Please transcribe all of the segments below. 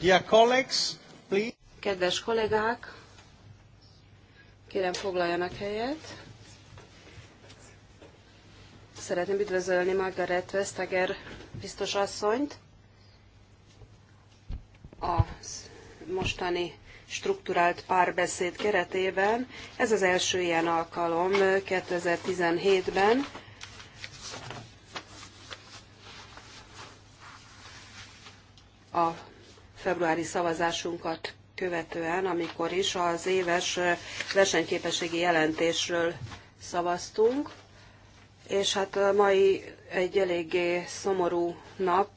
Dear colleagues, please. Kedves kollégák, kérem foglaljanak helyet. Szeretném üdvözölni Margaret Vestager biztos asszonyt a mostani strukturált párbeszéd keretében. Ez az első ilyen alkalom 2017-ben. a februári szavazásunkat követően, amikor is az éves versenyképességi jelentésről szavaztunk, és hát a mai egy eléggé szomorú nap,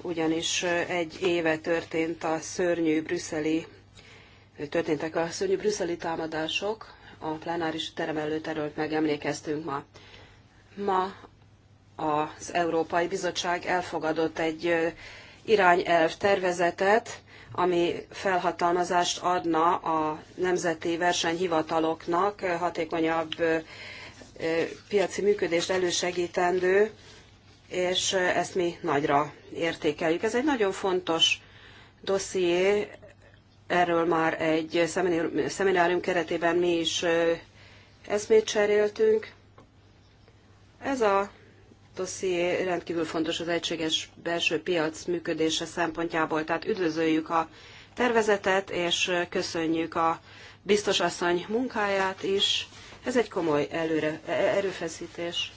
ugyanis egy éve történt a szörnyű brüsszeli, történtek a szörnyű brüsszeli támadások, a plenáris terem előtt erről megemlékeztünk ma. Ma az Európai Bizottság elfogadott egy irányelv tervezetet, ami felhatalmazást adna a nemzeti versenyhivataloknak hatékonyabb piaci működést elősegítendő, és ezt mi nagyra értékeljük. Ez egy nagyon fontos dosszié, erről már egy szeminárium keretében mi is eszmét cseréltünk. Ez a dosszié rendkívül fontos az egységes belső piac működése szempontjából, tehát üdvözöljük a tervezetet, és köszönjük a biztos asszony munkáját is. Ez egy komoly előre, erőfeszítés.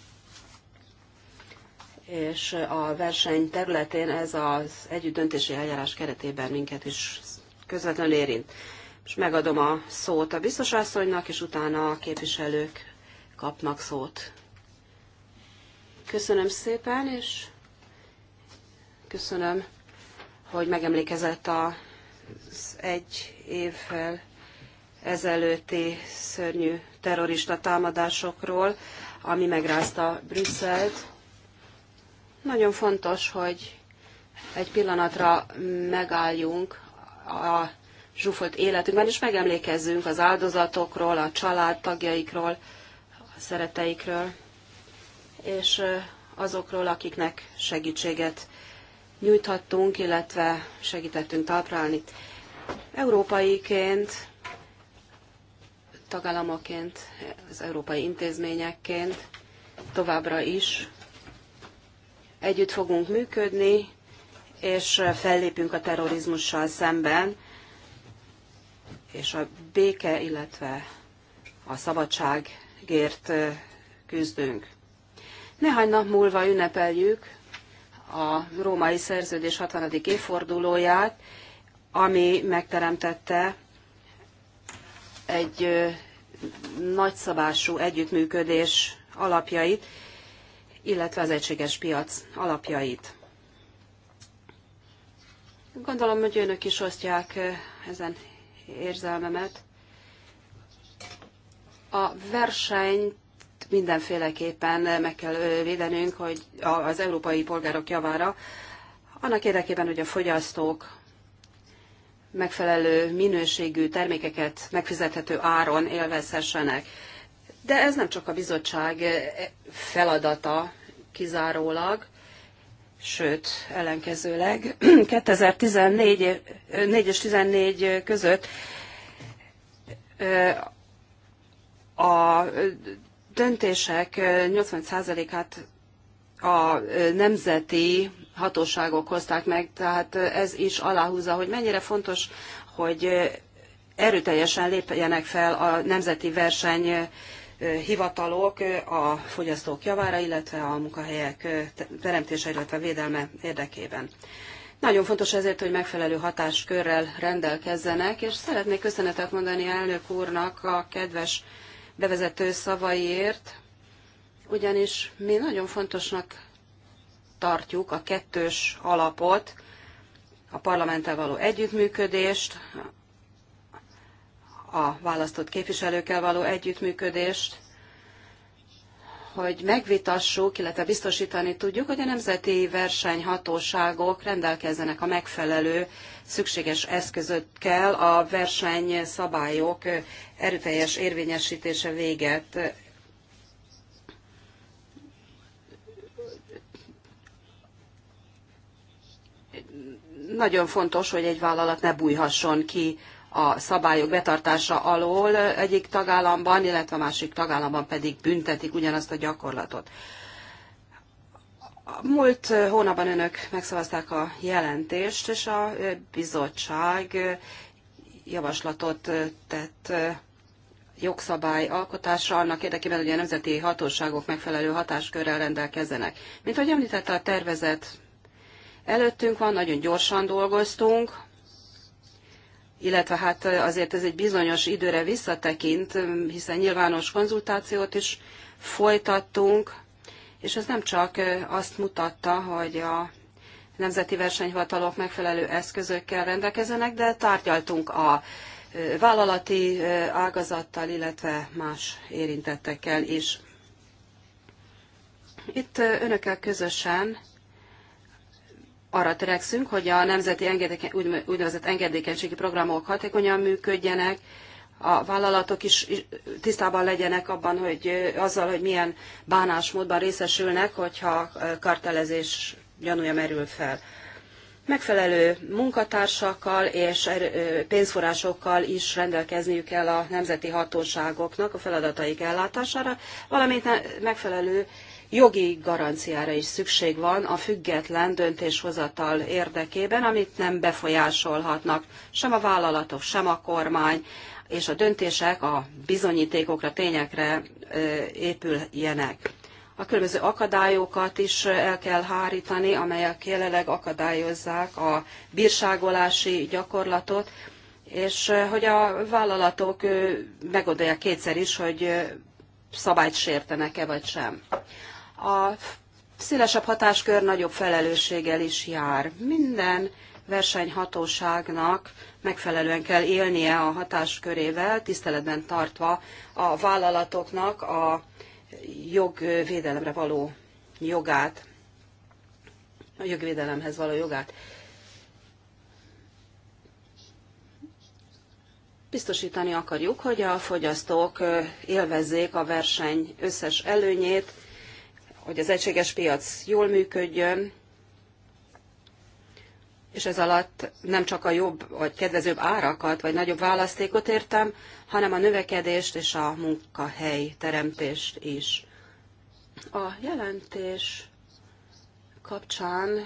És a verseny területén ez az együttdöntési eljárás keretében minket is közvetlenül érint. És megadom a szót a biztos asszonynak, és utána a képviselők kapnak szót. Köszönöm szépen, és köszönöm, hogy megemlékezett az egy évvel ezelőtti szörnyű terrorista támadásokról, ami megrázta Brüsszelt. Nagyon fontos, hogy egy pillanatra megálljunk a zsúfolt életünkben, és megemlékezzünk az áldozatokról, a családtagjaikról, a szereteikről és azokról, akiknek segítséget nyújthattunk, illetve segítettünk talpra állni. Európaiként, tagállamoként, az európai intézményekként továbbra is együtt fogunk működni, és fellépünk a terrorizmussal szemben, és a béke, illetve a szabadságért küzdünk. Néhány nap múlva ünnepeljük a római szerződés 60. évfordulóját, ami megteremtette egy nagyszabású együttműködés alapjait, illetve az egységes piac alapjait. Gondolom, hogy önök is osztják ezen érzelmemet. A versenyt mindenféleképpen meg kell védenünk, hogy az európai polgárok javára, annak érdekében, hogy a fogyasztók megfelelő minőségű termékeket megfizethető áron élvezhessenek. De ez nem csak a bizottság e, feladata kizárólag, sőt, ellenkezőleg 2014 4 és 14 között a döntések 80%-át a nemzeti hatóságok hozták meg, tehát ez is aláhúzza, hogy mennyire fontos, hogy erőteljesen lépjenek fel a nemzeti verseny hivatalok a fogyasztók javára, illetve a munkahelyek teremtése, illetve védelme érdekében. Nagyon fontos ezért, hogy megfelelő hatáskörrel rendelkezzenek, és szeretnék köszönetet mondani elnök úrnak a kedves bevezető szavaiért, ugyanis mi nagyon fontosnak tartjuk a kettős alapot, a parlamenttel való együttműködést, a választott képviselőkkel való együttműködést, hogy megvitassuk, illetve biztosítani tudjuk, hogy a nemzeti versenyhatóságok rendelkezzenek a megfelelő szükséges eszközökkel a versenyszabályok erőteljes érvényesítése véget. Nagyon fontos, hogy egy vállalat ne bújhasson ki a szabályok betartása alól egyik tagállamban, illetve a másik tagállamban pedig büntetik ugyanazt a gyakorlatot. Múlt hónapban önök megszavazták a jelentést, és a bizottság javaslatot tett jogszabály alkotásra annak érdekében, hogy a nemzeti hatóságok megfelelő hatáskörrel rendelkezzenek. Mint ahogy említette a tervezet, előttünk van, nagyon gyorsan dolgoztunk, illetve hát azért ez egy bizonyos időre visszatekint, hiszen nyilvános konzultációt is folytattunk, és ez nem csak azt mutatta, hogy a nemzeti versenyhivatalok megfelelő eszközökkel rendelkezenek, de tárgyaltunk a vállalati ágazattal, illetve más érintettekkel is. Itt önökkel közösen arra törekszünk, hogy a nemzeti engedéke, úgynevezett engedékenységi programok hatékonyan működjenek, a vállalatok is tisztában legyenek abban, hogy azzal, hogy milyen bánásmódban részesülnek, hogyha kartelezés gyanúja merül fel. Megfelelő munkatársakkal és pénzforrásokkal is rendelkezniük kell a nemzeti hatóságoknak a feladataik ellátására, valamint megfelelő jogi garanciára is szükség van a független döntéshozatal érdekében, amit nem befolyásolhatnak sem a vállalatok, sem a kormány, és a döntések a bizonyítékokra, tényekre épüljenek. A különböző akadályokat is el kell hárítani, amelyek jelenleg akadályozzák a bírságolási gyakorlatot, és hogy a vállalatok meggondolják kétszer is, hogy szabályt sértenek-e vagy sem a szélesebb hatáskör nagyobb felelősséggel is jár. Minden versenyhatóságnak megfelelően kell élnie a hatáskörével, tiszteletben tartva a vállalatoknak a jogvédelemre való jogát, a jogvédelemhez való jogát. Biztosítani akarjuk, hogy a fogyasztók élvezzék a verseny összes előnyét, hogy az egységes piac jól működjön, és ez alatt nem csak a jobb vagy kedvezőbb árakat, vagy nagyobb választékot értem, hanem a növekedést és a munkahely teremtést is. A jelentés kapcsán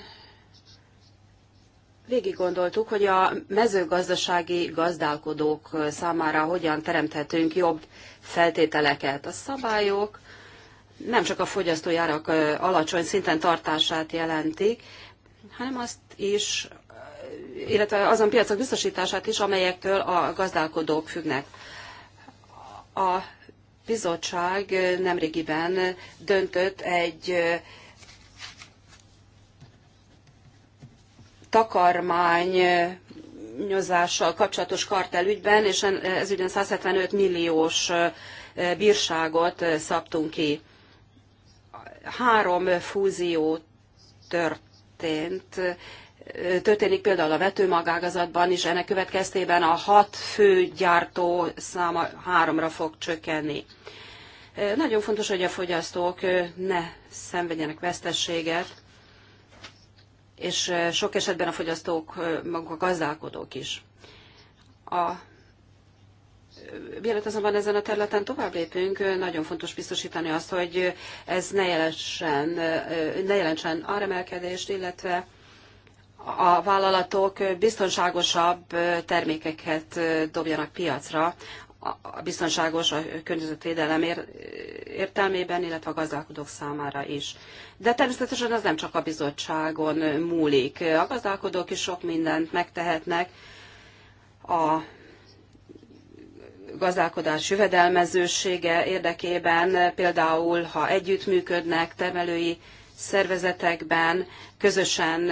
végig gondoltuk, hogy a mezőgazdasági gazdálkodók számára hogyan teremthetünk jobb feltételeket. A szabályok nem csak a fogyasztói árak alacsony szinten tartását jelentik, hanem azt is, illetve azon piacok biztosítását is, amelyektől a gazdálkodók függnek. A bizottság nemrégiben döntött egy takarmány nyozással kapcsolatos kartelügyben, és ez ügyen 175 milliós bírságot szabtunk ki három fúzió történt, történik például a vetőmagágazatban is, ennek következtében a hat fő gyártó száma háromra fog csökkenni. Nagyon fontos, hogy a fogyasztók ne szenvedjenek vesztességet, és sok esetben a fogyasztók maguk a gazdálkodók is. A Mielőtt azonban ezen a területen tovább lépünk, nagyon fontos biztosítani azt, hogy ez ne jelentsen, ne jelentsen áremelkedést, illetve a vállalatok biztonságosabb termékeket dobjanak piacra, a biztonságos a környezetvédelem értelmében, illetve a gazdálkodók számára is. De természetesen az nem csak a bizottságon múlik. A gazdálkodók is sok mindent megtehetnek a gazdálkodás jövedelmezősége érdekében, például ha együttműködnek termelői szervezetekben, közösen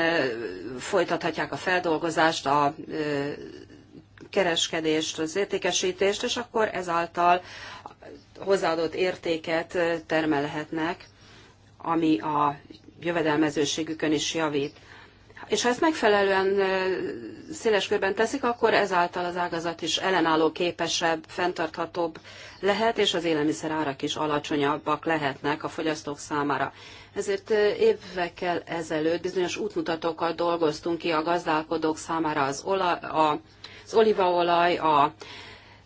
folytathatják a feldolgozást, a kereskedést, az értékesítést, és akkor ezáltal hozzáadott értéket termelhetnek, ami a jövedelmezőségükön is javít. És ha ezt megfelelően széles körben teszik, akkor ezáltal az ágazat is ellenálló képesebb, fenntarthatóbb lehet, és az élelmiszer árak is alacsonyabbak lehetnek a fogyasztók számára. Ezért évekkel ezelőtt bizonyos útmutatókat dolgoztunk ki a gazdálkodók számára az, ola, a, az olívaolaj, a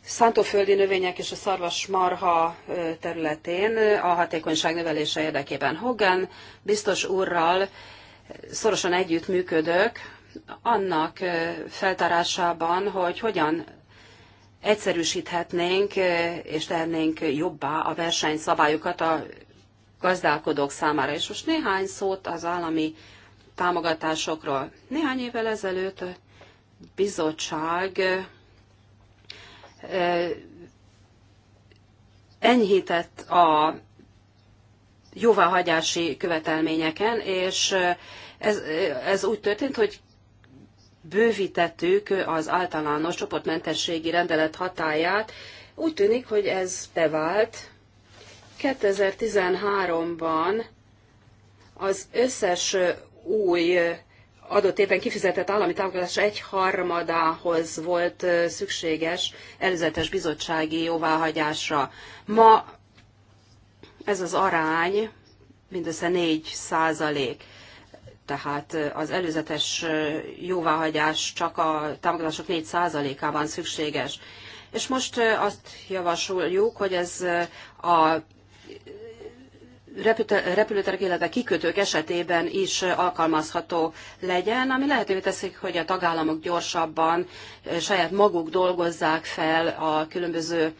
szántóföldi növények és a szarvasmarha területén a hatékonyság növelése érdekében. Hogan biztos úrral szorosan együttműködök annak feltárásában, hogy hogyan egyszerűsíthetnénk és tennénk jobbá a versenyszabályokat a gazdálkodók számára. És most néhány szót az állami támogatásokról. Néhány évvel ezelőtt a bizottság enyhített a jóváhagyási követelményeken, és ez, ez úgy történt, hogy bővítettük az általános csoportmentességi rendelet hatáját. Úgy tűnik, hogy ez bevált. 2013-ban az összes új adott évben kifizetett állami támogatás egyharmadához volt szükséges előzetes bizottsági jóváhagyásra. Ma ez az arány mindössze 4 százalék tehát az előzetes jóváhagyás csak a támogatások 4 százalékában szükséges. És most azt javasoljuk, hogy ez a repülőterek, illetve kikötők esetében is alkalmazható legyen, ami lehetővé teszik, hogy a tagállamok gyorsabban saját maguk dolgozzák fel a különböző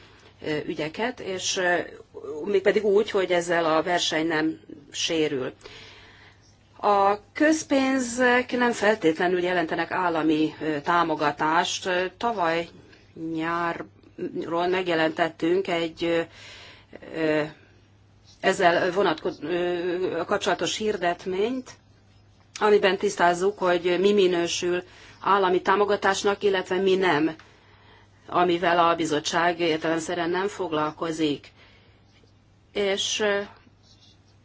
ügyeket, és mégpedig úgy, hogy ezzel a verseny nem sérül. A közpénzek nem feltétlenül jelentenek állami támogatást. Tavaly nyárról megjelentettünk egy ezzel vonatkozó kapcsolatos hirdetményt, amiben tisztázzuk, hogy mi minősül állami támogatásnak, illetve mi nem, amivel a bizottság értelemszerűen nem foglalkozik és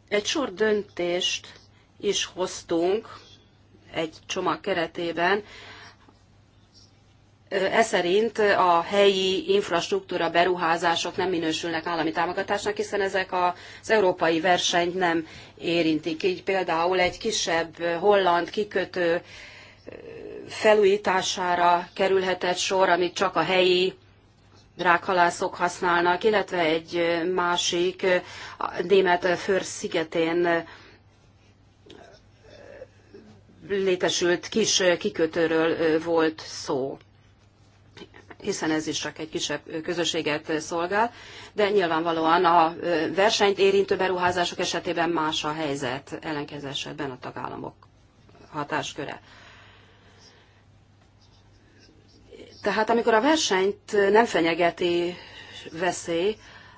egy sor döntést is hoztunk egy csomag keretében, e szerint a helyi infrastruktúra beruházások nem minősülnek állami támogatásnak, hiszen ezek az európai versenyt nem érintik. Így például egy kisebb holland kikötő felújítására kerülhetett sor, amit csak a helyi drághalászok használnak, illetve egy másik német Föhr szigetén létesült kis kikötőről volt szó hiszen ez is csak egy kisebb közösséget szolgál, de nyilvánvalóan a versenyt érintő beruházások esetében más a helyzet ellenkező esetben a tagállamok hatásköre. Tehát amikor a versenyt nem fenyegeti veszély,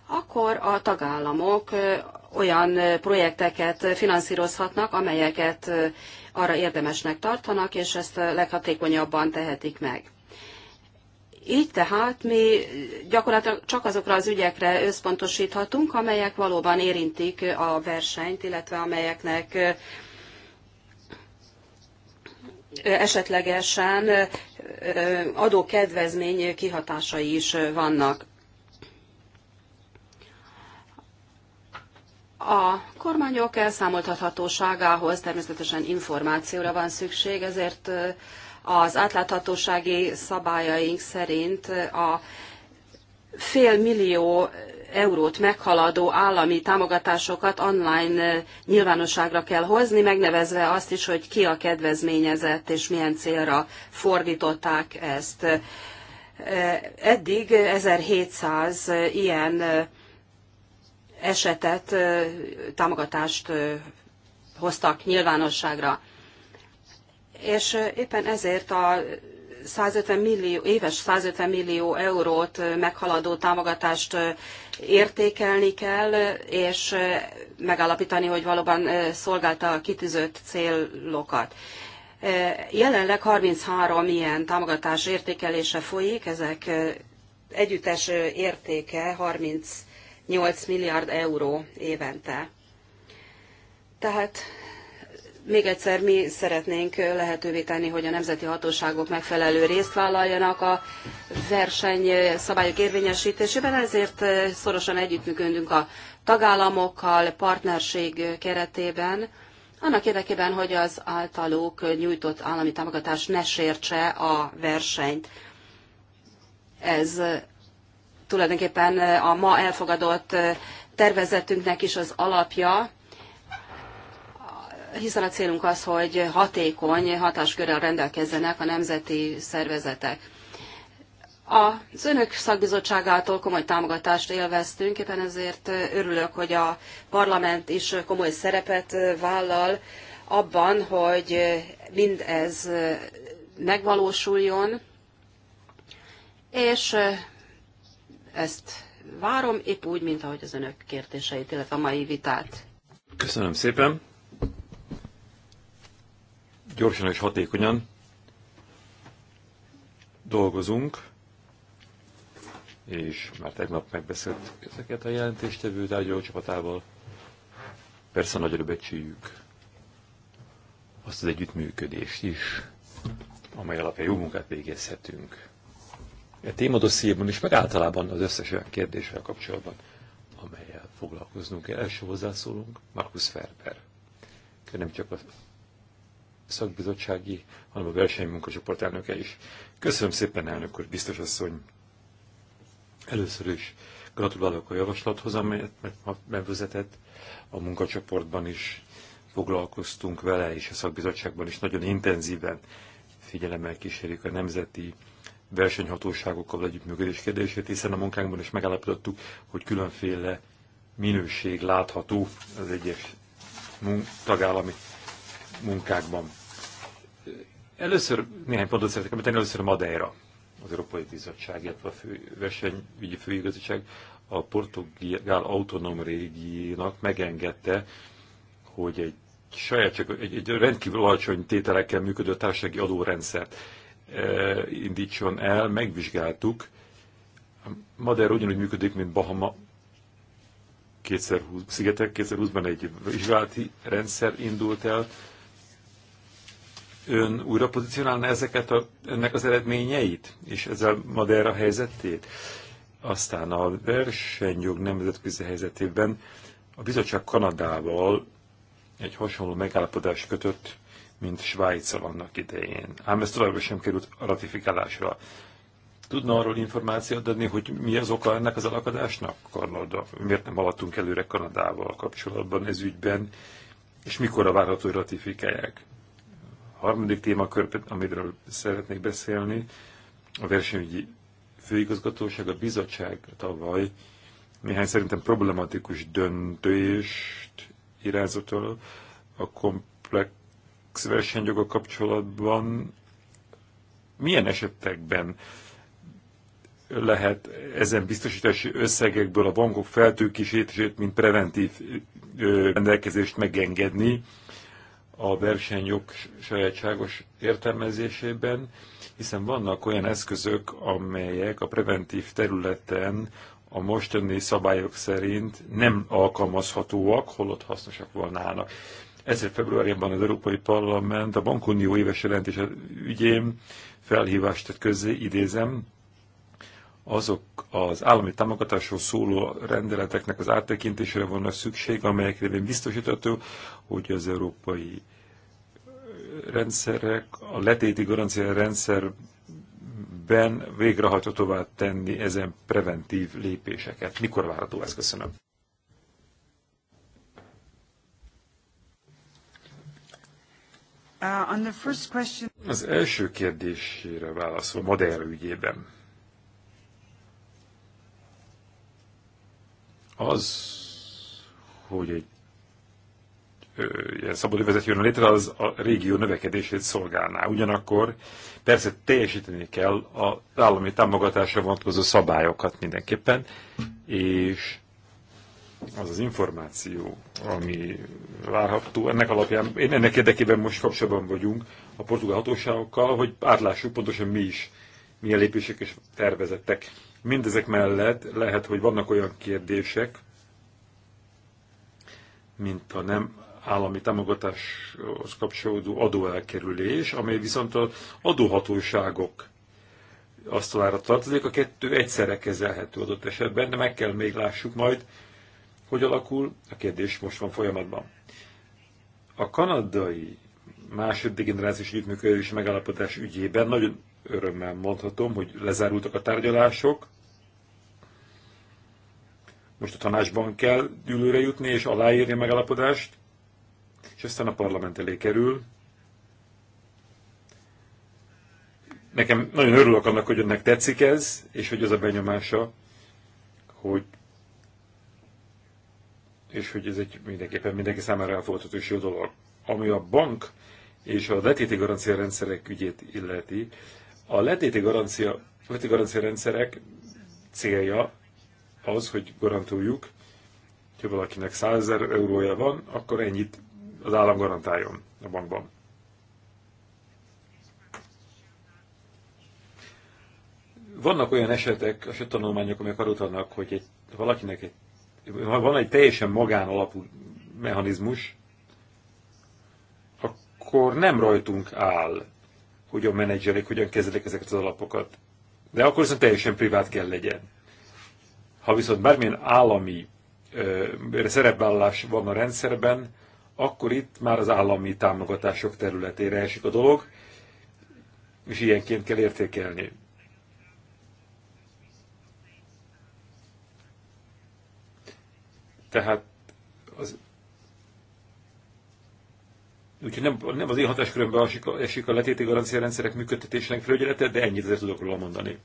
akkor a tagállamok olyan projekteket finanszírozhatnak, amelyeket arra érdemesnek tartanak, és ezt leghatékonyabban tehetik meg. Így tehát mi gyakorlatilag csak azokra az ügyekre összpontosíthatunk, amelyek valóban érintik a versenyt, illetve amelyeknek esetlegesen adókedvezmény kihatásai is vannak. A kormányok elszámoltathatóságához természetesen információra van szükség, ezért az átláthatósági szabályaink szerint a fél millió eurót meghaladó állami támogatásokat online eh, nyilvánosságra kell hozni, megnevezve azt is, hogy ki a kedvezményezett és milyen célra fordították ezt. Eh, eddig 1700 eh, ilyen esetet, támogatást hoztak nyilvánosságra. És éppen ezért a 150 millió, éves 150 millió eurót meghaladó támogatást értékelni kell, és megállapítani, hogy valóban szolgálta a kitűzött célokat. Jelenleg 33 ilyen támogatás értékelése folyik, ezek együttes értéke 38 milliárd euró évente. Tehát még egyszer mi szeretnénk lehetővé tenni, hogy a nemzeti hatóságok megfelelő részt vállaljanak a verseny szabályok érvényesítésében, ezért szorosan együttműködünk a tagállamokkal, partnerség keretében, annak érdekében, hogy az általuk nyújtott állami támogatás ne sértse a versenyt. Ez tulajdonképpen a ma elfogadott tervezetünknek is az alapja, hiszen a célunk az, hogy hatékony hatáskörrel rendelkezzenek a nemzeti szervezetek. Az önök szakbizottságától komoly támogatást élveztünk, éppen ezért örülök, hogy a parlament is komoly szerepet vállal abban, hogy mindez megvalósuljon, és ezt várom, épp úgy, mint ahogy az önök kérdéseit, illetve a mai vitát. Köszönöm szépen gyorsan és hatékonyan dolgozunk, és már tegnap megbeszélt ezeket a jelentéstevő tárgyaló csapatával. Persze nagy becsüljük azt az együttműködést is, amely alapján jó munkát végezhetünk. A e témadossziéban is, meg általában az összes olyan kérdéssel kapcsolatban, amelyel foglalkoznunk kell. Első hozzászólunk, Markus Ferber. Nem csak a szakbizottsági, hanem a versenymunkacsoport elnöke is. Köszönöm szépen, elnök úr, biztos asszony. Először is gratulálok a javaslathoz, amelyet bevezetett. A munkacsoportban is foglalkoztunk vele, és a szakbizottságban is nagyon intenzíven figyelemmel kísérjük a nemzeti versenyhatóságokkal együttműködés kérdését, hiszen a munkánkban is megállapítottuk, hogy különféle minőség látható az egyes mun- tagállami munkákban. Először néhány pontot szeretnék említeni, először Madeira, az Európai Bizottság, illetve a fő, versenyügyi főigazgatóság a portugál autonóm régiónak megengedte, hogy egy saját csak egy, egy rendkívül alacsony tételekkel működő társasági adórendszert e, indítson el, megvizsgáltuk. Madeira ugyanúgy működik, mint Bahama 2020, szigetek 2020-ban egy vizsgálati rendszer indult el, ön újra pozícionálna ezeket a, ennek az eredményeit, és ezzel Madeira helyzetét? Aztán a versenyjog nemzetközi helyzetében a bizottság Kanadával egy hasonló megállapodást kötött, mint Svájccal annak idején. Ám ez továbbra sem került ratifikálásra. Tudna arról információt adni, hogy mi az oka ennek az alakadásnak Kanada, miért nem haladtunk előre Kanadával kapcsolatban ez ügyben, és mikor a várható, hogy ratifikálják? harmadik témakör, amiről szeretnék beszélni, a versenyügyi főigazgatóság, a bizottság tavaly néhány szerintem problematikus döntést irányzott a komplex versenyjoga kapcsolatban. Milyen esetekben lehet ezen biztosítási összegekből a bankok feltőkésítését, mint preventív rendelkezést megengedni, a versenyjog sajátságos értelmezésében, hiszen vannak olyan eszközök, amelyek a preventív területen a mostani szabályok szerint nem alkalmazhatóak, holott hasznosak volnának. Ezért februárjában az Európai Parlament a Bankunió éves jelentése ügyén felhívást tett közzé, idézem, azok az állami támogatásról szóló rendeleteknek az áttekintésére van a szükség, amelyek révén biztosítható, hogy az európai rendszerek, a letéti garancia rendszerben végrehajthatóvá tenni ezen preventív lépéseket. Mikor várható ez? Köszönöm. Uh, az első kérdésére válaszol Madeira ügyében Az, hogy egy ilyen szabadövezet jön létre, az a régió növekedését szolgálná. Ugyanakkor persze teljesíteni kell az állami támogatásra vonatkozó szabályokat mindenképpen, és az az információ, ami várható, ennek alapján, én ennek érdekében most kapcsolatban vagyunk a portugál hatóságokkal, hogy átlássuk pontosan mi is milyen lépések és tervezettek. Mindezek mellett lehet, hogy vannak olyan kérdések, mint a nem állami támogatáshoz kapcsolódó adóelkerülés, amely viszont az adóhatóságok asztalára tartozik, a kettő egyszerre kezelhető adott esetben, de meg kell még lássuk majd, hogy alakul, a kérdés most van folyamatban. A kanadai második generációs együttműködési megállapodás ügyében nagyon örömmel mondhatom, hogy lezárultak a tárgyalások. Most a tanácsban kell gyűlőre jutni és aláírni a megállapodást, és aztán a parlament elé kerül. Nekem nagyon örülök annak, hogy önnek tetszik ez, és hogy az a benyomása, hogy és hogy ez egy mindenképpen mindenki számára elfogadható és jó dolog. Ami a bank és a letéti garancia rendszerek ügyét illeti, a letéti garancia, letéti garancia rendszerek célja az, hogy garantáljuk, ha valakinek 100 ezer eurója van, akkor ennyit az állam garantáljon a bankban. Vannak olyan esetek, tanulmányok, amelyek arra utalnak, hogy egy, valakinek egy, van egy teljesen magánalapú mechanizmus, akkor nem rajtunk áll hogyan menedzselik, hogyan kezelik ezeket az alapokat. De akkor viszont teljesen privát kell legyen. Ha viszont bármilyen állami ö, szerepvállalás van a rendszerben, akkor itt már az állami támogatások területére esik a dolog, és ilyenként kell értékelni. Tehát az Úgyhogy nem, nem az én hatáskörömbe esik a, letéti garancia rendszerek működtetésének felügyelete, de ennyit azért tudok róla mondani.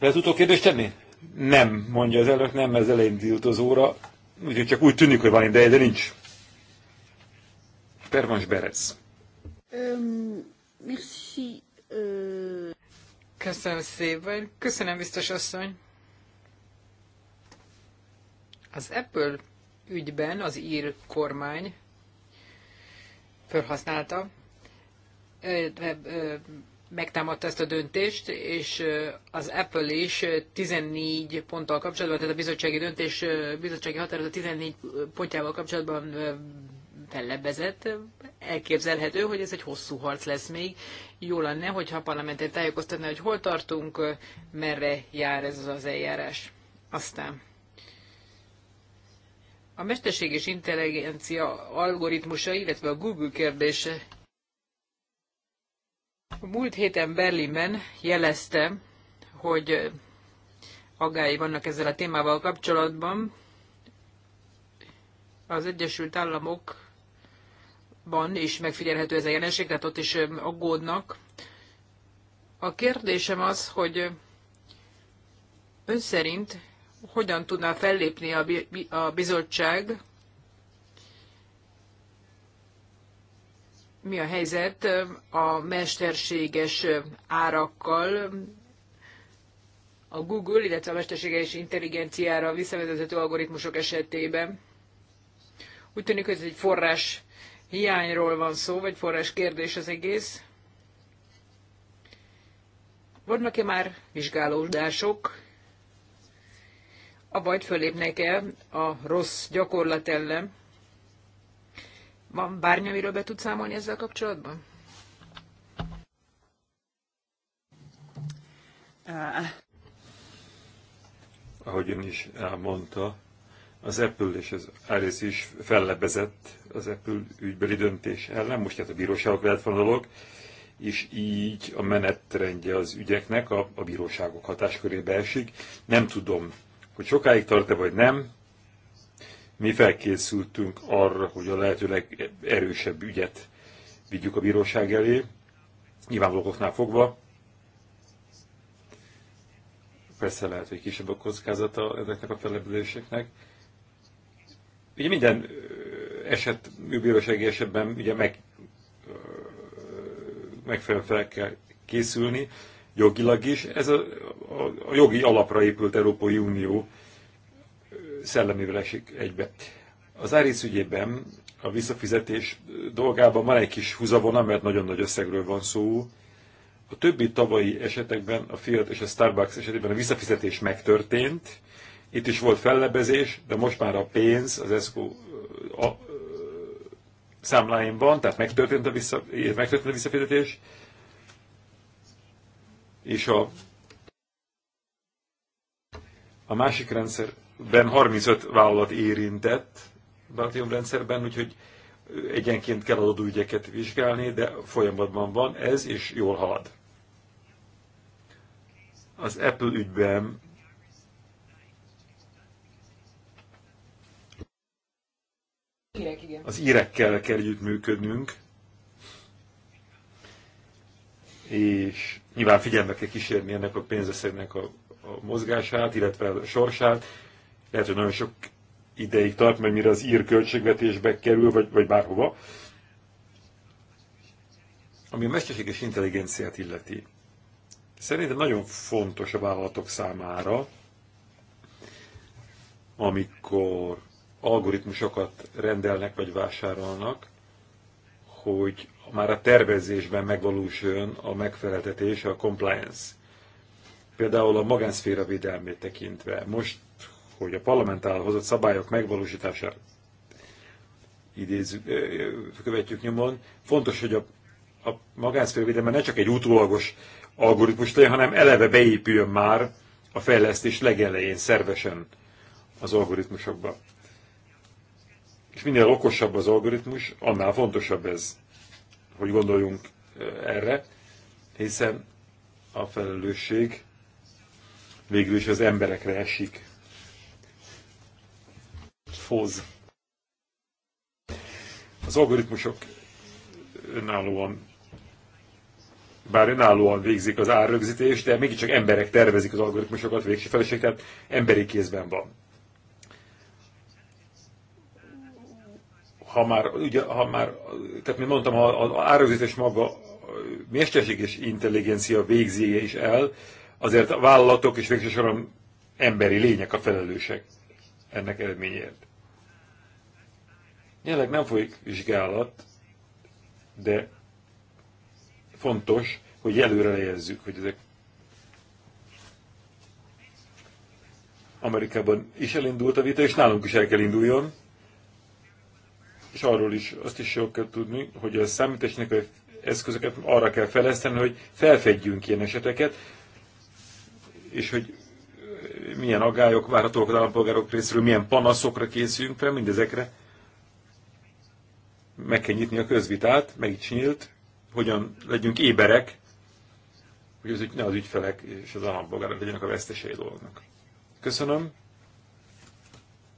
Lehet utó kérdést tenni? Nem, mondja az elnök, nem, mert az elején dílt az óra, úgyhogy csak úgy tűnik, hogy van ideje, de nincs. Pervans Berec. Um, merci. Uh... Köszönöm szépen. Köszönöm, biztos asszony. Az Apple ügyben az ír kormány felhasználta, megtámadta ezt a döntést, és az Apple is 14 ponttal kapcsolatban, tehát a bizottsági döntés, bizottsági határozat 14 pontjával kapcsolatban fellebbezett. Elképzelhető, hogy ez egy hosszú harc lesz még. Jó lenne, hogyha a parlamentet tájékoztatna, hogy hol tartunk, merre jár ez az eljárás. Aztán a mesterség és intelligencia algoritmusa, illetve a Google kérdése. A múlt héten Berlinben jelezte, hogy aggályi vannak ezzel a témával kapcsolatban. Az Egyesült Államokban is megfigyelhető ez a jelenség, tehát ott is aggódnak. A kérdésem az, hogy ön szerint hogyan tudná fellépni a bizottság, mi a helyzet a mesterséges árakkal, a Google, illetve a mesterséges intelligenciára visszavezető algoritmusok esetében. Úgy tűnik, hogy ez egy forrás hiányról van szó, vagy forrás kérdés az egész. Vannak-e már vizsgálódások bajt fölépnek-e a rossz gyakorlat ellen. Van bármi, amiről be tudsz számolni ezzel kapcsolatban? Uh. Ahogy ön is elmondta, az Apple és az Iris is fellebezett az Apple ügybeli döntés ellen, most hát a bíróságok lehet van a dolog, és így a menetrendje az ügyeknek a, a bíróságok hatáskörébe esik. Nem tudom, hogy sokáig tart-e vagy nem, mi felkészültünk arra, hogy a lehető legerősebb ügyet vigyük a bíróság elé, nyilvánvalókoknál fogva. Persze lehet, hogy kisebb a kockázata ezeknek a településeknek. Ugye minden eset, bírósági esetben ugye meg, megfelelően fel kell készülni, jogilag is. Ez a, a, a jogi alapra épült Európai Unió szellemével esik egybe. Az Árész ügyében a visszafizetés dolgában van egy kis húzavona, mert nagyon nagy összegről van szó. A többi tavalyi esetekben, a Fiat és a Starbucks esetében a visszafizetés megtörtént, itt is volt fellebezés, de most már a pénz az ESCO számláin van, tehát megtörtént a, vissza, megtörtént a visszafizetés, és a, a másik rendszerben 35 vállalat érintett, Baltium rendszerben, úgyhogy egyenként kell ügyeket vizsgálni, de folyamatban van ez, és jól halad. Az Apple ügyben az írekkel kell együttműködnünk, és Nyilván figyelme kell kísérni ennek a pénzeszegnek a, a mozgását, illetve a sorsát. Lehet, hogy nagyon sok ideig tart, mert mire az ír költségvetésbe kerül, vagy, vagy bárhova. Ami a mesterséges intelligenciát illeti, szerintem nagyon fontos a vállalatok számára, amikor algoritmusokat rendelnek vagy vásárolnak, hogy már a tervezésben megvalósuljon a megfeleltetés, a compliance. Például a magánszféra védelmét tekintve. Most, hogy a parlament által hozott szabályok megvalósítását idézzük, követjük nyomon, fontos, hogy a, a magánszféra védelme ne csak egy utólagos algoritmus legyen, hanem eleve beépüljön már a fejlesztés legelején szervesen az algoritmusokba. És minél okosabb az algoritmus, annál fontosabb ez hogy gondoljunk erre, hiszen a felelősség végül is az emberekre esik. Foz. Az algoritmusok önállóan bár önállóan végzik az árrögzítést, de mégiscsak emberek tervezik az algoritmusokat, végső feleség, tehát emberi kézben van. ha már, ugye, ha már, tehát mint mondtam, ha az árazítás maga mesterséges intelligencia végzéje is el, azért a vállalatok és végső soron emberi lények a felelősek ennek eredményért. Jelenleg nem folyik vizsgálat, de fontos, hogy előre lejezzük, hogy ezek Amerikában is elindult a vita, és nálunk is el kell induljon és arról is azt is jól kell tudni, hogy a számítástechnikai eszközöket arra kell fejleszteni, hogy felfedjünk ilyen eseteket, és hogy eh, milyen agályok várhatók az állampolgárok részéről, milyen panaszokra készülünk fel, mindezekre meg kell nyitni a közvitát, meg is nyílt, hogyan legyünk éberek, hogy az, ne az ügyfelek és az állampolgárok legyenek a vesztesei dolognak. Köszönöm.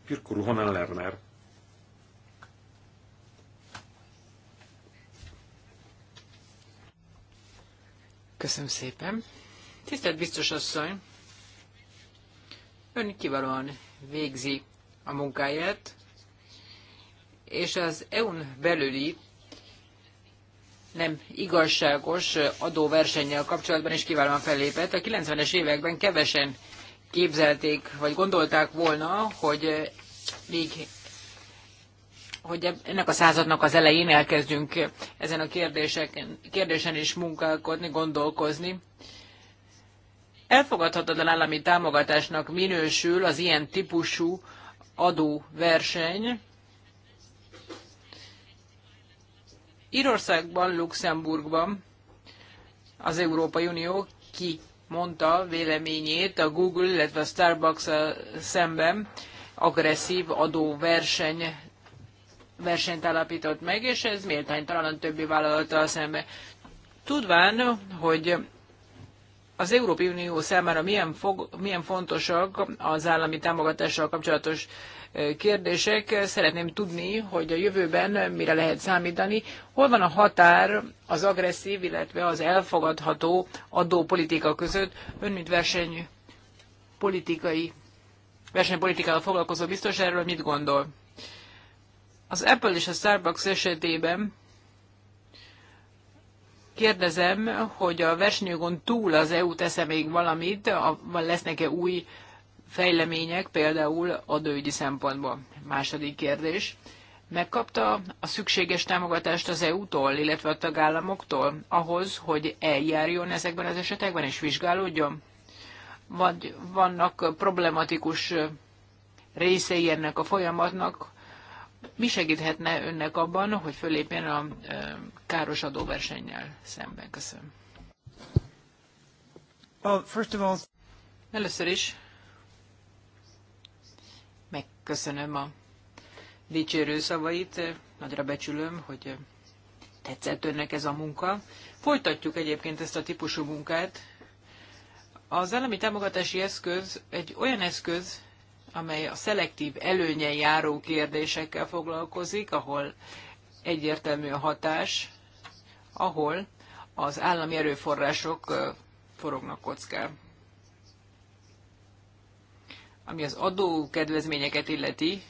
Pirkuru Honan Lerner. Köszönöm szépen. Tisztelt biztos asszony, ön kiválóan végzi a munkáját, és az EU-n belüli nem igazságos adóversennyel kapcsolatban is kiválóan fellépett. A 90-es években kevesen képzelték, vagy gondolták volna, hogy még hogy ennek a századnak az elején elkezdjünk ezen a kérdéseken, kérdésen is munkálkodni, gondolkozni. Elfogadhatatlan állami támogatásnak minősül az ilyen típusú adóverseny. Írországban, Luxemburgban az Európai Unió ki mondta véleményét a Google, illetve a starbucks szemben agresszív adóverseny versenyt állapított meg, és ez méltánytalan a többi vállalattal szembe. Tudván, hogy az Európai Unió számára milyen, fog, milyen fontosak az állami támogatással kapcsolatos kérdések. Szeretném tudni, hogy a jövőben mire lehet számítani, hol van a határ az agresszív, illetve az elfogadható adópolitika között. Ön, mint versenypolitikai, versenypolitikával foglalkozó biztos erről mit gondol? Az Apple és a Starbucks esetében kérdezem, hogy a versenyjogon túl az EU tesz-e még valamit, lesznek-e új fejlemények, például adóügyi szempontból. Második kérdés. Megkapta a szükséges támogatást az EU-tól, illetve a tagállamoktól ahhoz, hogy eljárjon ezekben az esetekben és vizsgálódjon? Vagy vannak problematikus részei ennek a folyamatnak, mi segíthetne önnek abban, hogy fölépjen a káros adóversennyel szemben? Köszönöm. Well, first of all... Először is megköszönöm a dicsérő szavait. Nagyra becsülöm, hogy tetszett önnek ez a munka. Folytatjuk egyébként ezt a típusú munkát. Az állami támogatási eszköz egy olyan eszköz, amely a szelektív előnyen járó kérdésekkel foglalkozik, ahol egyértelmű a hatás, ahol az állami erőforrások forognak kockán. Ami az adókedvezményeket kedvezményeket illeti,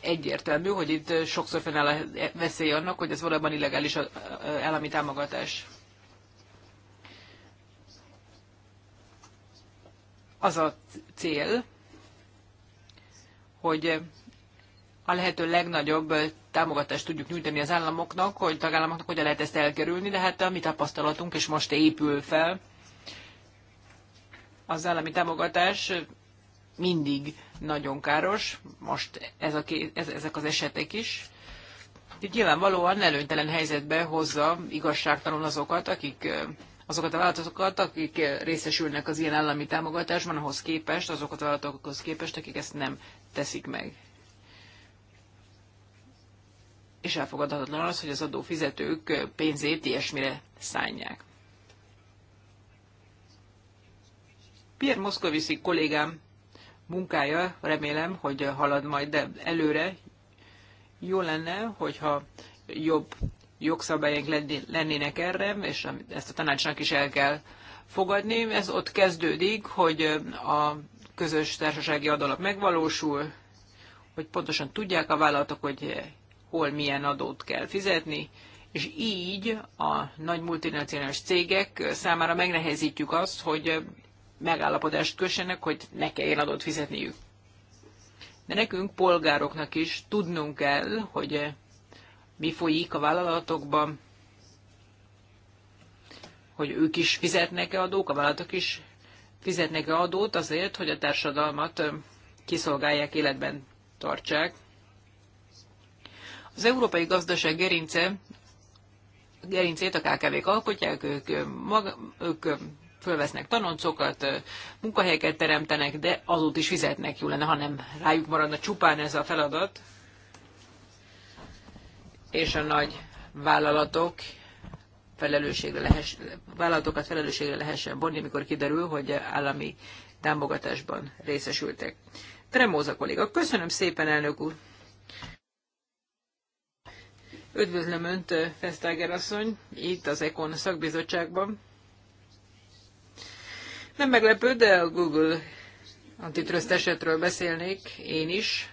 egyértelmű, hogy itt sokszor fennáll a veszély annak, hogy ez valóban illegális állami támogatás. az a cél, hogy a lehető legnagyobb támogatást tudjuk nyújtani az államoknak, hogy tagállamoknak hogyan lehet ezt elkerülni, de hát a mi tapasztalatunk, és most épül fel, az állami támogatás mindig nagyon káros, most ez a ké, ez, ezek az esetek is. Itt nyilvánvalóan előnytelen helyzetbe hozza igazságtalan azokat, akik azokat a vállalatokat, akik részesülnek az ilyen állami támogatásban, ahhoz képest, azokat a vállalatokhoz képest, akik ezt nem teszik meg. És elfogadhatatlan az, hogy az adófizetők pénzét ilyesmire szánják. Pierre Moszkoviszi kollégám munkája, remélem, hogy halad majd előre. Jó lenne, hogyha jobb jogszabályok lennének erre, és ezt a tanácsnak is el kell fogadni. Ez ott kezdődik, hogy a közös társasági adalap megvalósul, hogy pontosan tudják a vállalatok, hogy hol milyen adót kell fizetni, és így a nagy multinacionális cégek számára megnehezítjük azt, hogy megállapodást kössenek, hogy ne kelljen adót fizetniük. De nekünk, polgároknak is tudnunk kell, hogy mi folyik a vállalatokban, hogy ők is fizetnek-e adók, a vállalatok is fizetnek-e adót azért, hogy a társadalmat kiszolgálják, életben tartsák. Az európai gazdaság gerince, gerincét a KKV-k alkotják, ők, maga, ők fölvesznek tanoncokat, munkahelyeket teremtenek, de azót is fizetnek, jó lenne, hanem rájuk maradna csupán ez a feladat és a nagy vállalatok felelősségre lehess, vállalatokat felelősségre lehessen vonni, amikor kiderül, hogy állami támogatásban részesültek. Tremóza kolléga, köszönöm szépen, elnök úr! Üdvözlöm Önt, Fesztáger asszony, itt az Econ szakbizottságban. Nem meglepő, de a Google antitrust esetről beszélnék én is.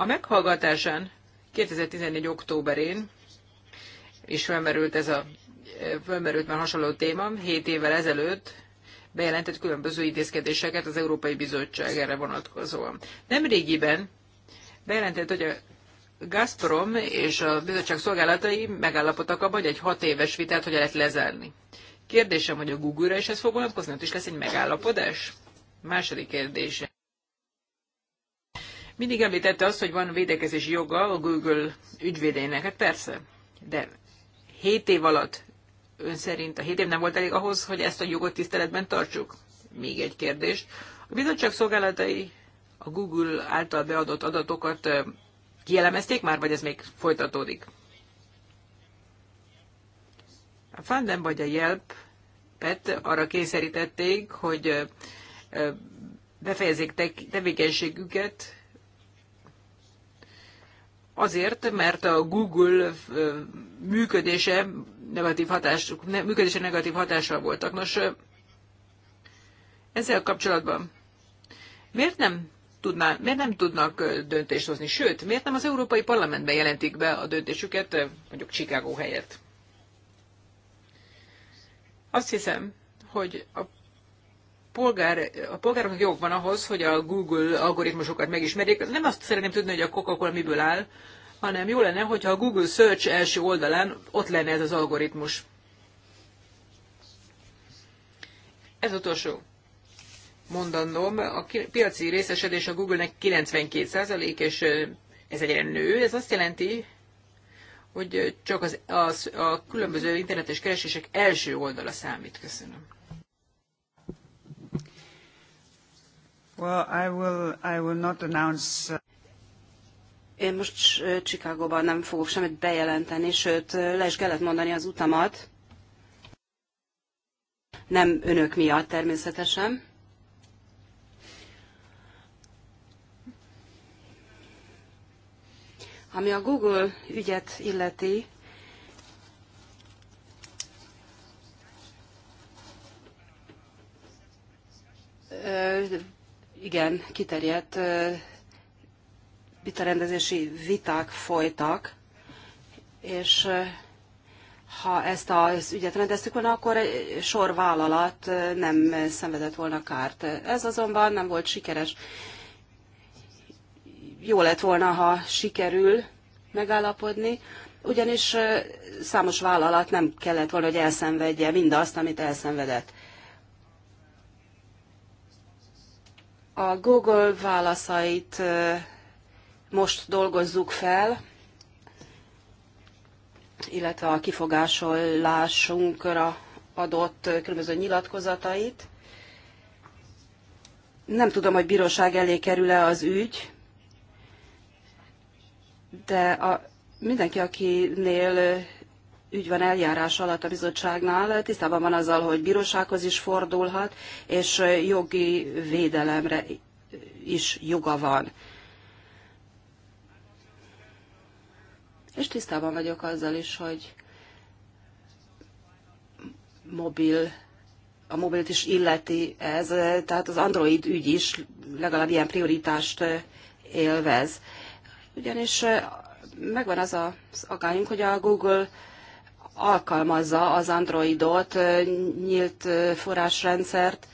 A meghallgatásán 2014. októberén is felmerült ez a felmerült már hasonló téma, 7 évvel ezelőtt bejelentett különböző intézkedéseket az Európai Bizottság erre vonatkozóan. Nemrégiben bejelentett, hogy a Gazprom és a bizottság szolgálatai megállapodtak abban, hogy egy hat éves vitát hogyan lehet lezárni. Kérdésem, hogy a Google-ra is ez fog vonatkozni, ott is lesz egy megállapodás? Második kérdése. Mindig említette azt, hogy van védekezési joga a Google ügyvédeinek. Hát persze, de 7 év alatt ön szerint a 7 év nem volt elég ahhoz, hogy ezt a jogot tiszteletben tartsuk? Még egy kérdés. A bizottság szolgálatai a Google által beadott adatokat kielemezték már, vagy ez még folytatódik? A Fandem vagy a Yelp-et arra kényszerítették, hogy befejezzék tevékenységüket, Azért, mert a Google működése negatív hatás, működése negatív hatással voltak. Nos, ezzel kapcsolatban miért nem tudná, miért nem tudnak döntést hozni? Sőt, miért nem az Európai Parlamentben jelentik be a döntésüket, mondjuk Chicago helyett? Azt hiszem, hogy a polgár, a polgároknak jog van ahhoz, hogy a Google algoritmusokat megismerjék. Nem azt szeretném tudni, hogy a Coca-Cola miből áll, hanem jó lenne, hogyha a Google Search első oldalán ott lenne ez az algoritmus. Ez utolsó mondandóm. A piaci részesedés a Google-nek 92% és ez egyre nő. Ez azt jelenti, hogy csak az, az, a különböző internetes keresések első oldala számít. Köszönöm. Uh, Én most Csikágóban nem fogok semmit bejelenteni, sőt, le is kellett mondani az utamat. Nem önök miatt természetesen. Ami a Google ügyet illeti, igen kiterjedt vitarendezési viták folytak, és ha ezt az ügyet rendeztük volna, akkor egy sor vállalat nem szenvedett volna kárt. Ez azonban nem volt sikeres. Jó lett volna, ha sikerül megállapodni, ugyanis számos vállalat nem kellett volna, hogy elszenvedje mindazt, amit elszenvedett. A Google válaszait most dolgozzuk fel, illetve a kifogásolásunkra adott különböző nyilatkozatait. Nem tudom, hogy bíróság elé kerül-e az ügy, de a, mindenki, akinél ügy van eljárás alatt a bizottságnál, tisztában van azzal, hogy bírósághoz is fordulhat, és jogi védelemre is joga van. És tisztában vagyok azzal is, hogy mobil, a mobilt is illeti ez, tehát az Android ügy is legalább ilyen prioritást élvez. Ugyanis megvan az az agályunk, hogy a Google alkalmazza az Androidot, nyílt forrásrendszert,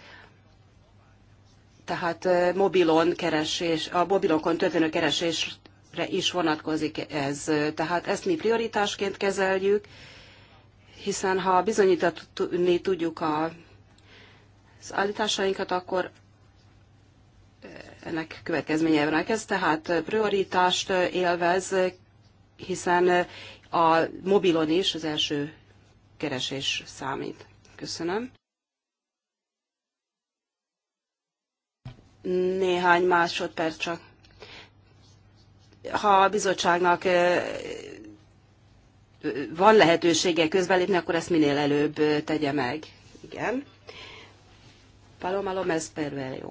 tehát mobilon keresés, a mobilokon történő keresésre is vonatkozik ez. Tehát ezt mi prioritásként kezeljük, hiszen ha bizonyítani tudjuk a, az állításainkat, akkor ennek következménye van ez, tehát prioritást élvez, hiszen a mobilon is az első keresés számít. Köszönöm. Néhány másodperc csak. Ha a bizottságnak van lehetősége közbelépni, akkor ezt minél előbb tegye meg. Igen. Paloma én Pervelio.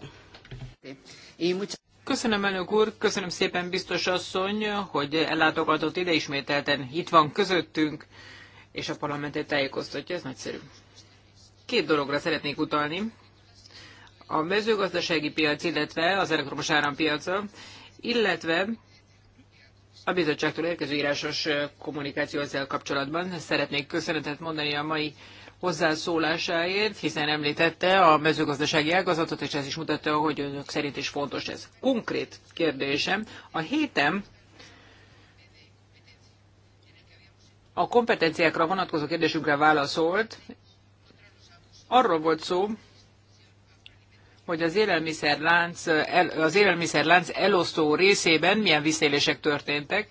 Köszönöm, elnök úr, köszönöm szépen, biztos asszony, hogy ellátogatott ide ismételten. Itt van közöttünk, és a parlamentet tájékoztatja, ez nagyszerű. Két dologra szeretnék utalni. A mezőgazdasági piac, illetve az elektromos árampiaca, illetve a bizottságtól érkező írásos kommunikáció ezzel kapcsolatban. Szeretnék köszönetet mondani a mai hozzászólásáért, hiszen említette a mezőgazdasági ágazatot, és ez is mutatta, hogy önök szerint is fontos ez. Konkrét kérdésem, a héten a kompetenciákra vonatkozó kérdésünkre válaszolt, arról volt szó, hogy az élelmiszerlánc, az élelmiszerlánc elosztó részében milyen visszaélések történtek,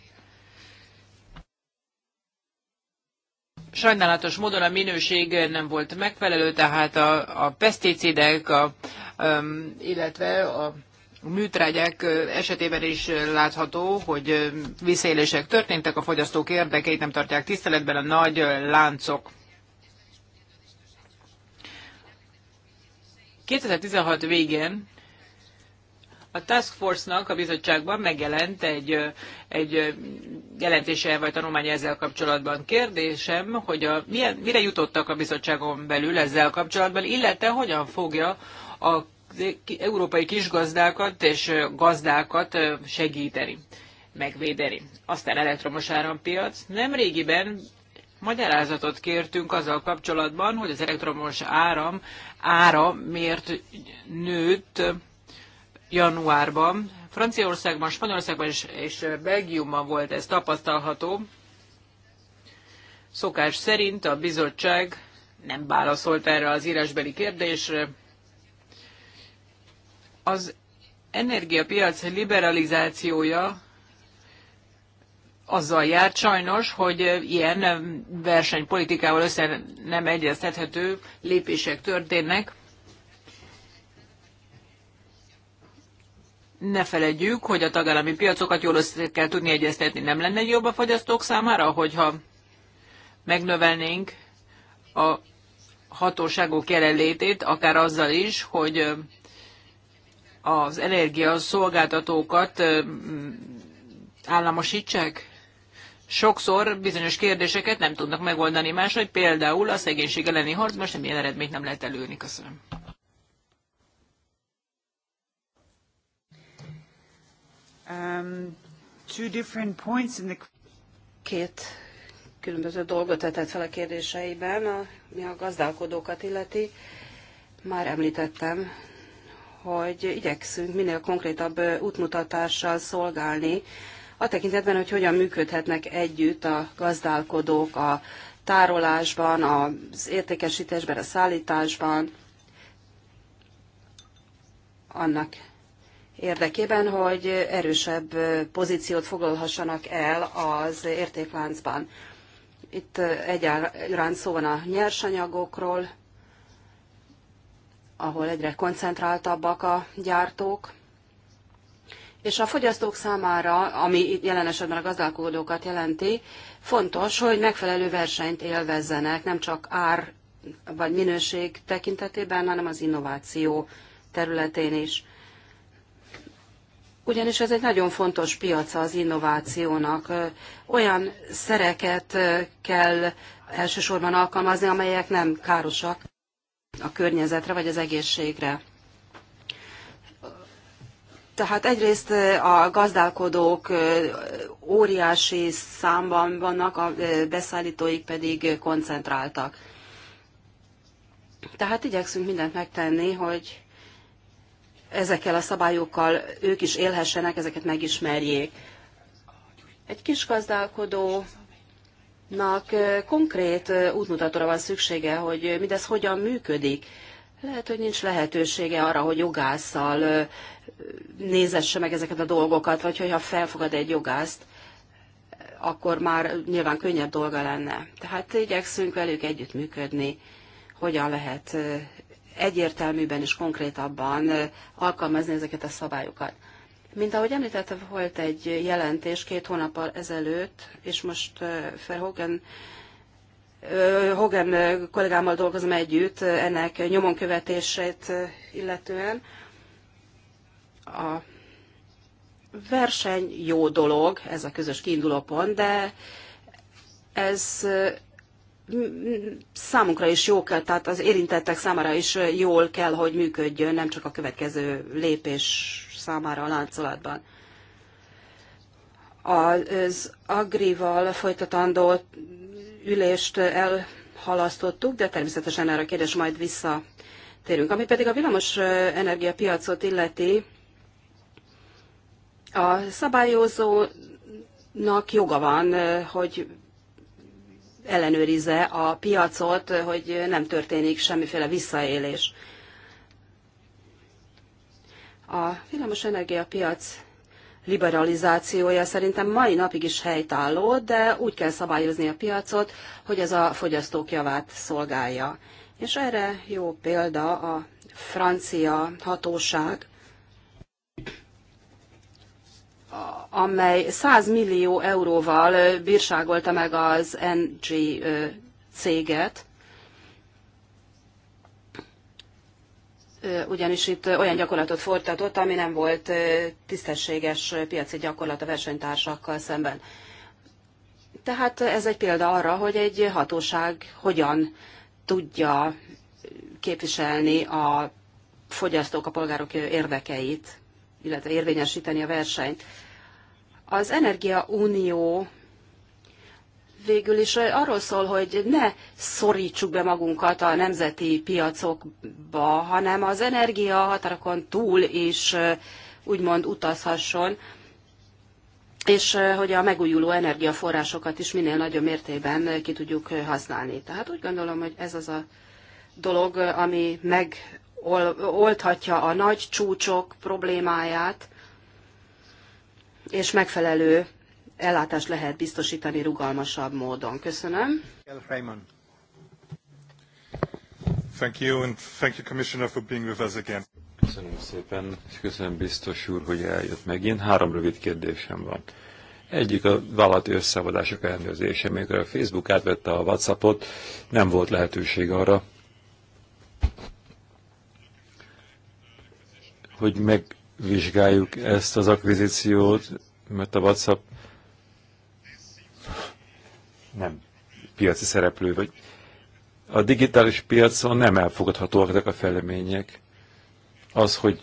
sajnálatos módon a minőség nem volt megfelelő, tehát a, a pesticidek, a, um, illetve a műtrágyák esetében is látható, hogy visszaélések történtek, a fogyasztók érdekeit nem tartják tiszteletben a nagy láncok. 2016 végén a Task Force-nak a bizottságban megjelent egy, egy jelentése vagy tanulmány ezzel kapcsolatban. Kérdésem, hogy a, milyen, mire jutottak a bizottságon belül ezzel kapcsolatban, illetve hogyan fogja a európai kisgazdákat és gazdákat segíteni, megvédeni. Aztán elektromos árampiac. Nemrégiben magyarázatot kértünk azzal kapcsolatban, hogy az elektromos áram ára miért nőtt januárban. Franciaországban, Spanyolországban és, és Belgiumban volt ez tapasztalható. Szokás szerint a bizottság nem válaszolt erre az írásbeli kérdésre. Az energiapiac liberalizációja azzal járt sajnos, hogy ilyen versenypolitikával össze nem egyeztethető lépések történnek. ne feledjük, hogy a tagállami piacokat jól össze kell tudni egyeztetni. Nem lenne jobb a fogyasztók számára, hogyha megnövelnénk a hatóságok jelenlétét, akár azzal is, hogy az energiaszolgáltatókat államosítsák? Sokszor bizonyos kérdéseket nem tudnak megoldani máshogy, például a szegénység elleni most semmilyen eredményt nem lehet előni. Köszönöm. Um, Két különböző dolgot tetett fel a kérdéseiben, ami a gazdálkodókat illeti. Már említettem, hogy igyekszünk minél konkrétabb útmutatással szolgálni, a tekintetben, hogy hogyan működhetnek együtt a gazdálkodók a tárolásban, az értékesítésben, a szállításban, annak érdekében, hogy erősebb pozíciót foglalhassanak el az értékláncban. Itt egyaránt szó van a nyersanyagokról, ahol egyre koncentráltabbak a gyártók, és a fogyasztók számára, ami jelen esetben a gazdálkodókat jelenti, fontos, hogy megfelelő versenyt élvezzenek, nem csak ár vagy minőség tekintetében, hanem az innováció területén is ugyanis ez egy nagyon fontos piaca az innovációnak. Olyan szereket kell elsősorban alkalmazni, amelyek nem károsak a környezetre vagy az egészségre. Tehát egyrészt a gazdálkodók óriási számban vannak, a beszállítóik pedig koncentráltak. Tehát igyekszünk mindent megtenni, hogy ezekkel a szabályokkal ők is élhessenek, ezeket megismerjék. Egy kis gazdálkodónak konkrét útmutatóra van szüksége, hogy mindez hogyan működik. Lehet, hogy nincs lehetősége arra, hogy jogásszal nézesse meg ezeket a dolgokat, vagy hogyha felfogad egy jogászt, akkor már nyilván könnyebb dolga lenne. Tehát igyekszünk velük együttműködni, hogyan lehet egyértelműben és konkrétabban alkalmazni ezeket a szabályokat. Mint ahogy említettem, volt egy jelentés két hónappal ezelőtt, és most Verhogen Hogan kollégámmal dolgozom együtt ennek nyomon követését illetően. A verseny jó dolog, ez a közös kiinduló pont, de ez számunkra is jó kell, tehát az érintettek számára is jól kell, hogy működjön, nem csak a következő lépés számára a láncolatban. Az Agrival folytatandó ülést elhalasztottuk, de természetesen erre a kérdés majd visszatérünk. Ami pedig a villamos energiapiacot illeti, a szabályozónak joga van, hogy ellenőrizze a piacot, hogy nem történik semmiféle visszaélés. A villamosenergia piac liberalizációja szerintem mai napig is helytálló, de úgy kell szabályozni a piacot, hogy ez a fogyasztók javát szolgálja. És erre jó példa a francia hatóság, amely 100 millió euróval bírságolta meg az NG céget, ugyanis itt olyan gyakorlatot folytatott, ami nem volt tisztességes piaci gyakorlat a versenytársakkal szemben. Tehát ez egy példa arra, hogy egy hatóság hogyan tudja képviselni a fogyasztók, a polgárok érdekeit, illetve érvényesíteni a versenyt. Az Energia Unió végül is arról szól, hogy ne szorítsuk be magunkat a nemzeti piacokba, hanem az energia határokon túl is úgymond utazhasson, és hogy a megújuló energiaforrásokat is minél nagyobb mértékben ki tudjuk használni. Tehát úgy gondolom, hogy ez az a dolog, ami megoldhatja a nagy csúcsok problémáját, és megfelelő ellátást lehet biztosítani rugalmasabb módon. Köszönöm. Thank you, and thank you, Commissioner, for being with us again. Köszönöm szépen, és köszönöm biztos úr, hogy eljött megint. három rövid kérdésem van. Egyik a vállalati összeadások ellenőrzése. Amikor a Facebook átvette a WhatsAppot, nem volt lehetőség arra, hogy meg vizsgáljuk ezt az akvizíciót, mert a WhatsApp nem piaci szereplő, vagy a digitális piacon nem elfogadhatóak ezek a felemények. Az, hogy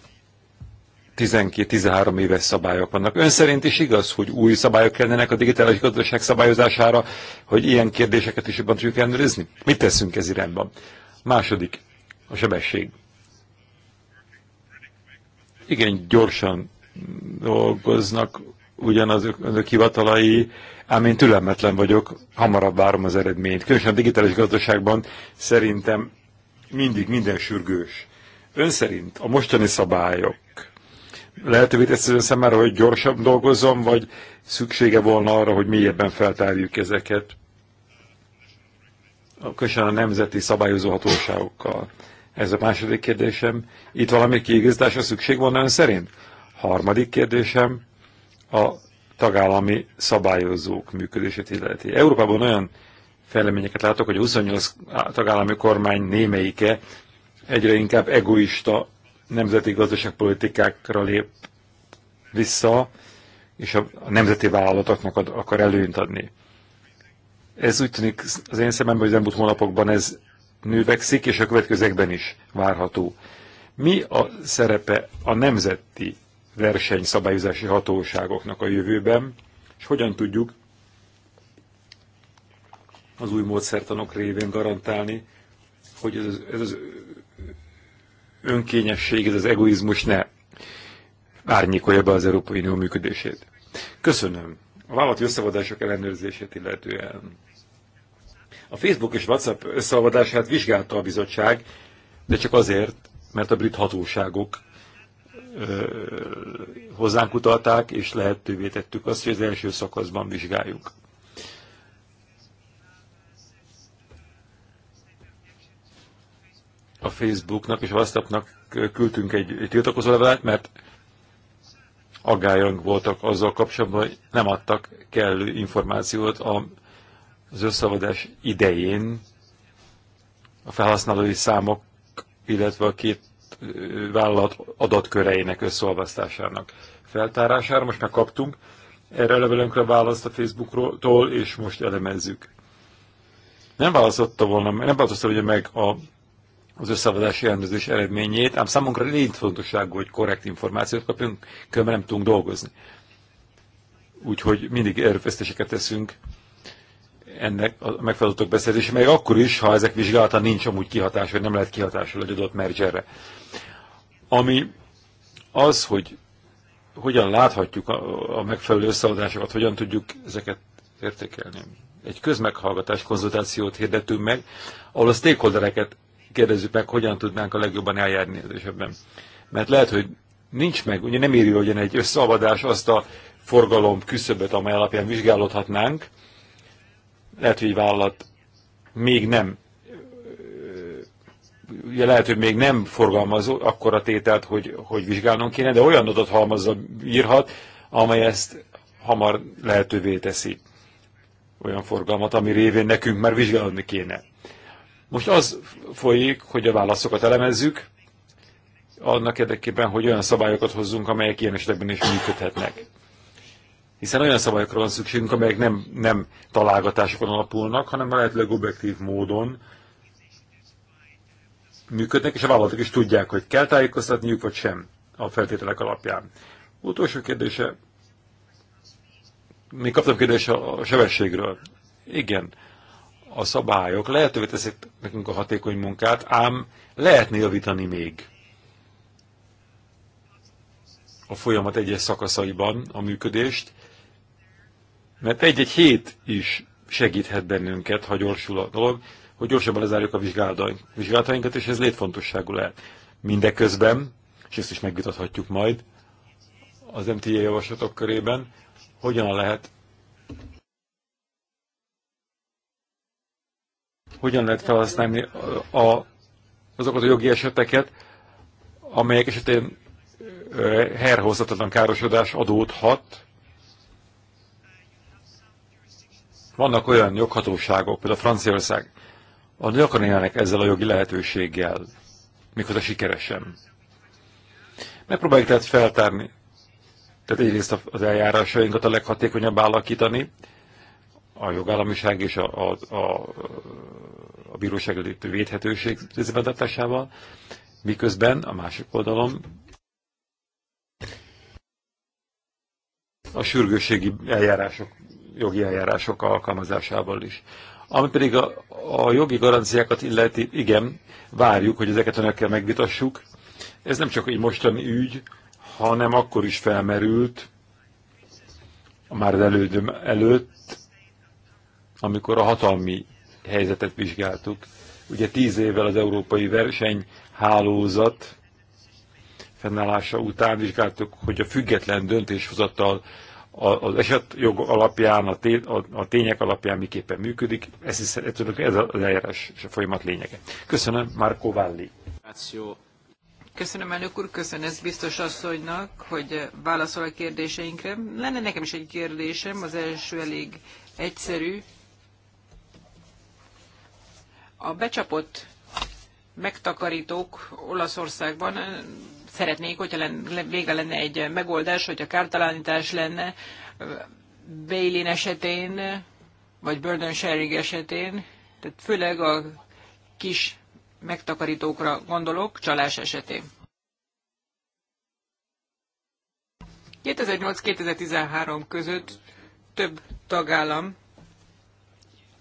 12-13 éves szabályok vannak. Ön szerint is igaz, hogy új szabályok kellenek a digitális gazdaság szabályozására, hogy ilyen kérdéseket is jobban tudjuk ellenőrizni? Mit teszünk ez irányban? Második, a sebesség igen gyorsan dolgoznak, ugyanazok önök hivatalai, ám én türelmetlen vagyok, hamarabb várom az eredményt. Különösen a digitális gazdaságban szerintem mindig minden sürgős. Ön szerint a mostani szabályok lehetővé teszi ön számára, hogy gyorsabb dolgozom, vagy szüksége volna arra, hogy mélyebben feltárjuk ezeket? Kösen a nemzeti szabályozó hatóságokkal. Ez a második kérdésem. Itt valami kiigazításra szükség van ön szerint? Harmadik kérdésem a tagállami szabályozók működését illeti. Európában olyan fejleményeket látok, hogy a 28 tagállami kormány némelyike egyre inkább egoista nemzeti gazdaságpolitikákra lép vissza, és a nemzeti vállalatoknak akar előnyt adni. Ez úgy tűnik az én szememben, hogy az elmúlt hónapokban ez növekszik, és a következőkben is várható. Mi a szerepe a nemzeti versenyszabályozási hatóságoknak a jövőben, és hogyan tudjuk az új módszertanok révén garantálni, hogy ez az, ez az önkényesség, ez az egoizmus ne árnyékolja be az Európai Unió működését. Köszönöm. A vállalati összevadások ellenőrzését illetően a Facebook és WhatsApp összeolvadását vizsgálta a bizottság, de csak azért, mert a brit hatóságok hozzánk utalták, és lehetővé tettük azt, hogy az első szakaszban vizsgáljuk. A Facebooknak és a WhatsAppnak küldtünk egy tiltakozó levelet, mert aggályunk voltak azzal kapcsolatban, hogy nem adtak kellő információt a az összeadás idején a felhasználói számok, illetve a két vállalat adatköreinek összeolvasztásának feltárására. Most már kaptunk erre a levelünkre választ a Facebookról és most elemezzük. Nem választotta volna, nem választotta meg a, az összeadási rendezés eredményét, ám számunkra létfontosságú, hogy korrekt információt kapjunk, különben nem tudunk dolgozni. Úgyhogy mindig erőfeszteseket teszünk ennek a megfelelőtök beszerzése, meg akkor is, ha ezek vizsgálata nincs amúgy kihatás, vagy nem lehet kihatással egy adott mergerre. Ami az, hogy hogyan láthatjuk a, a megfelelő összeadásokat, hogyan tudjuk ezeket értékelni. Egy közmeghallgatás konzultációt hirdetünk meg, ahol a stakeholdereket kérdezzük meg, hogyan tudnánk a legjobban eljárni az esetben. Mert lehet, hogy nincs meg, ugye nem írja hogy egy összeadás azt a forgalom küszöböt, amely alapján vizsgálódhatnánk, lehet, hogy egy vállalat még nem ugye lehet, hogy még nem forgalmaz akkor a tételt, hogy, hogy vizsgálnunk kéne, de olyan adat halmazza írhat, amely ezt hamar lehetővé teszi. Olyan forgalmat, ami révén nekünk már vizsgálni kéne. Most az folyik, hogy a válaszokat elemezzük, annak érdekében, hogy olyan szabályokat hozzunk, amelyek ilyen esetekben is működhetnek. Hiszen olyan szabályokra van szükségünk, amelyek nem, nem találgatásokon alapulnak, hanem a lehetőleg objektív módon működnek, és a vállalatok is tudják, hogy kell tájékoztatniuk, vagy sem a feltételek alapján. Utolsó kérdése. Még kaptam kérdést a sebességről. Igen, a szabályok lehetővé teszik nekünk a hatékony munkát, ám lehetne javítani még a folyamat egyes szakaszaiban a működést, mert egy-egy hét is segíthet bennünket, ha gyorsul a dolog, hogy gyorsabban lezárjuk a vizsgálatainkat, és ez létfontosságú lehet. Mindeközben, és ezt is megvitathatjuk majd az MTA javaslatok körében, hogyan lehet hogyan lehet felhasználni a, azokat a jogi eseteket, amelyek esetén herhozatlan károsodás adódhat, Vannak olyan joghatóságok, például Franciaország, ahol gyakran élnek ezzel a jogi lehetőséggel, méghozzá sikeresen. Megpróbáljuk tehát feltárni, tehát egyrészt az eljárásainkat a leghatékonyabb állakítani, a jogállamiság és a, a, a, a bíróság előtt védhetőség tiszteletadásával, miközben a másik oldalon a sürgősségi eljárások jogi eljárások alkalmazásával is. Ami pedig a, a jogi garanciákat illeti, igen, várjuk, hogy ezeket önökkel megvitassuk. Ez nem csak egy mostani ügy, hanem akkor is felmerült, már az elődöm előtt, amikor a hatalmi helyzetet vizsgáltuk. Ugye tíz évvel az európai versenyhálózat fennállása után vizsgáltuk, hogy a független döntéshozattal az esetjog alapján, a tények alapján miképpen működik. Ez, hiszem, ez az eljárás és a folyamat lényege. Köszönöm, Marco Valli. Köszönöm, elnök úr, köszönöm ez biztos asszonynak, hogy válaszol a kérdéseinkre. Lenne nekem is egy kérdésem, az első elég egyszerű. A becsapott megtakarítók Olaszországban szeretnék, hogyha lenne, végre lenne egy megoldás, hogyha kártalanítás lenne Bailin esetén, vagy burden sharing esetén, tehát főleg a kis megtakarítókra gondolok, csalás esetén. 2008-2013 között több tagállam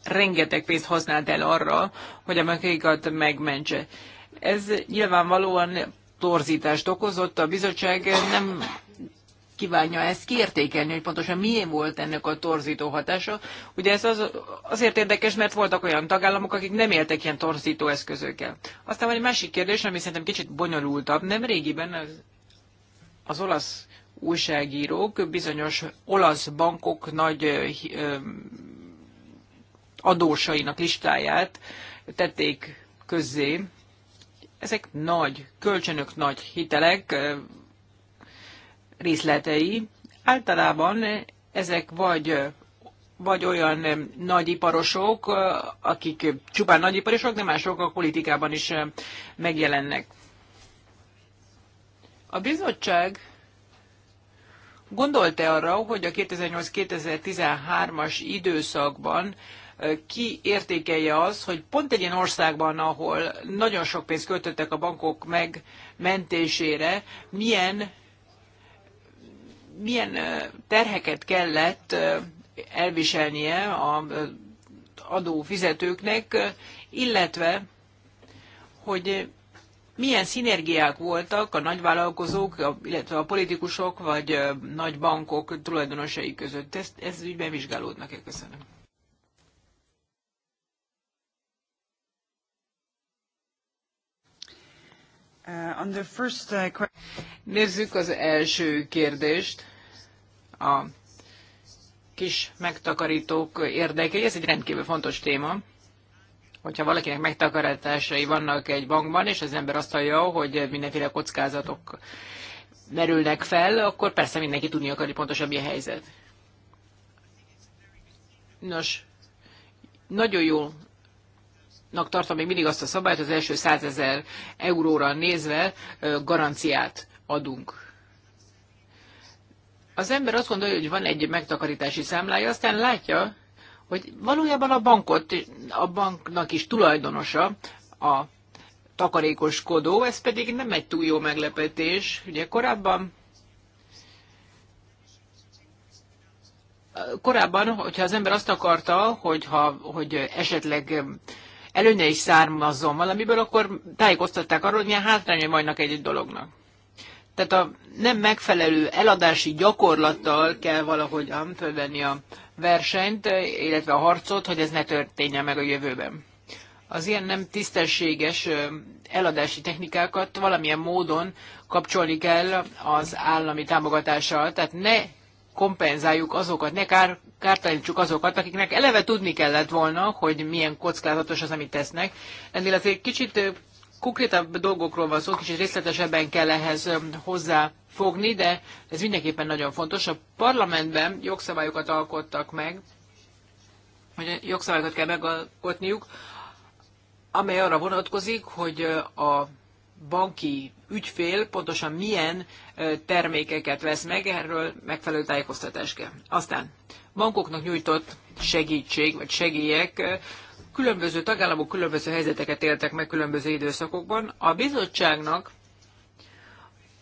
rengeteg pénzt használt el arra, hogy a megmentse. Ez nyilvánvalóan torzítást okozott. A bizottság nem kívánja ezt kiértékelni, hogy pontosan milyen volt ennek a torzító hatása. Ugye ez az, azért érdekes, mert voltak olyan tagállamok, akik nem éltek ilyen torzító eszközökkel. Aztán van egy másik kérdés, ami szerintem kicsit bonyolultabb. Nem régiben az, az olasz újságírók bizonyos olasz bankok nagy ö, ö, adósainak listáját tették közzé. Ezek nagy kölcsönök, nagy hitelek részletei. Általában ezek vagy vagy olyan nagyiparosok, akik csupán nagyiparosok, de mások a politikában is megjelennek. A bizottság gondolt-e arra, hogy a 2008-2013-as időszakban ki értékelje az, hogy pont egy ilyen országban, ahol nagyon sok pénzt költöttek a bankok megmentésére, milyen, milyen terheket kellett elviselnie a adófizetőknek, illetve hogy milyen szinergiák voltak a nagyvállalkozók, illetve a politikusok vagy nagy bankok tulajdonosai között. Ezt, ez ügyben vizsgálódnak-e? Köszönöm. Uh, uh, Nézzük az első kérdést. A kis megtakarítók érdekei, ez egy rendkívül fontos téma. Hogyha valakinek megtakarításai vannak egy bankban, és az ember azt hallja, hogy mindenféle kockázatok merülnek fel, akkor persze mindenki tudni akar, hogy pontosabb a helyzet. Nos, nagyon jó fontosnak tartom még mindig azt a szabályt, az első 100 ezer euróra nézve garanciát adunk. Az ember azt gondolja, hogy van egy megtakarítási számlája, aztán látja, hogy valójában a bankot, a banknak is tulajdonosa a takarékoskodó, ez pedig nem egy túl jó meglepetés. Ugye korábban korábban, hogyha az ember azt akarta, hogy, ha, hogy esetleg előnye is származzon valamiből, akkor tájékoztatták arról, hogy milyen hátrányai vannak egy, dolognak. Tehát a nem megfelelő eladási gyakorlattal kell valahogy fölvenni a versenyt, illetve a harcot, hogy ez ne történjen meg a jövőben. Az ilyen nem tisztességes eladási technikákat valamilyen módon kapcsolni kell az állami támogatással, tehát ne kompenzáljuk azokat, ne kár, kártalanítsuk azokat, akiknek eleve tudni kellett volna, hogy milyen kockázatos az, amit tesznek. Ennél azért kicsit konkrétabb dolgokról van szó, kicsit részletesebben kell ehhez hozzáfogni, de ez mindenképpen nagyon fontos. A parlamentben jogszabályokat alkottak meg, hogy jogszabályokat kell megalkotniuk, amely arra vonatkozik, hogy a banki ügyfél pontosan milyen termékeket vesz meg, erről megfelelő tájékoztatás kell. Aztán bankoknak nyújtott segítség vagy segélyek különböző tagállamok különböző helyzeteket éltek meg különböző időszakokban. A bizottságnak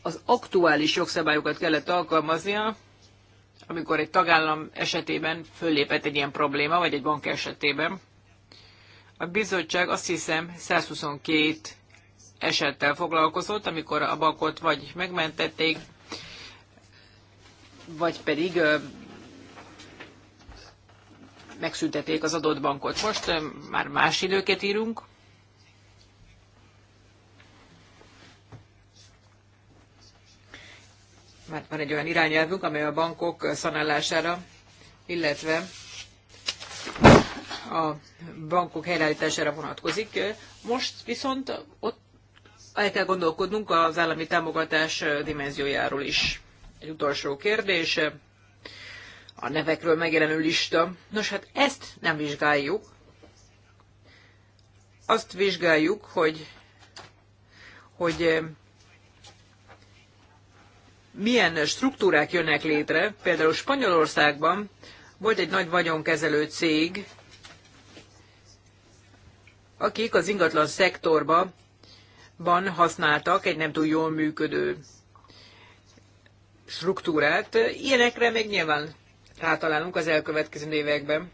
az aktuális jogszabályokat kellett alkalmaznia, amikor egy tagállam esetében föllépett egy ilyen probléma, vagy egy bank esetében. A bizottság azt hiszem 122 esettel foglalkozott, amikor a bakot vagy megmentették, vagy pedig megszüntették az adott bankot. Most már más időket írunk. Már van egy olyan irányelvünk, amely a bankok szanálására, illetve a bankok helyreállítására vonatkozik. Most viszont ott el kell gondolkodnunk az állami támogatás dimenziójáról is. Egy utolsó kérdés, a nevekről megjelenő lista. Nos, hát ezt nem vizsgáljuk. Azt vizsgáljuk, hogy, hogy eh, milyen struktúrák jönnek létre. Például Spanyolországban volt egy nagy vagyonkezelő cég, akik az ingatlan szektorba ban használtak egy nem túl jól működő struktúrát. Ilyenekre még nyilván rátalálunk az elkövetkező években.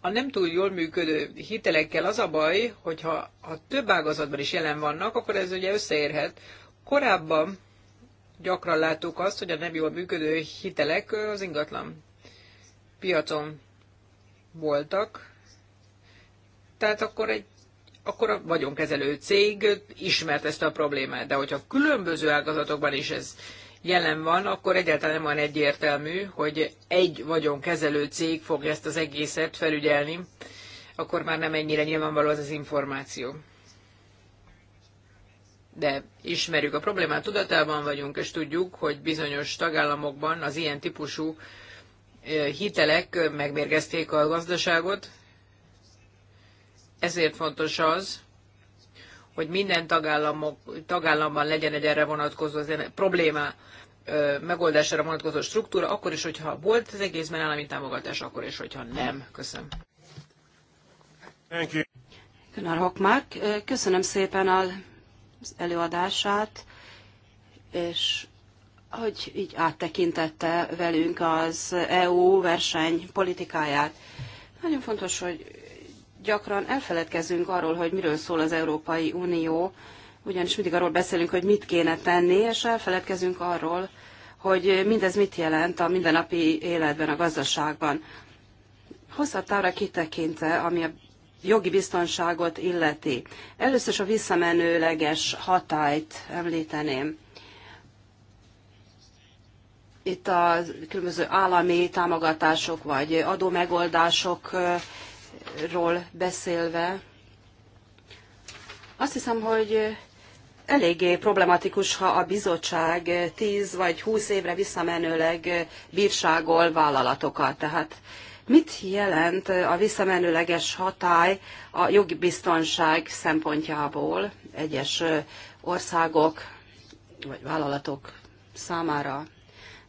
A nem túl jól működő hitelekkel az a baj, hogyha ha több ágazatban is jelen vannak, akkor ez ugye összeérhet. Korábban gyakran láttuk azt, hogy a nem jól működő hitelek az ingatlan piacon voltak, tehát akkor egy akkor a vagyonkezelő cég ismert ezt a problémát. De hogyha különböző ágazatokban is ez jelen van, akkor egyáltalán nem olyan egyértelmű, hogy egy vagyonkezelő cég fog ezt az egészet felügyelni, akkor már nem ennyire nyilvánvaló az az információ. De ismerjük a problémát, tudatában vagyunk, és tudjuk, hogy bizonyos tagállamokban az ilyen típusú eh, hitelek eh, megmérgezték a gazdaságot, ezért fontos az, hogy minden tagállamok, tagállamban legyen egy erre vonatkozó probléma megoldására vonatkozó struktúra, akkor is, hogyha volt az egészben állami támogatás, akkor is, hogyha nem. Köszönöm. Thank you. Gunnar Hockmark, köszönöm szépen az előadását, és hogy így áttekintette velünk az EU versenypolitikáját. Nagyon fontos, hogy gyakran elfeledkezünk arról, hogy miről szól az Európai Unió, ugyanis mindig arról beszélünk, hogy mit kéne tenni, és elfeledkezünk arról, hogy mindez mit jelent a mindennapi életben, a gazdaságban. Hosszabb távra kitekintve, ami a jogi biztonságot illeti. Először is a visszamenőleges hatályt említeném. Itt a különböző állami támogatások vagy adómegoldások ról beszélve, azt hiszem, hogy eléggé problematikus, ha a bizottság 10 vagy 20 évre visszamenőleg bírságol vállalatokat. Tehát mit jelent a visszamenőleges hatály a jogbiztonság szempontjából egyes országok vagy vállalatok számára?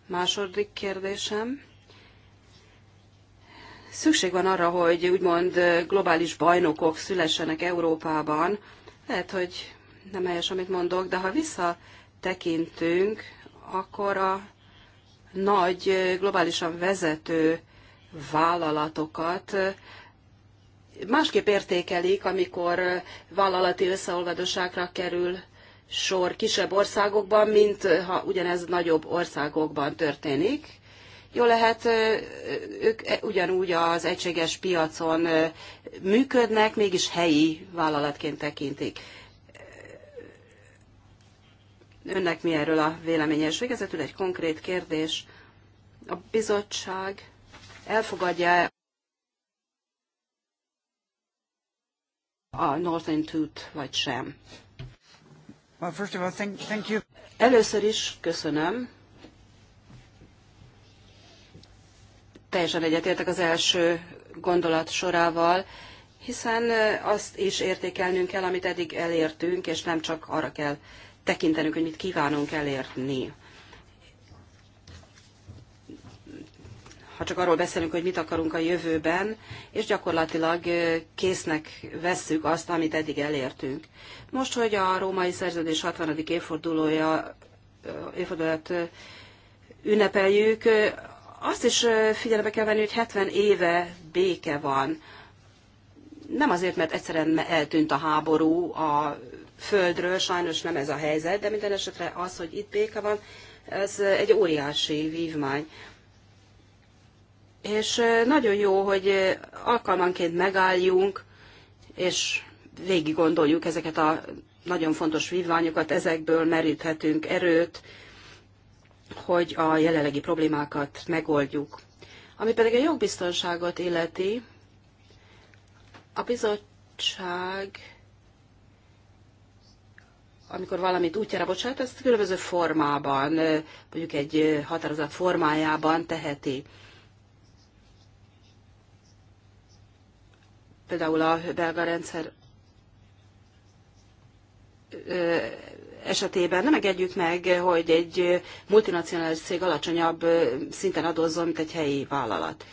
Második kérdésem szükség van arra, hogy úgymond globális bajnokok szülessenek Európában. Lehet, hogy nem helyes, amit mondok, de ha visszatekintünk, akkor a nagy, globálisan vezető vállalatokat másképp értékelik, amikor vállalati összeolvadóságra kerül sor kisebb országokban, mint ha ugyanez nagyobb országokban történik. Jó lehet, ők e, ugyanúgy az egységes piacon működnek, mégis helyi vállalatként tekintik. Önnek mi erről a véleménye? És végezetül egy konkrét kérdés. A bizottság elfogadja -e a Northern Tooth vagy sem? Először is köszönöm teljesen egyetértek az első gondolat sorával, hiszen azt is értékelnünk kell, amit eddig elértünk, és nem csak arra kell tekintenünk, hogy mit kívánunk elérni. Ha csak arról beszélünk, hogy mit akarunk a jövőben, és gyakorlatilag késznek vesszük azt, amit eddig elértünk. Most, hogy a római szerződés 60. évfordulója, évfordulat ünnepeljük, azt is figyelembe kell venni, hogy 70 éve béke van. Nem azért, mert egyszerűen eltűnt a háború a földről, sajnos nem ez a helyzet, de minden esetre az, hogy itt béke van, ez egy óriási vívmány. És nagyon jó, hogy alkalmanként megálljunk, és végig gondoljuk ezeket a nagyon fontos vívványokat, ezekből meríthetünk erőt, hogy a jelenlegi problémákat megoldjuk. Ami pedig a jogbiztonságot illeti, a bizottság, amikor valamit útjára bocsát, ezt különböző formában, mondjuk egy határozat formájában teheti. Például a belga rendszer esetében nem engedjük meg, hogy egy multinacionális cég alacsonyabb szinten adózzon, mint egy helyi vállalat.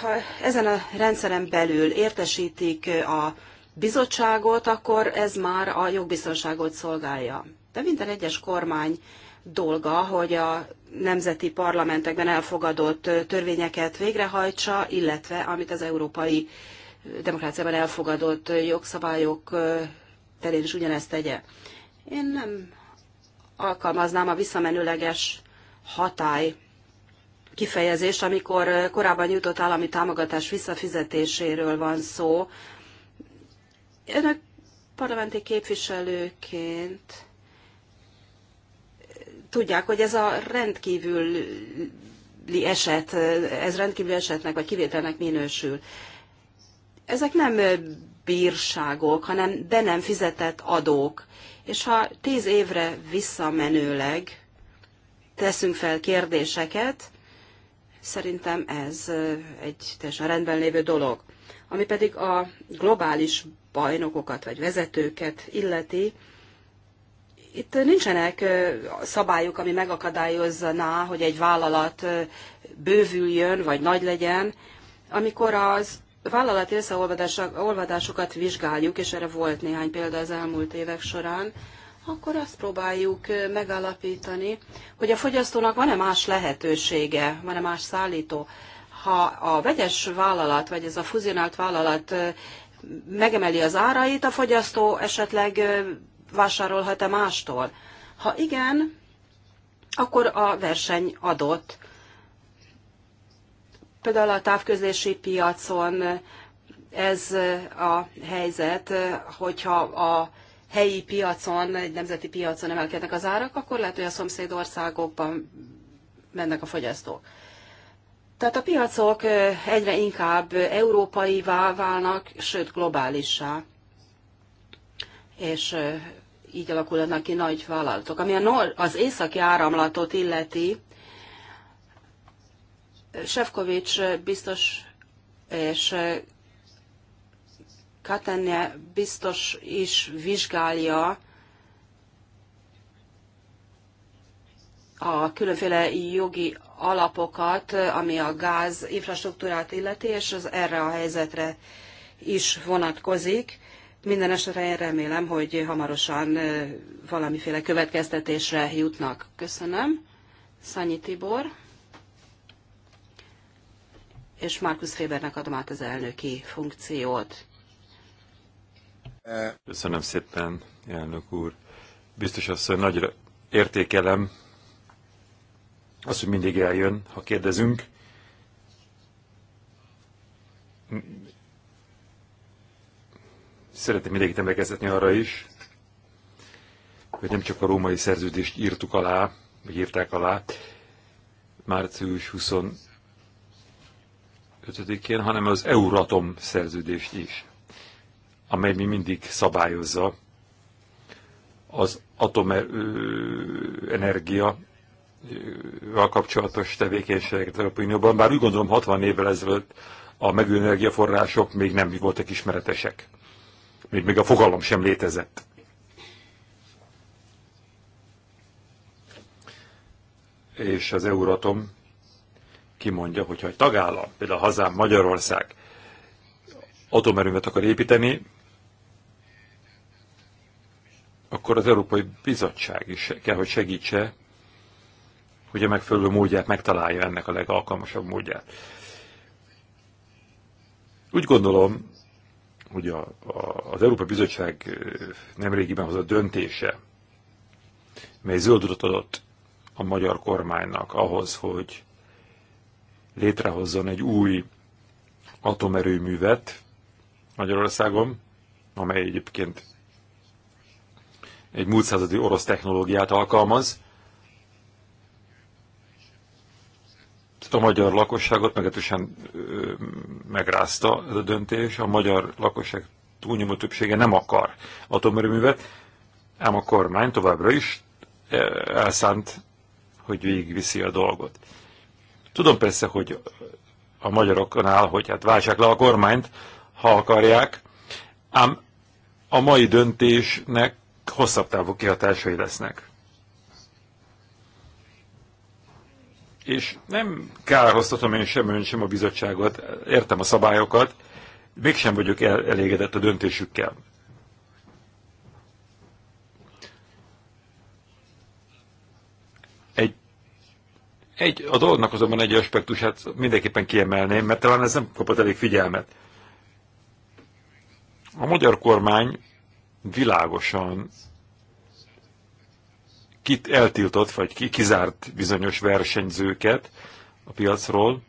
Ha ezen a rendszeren belül értesítik a bizottságot, akkor ez már a jogbiztonságot szolgálja. De minden egyes kormány dolga, hogy a nemzeti parlamentekben elfogadott törvényeket végrehajtsa, illetve amit az európai demokráciában elfogadott jogszabályok terén is ugyanezt tegye. Én nem alkalmaznám a visszamenőleges hatály kifejezést, amikor eh, korábban nyújtott állami támogatás visszafizetéséről van szó. Önök parlamenti képviselőként eh, tudják, hogy ez a rendkívüli eset, eh, ez rendkívüli esetnek vagy kivételnek minősül. Ezek nem bírságok, hanem be nem fizetett adók. És ha tíz évre visszamenőleg teszünk fel kérdéseket, szerintem ez egy teljesen rendben lévő dolog. Ami pedig a globális bajnokokat vagy vezetőket illeti, itt nincsenek szabályok, ami megakadályozná, hogy egy vállalat bővüljön vagy nagy legyen. Amikor az vállalati összeolvadásokat vizsgáljuk, és erre volt néhány példa az elmúlt évek során, akkor azt próbáljuk megállapítani, hogy a fogyasztónak van-e más lehetősége, van-e más szállító. Ha a vegyes vállalat, vagy ez a fuzionált vállalat megemeli az árait, a fogyasztó esetleg vásárolhat-e mástól? Ha igen, akkor a verseny adott. Például a távközlési piacon ez a helyzet, hogyha a helyi piacon, egy nemzeti piacon emelkednek az árak, akkor lehet, hogy a szomszéd országokban mennek a fogyasztók. Tehát a piacok egyre inkább európaivá válnak, sőt globálissá. És így alakulnak ki nagy vállalatok. Ami a nor- az északi áramlatot illeti, Sefkovics biztos és Katenne biztos is vizsgálja a különféle jogi alapokat, ami a gáz infrastruktúrát illeti, és az erre a helyzetre is vonatkozik. Minden esetre én remélem, hogy hamarosan valamiféle következtetésre jutnak. Köszönöm. Szanyi Tibor és Markus Fébernek adom át az elnöki funkciót. Köszönöm szépen, elnök úr. Biztos azt, hogy nagyra értékelem azt hogy mindig eljön, ha kérdezünk. Szeretném mindenkit emlékeztetni arra is, hogy nem csak a római szerződést írtuk alá, vagy írták alá, március 20 5-én, hanem az Euratom szerződést is, amely mi mindig szabályozza az atomenergia kapcsolatos tevékenységeket Európai Unióban, bár úgy gondolom 60 évvel ezelőtt a megújuló energiaforrások még nem voltak ismeretesek. Még, még a fogalom sem létezett. És az Euratom kimondja, hogyha egy tagállam, például a hazám Magyarország atomerőmet akar építeni, akkor az Európai Bizottság is kell, hogy segítse, hogy a megfelelő módját megtalálja ennek a legalkalmasabb módját. Úgy gondolom, hogy a, a, az Európai Bizottság nemrégiben hozott döntése, mely zöld adott a magyar kormánynak ahhoz, hogy létrehozzon egy új atomerőművet Magyarországon, amely egyébként egy múlt századi orosz technológiát alkalmaz. A magyar lakosságot meglehetősen megrázta ez a döntés. A magyar lakosság túlnyomó többsége nem akar atomerőművet, ám a kormány továbbra is elszánt, hogy végigviszi a dolgot. Tudom persze, hogy a magyaroknál, hogy hát váltsák le a kormányt, ha akarják, ám a mai döntésnek hosszabb távú kihatásai lesznek. És nem károsztatom én sem ön, sem a bizottságot, értem a szabályokat, mégsem vagyok elégedett a döntésükkel. Egy, a dolognak azonban egy aspektusát mindenképpen kiemelném, mert talán ez nem kapott elég figyelmet. A magyar kormány világosan kit eltiltott, vagy kizárt bizonyos versenyzőket a piacról,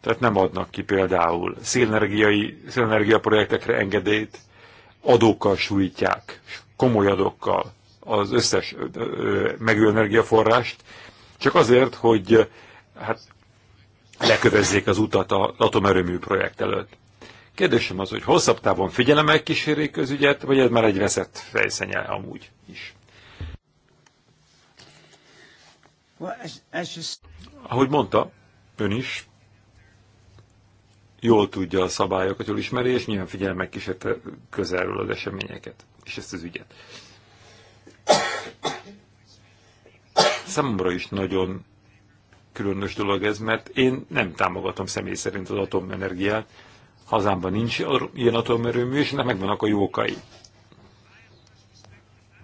tehát nem adnak ki például szélenergiai, projektekre engedélyt, adókkal sújtják, komoly adókkal az összes megőenergiaforrást, csak azért, hogy hát lekövezzék az utat az atomerőmű projekt előtt. Kérdésem az, hogy hosszabb távon figyelemmel kísérik közügyet, vagy ez már egy veszett fejszenye amúgy is? Ahogy mondta, ön is jól tudja a szabályokat, jól ismeri, és nyilván figyelem kísérte közelről az eseményeket, és ezt az ügyet. Számomra is nagyon különös dolog ez, mert én nem támogatom személy szerint az atomenergiát. Hazámban nincs ilyen atomerőmű, és ennek megvannak a jókai.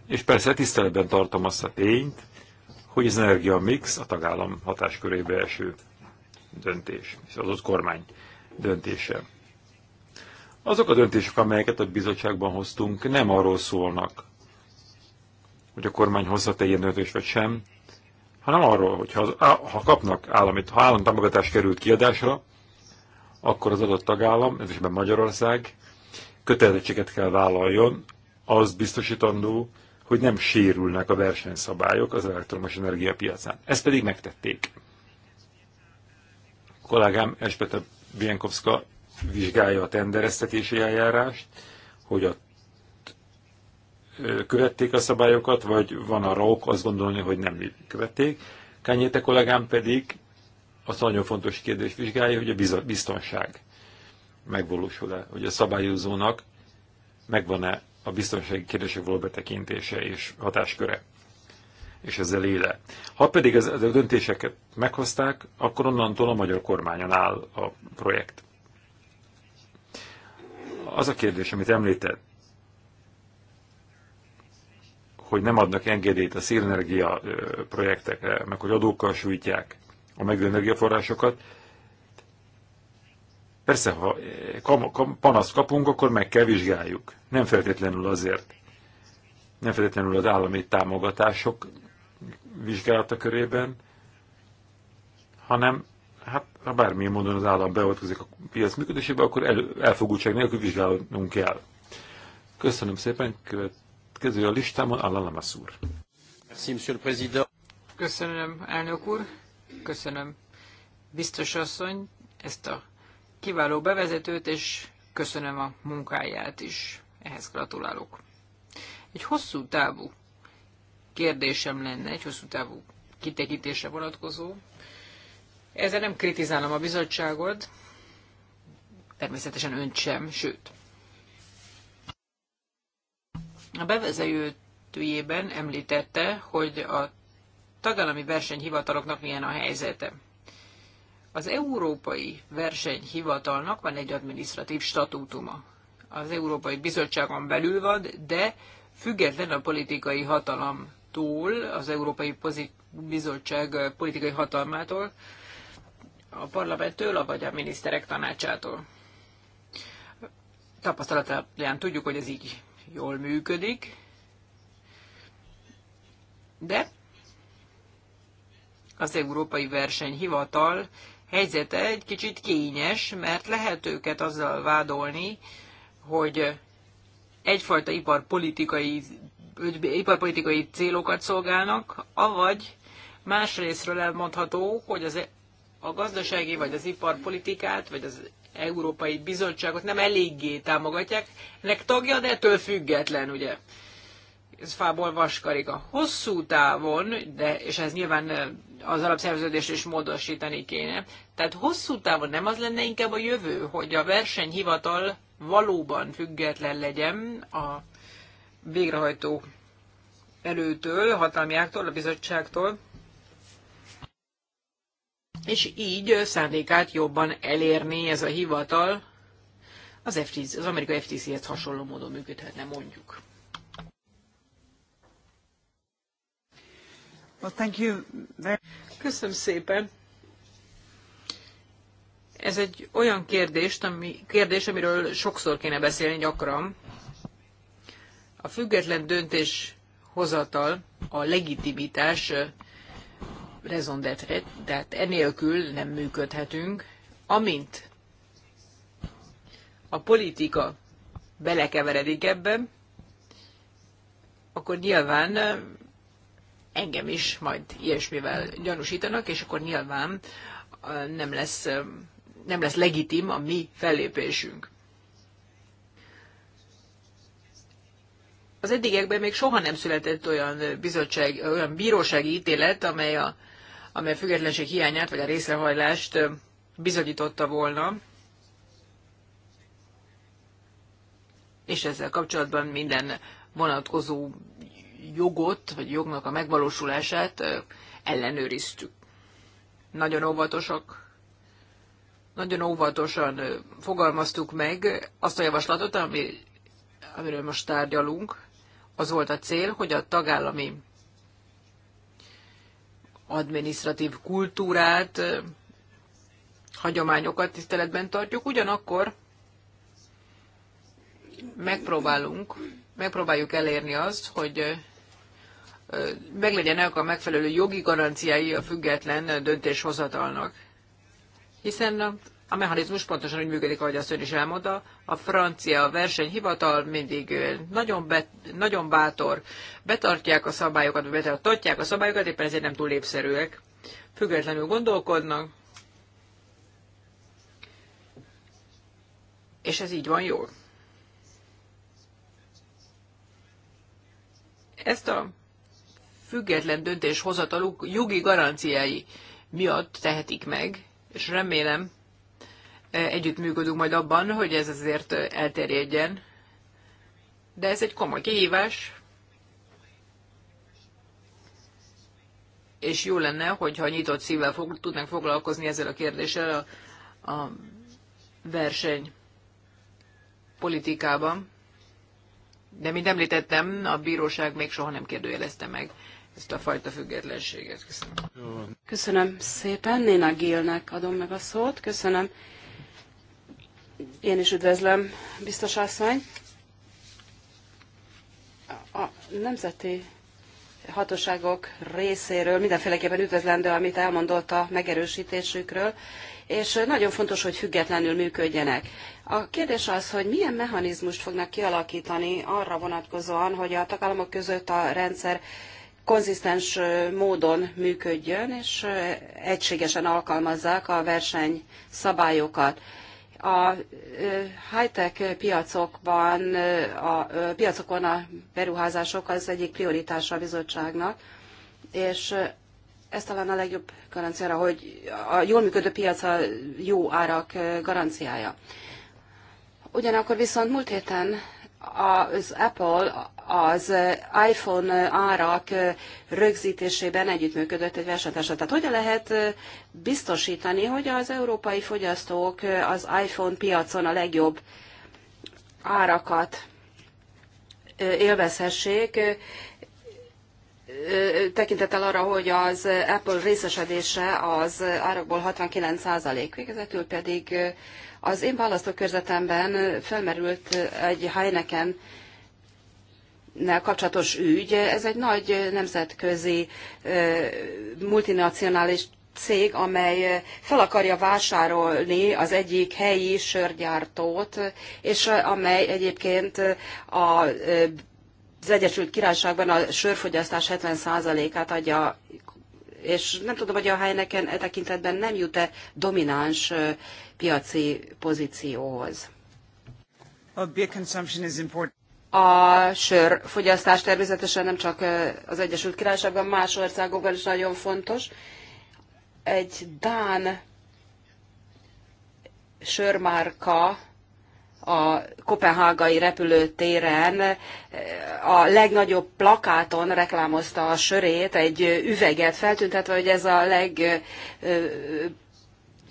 És persze tiszteletben tartom azt a tényt, hogy az energia mix a tagállam hatáskörébe eső döntés, és az ott kormány döntése. Azok a döntések, amelyeket a bizottságban hoztunk, nem arról szólnak, hogy a kormány hozhat -e ilyen döntést vagy sem, hanem arról, hogy ha, ha kapnak állami, ha állami támogatás került kiadásra, akkor az adott tagállam, ez is Magyarország, kötelezettséget kell vállaljon, az biztosítandó, hogy nem sérülnek a versenyszabályok az elektromos energiapiacán. Ezt pedig megtették. A kollégám Esbeta Bienkowska vizsgálja a tendereztetési eljárást, hogy a követték a szabályokat, vagy van arra ok azt gondolni, hogy nem követték. Kányéte kollégám pedig azt nagyon fontos kérdést vizsgálja, hogy a biztonság megvalósul-e, hogy a szabályozónak megvan-e a biztonsági kérdések való betekintése és hatásköre, és ezzel éle. Ha pedig az, a döntéseket meghozták, akkor onnantól a magyar kormányon áll a projekt. Az a kérdés, amit említett, hogy nem adnak engedélyt a szélenergia projektekre, meg hogy adókkal sújtják a megújuló energiaforrásokat. Persze, ha eh, panaszt kapunk, akkor meg kell vizsgáljuk. Nem feltétlenül azért. Nem feltétlenül az állami támogatások vizsgálata körében, hanem hát ha bármilyen módon az állam beavatkozik a piac működésébe, akkor elfogultság nélkül vizsgálnunk kell. Köszönöm szépen, követ következő a listámon Köszönöm, elnök úr. Köszönöm, biztos asszony, ezt a kiváló bevezetőt, és köszönöm a munkáját is. Ehhez gratulálok. Egy hosszú távú kérdésem lenne, egy hosszú távú kitekítése vonatkozó. Ezzel nem kritizálom a bizottságot, természetesen önt sem, sőt. A bevezetőjében említette, hogy a tagállami versenyhivataloknak milyen a helyzete. Az Európai Versenyhivatalnak van egy adminisztratív statútuma. Az Európai Bizottságon belül van, de független a politikai hatalomtól, az Európai Bizottság politikai hatalmától, a parlamenttől, vagy a miniszterek tanácsától. Tapasztalatáján tudjuk, hogy ez így jól működik, de az Európai Versenyhivatal helyzete egy kicsit kényes, mert lehet őket azzal vádolni, hogy egyfajta iparpolitikai, iparpolitikai célokat szolgálnak, avagy másrésztről elmondható, hogy az e- a gazdasági vagy az iparpolitikát, vagy az Európai Bizottságot nem eléggé támogatják. Ennek tagja, de ettől független, ugye? Ez fából vaskarika. Hosszú távon, de, és ez nyilván az alapszerződést is módosítani kéne, tehát hosszú távon nem az lenne inkább a jövő, hogy a versenyhivatal valóban független legyen a végrehajtó előtől, hatalmiáktól, a bizottságtól, és így szándékát jobban elérni ez a hivatal, az, FTC, az amerikai FTC-hez hasonló módon működhetne, mondjuk. Well, thank you very... Köszönöm szépen. Ez egy olyan kérdés, ami, kérdés, amiről sokszor kéne beszélni gyakran. A független döntéshozatal, a legitimitás raison d'être, tehát enélkül nem működhetünk. Amint a politika belekeveredik ebbe, akkor nyilván engem is majd ilyesmivel gyanúsítanak, és akkor nyilván nem lesz, nem lesz legitim a mi fellépésünk. Az eddigekben még soha nem született olyan, bizottság, olyan bírósági ítélet, amely a amely a függetlenség hiányát vagy a részrehajlást bizonyította volna, és ezzel kapcsolatban minden vonatkozó jogot, vagy jognak a megvalósulását ellenőriztük. Nagyon óvatosak, nagyon óvatosan fogalmaztuk meg azt a javaslatot, ami, amiről most tárgyalunk. Az volt a cél, hogy a tagállami administratív kultúrát, hagyományokat tiszteletben tartjuk, ugyanakkor megpróbálunk, megpróbáljuk elérni azt, hogy meglegyenek a megfelelő jogi garanciái a független döntéshozatalnak. Hiszen a mechanizmus pontosan úgy működik, ahogy azt ön is elmondta. A francia versenyhivatal mindig nagyon, be, nagyon bátor, betartják a szabályokat, betartják a szabályokat, éppen ezért nem túl lépszerűek. Függetlenül gondolkodnak, és ez így van jól. Ezt a független döntéshozataluk jogi garanciái miatt tehetik meg, és remélem, együttműködünk majd abban, hogy ez azért elterjedjen. De ez egy komoly kihívás, és jó lenne, hogyha nyitott szívvel fog, tudnánk foglalkozni ezzel a kérdéssel a, a verseny politikában. De, mint említettem, a bíróság még soha nem kérdőjelezte meg ezt a fajta függetlenséget. Köszönöm. Köszönöm szépen. Néna Gélnek adom meg a szót. Köszönöm. Én is üdvözlöm, biztos asszony. A nemzeti hatóságok részéről mindenféleképpen üdvözlendő, amit elmondott a megerősítésükről, és nagyon fontos, hogy függetlenül működjenek. A kérdés az, hogy milyen mechanizmust fognak kialakítani arra vonatkozóan, hogy a tagállamok között a rendszer konzisztens módon működjön, és egységesen alkalmazzák a versenyszabályokat a high-tech piacokban, a piacokon a beruházások az egyik prioritása a bizottságnak, és ez talán a legjobb garanciára, hogy a jól működő piac a jó árak garanciája. Ugyanakkor viszont múlt héten az Apple az iPhone árak rögzítésében együttműködött egy versenytársal. Tehát hogyan lehet biztosítani, hogy az európai fogyasztók az iPhone piacon a legjobb árakat élvezhessék, tekintettel arra, hogy az Apple részesedése az árakból 69 százalék, végezetül pedig az én választókörzetemben felmerült egy Heineken kapcsolatos ügy. Ez egy nagy nemzetközi multinacionális cég, amely fel akarja vásárolni az egyik helyi sörgyártót, és amely egyébként a az Egyesült Királyságban a sörfogyasztás 70%-át adja és nem tudom, hogy a Heineken e tekintetben nem jut-e domináns piaci pozícióhoz. A sör fogyasztás A sörfogyasztás természetesen nem csak az Egyesült Királyságban, más országokban is nagyon fontos. Egy Dán sörmárka a kopenhágai repülőtéren eh, a legnagyobb plakáton reklámozta a sörét, egy üveget feltüntetve, hogy ez a leg eh,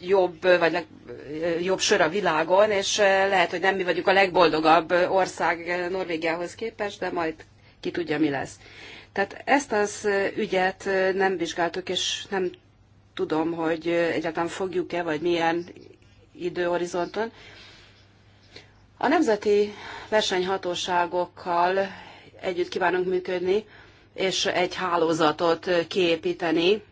jobb, vagy eh, jobb sör a világon, és lehet, hogy nem mi vagyunk a legboldogabb ország Norvégiához képest, de majd ki tudja, mi lesz. Tehát ezt az ügyet nem vizsgáltuk, és nem tudom, hogy egyáltalán fogjuk-e, vagy milyen időhorizonton. A nemzeti versenyhatóságokkal együtt kívánunk működni, és egy hálózatot kiépíteni.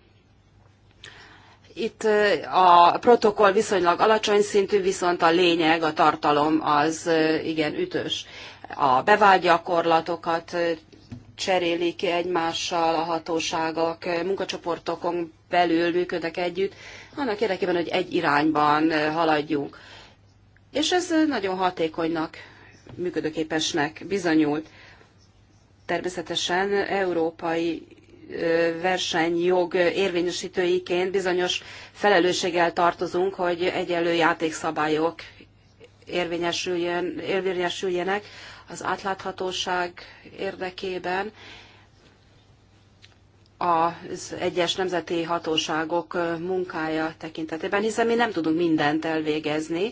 Itt a protokoll viszonylag alacsony szintű, viszont a lényeg, a tartalom az igen ütős. A bevált gyakorlatokat cserélik ki egymással, a hatóságok munkacsoportokon belül működnek együtt, annak érdekében, hogy egy irányban haladjunk és ez nagyon hatékonynak, működőképesnek bizonyult. Természetesen európai versenyjog érvényesítőiként bizonyos felelősséggel tartozunk, hogy egyenlő játékszabályok érvényesüljen, érvényesüljenek az átláthatóság érdekében az egyes nemzeti hatóságok munkája tekintetében, hiszen mi nem tudunk mindent elvégezni,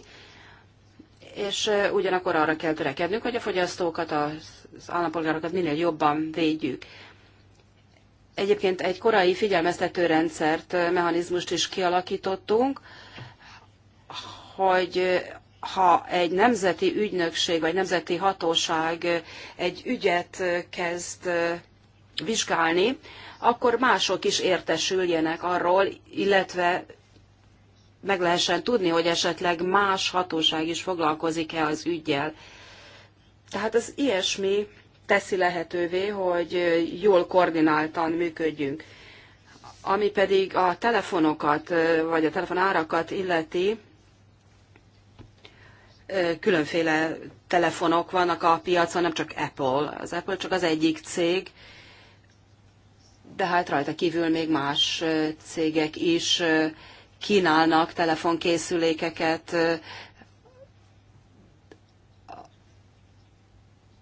és ugyanakkor arra kell törekednünk, hogy a fogyasztókat, az állampolgárokat minél jobban védjük. Egyébként egy korai figyelmeztető rendszert, mechanizmust is kialakítottunk, hogy ha egy nemzeti ügynökség vagy nemzeti hatóság egy ügyet kezd vizsgálni, akkor mások is értesüljenek arról, illetve meg lehessen tudni, hogy esetleg más hatóság is foglalkozik-e az ügyjel. Tehát az ilyesmi teszi lehetővé, hogy jól koordináltan működjünk. Ami pedig a telefonokat, vagy a telefonárakat illeti, különféle telefonok vannak a piacon, nem csak Apple. Az Apple csak az egyik cég, de hát rajta kívül még más cégek is kínálnak telefonkészülékeket,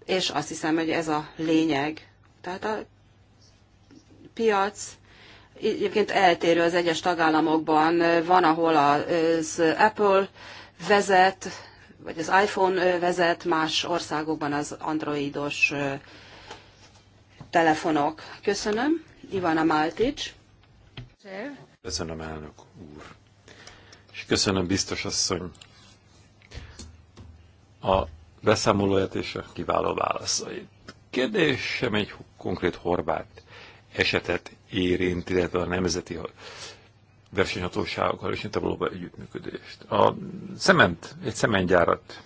és azt hiszem, hogy ez a lényeg. Tehát a piac egyébként eltérő az egyes tagállamokban. Van, ahol az Apple vezet, vagy az iPhone vezet, más országokban az androidos telefonok. Köszönöm. Ivana Maltics. Köszönöm, elnök úr. És köszönöm, biztos asszony, a beszámolóját és a kiváló válaszait. Kérdésem egy konkrét horvát esetet érint, illetve a nemzeti versenyhatóságokkal és valóban együttműködést. A szement, egy szementgyárat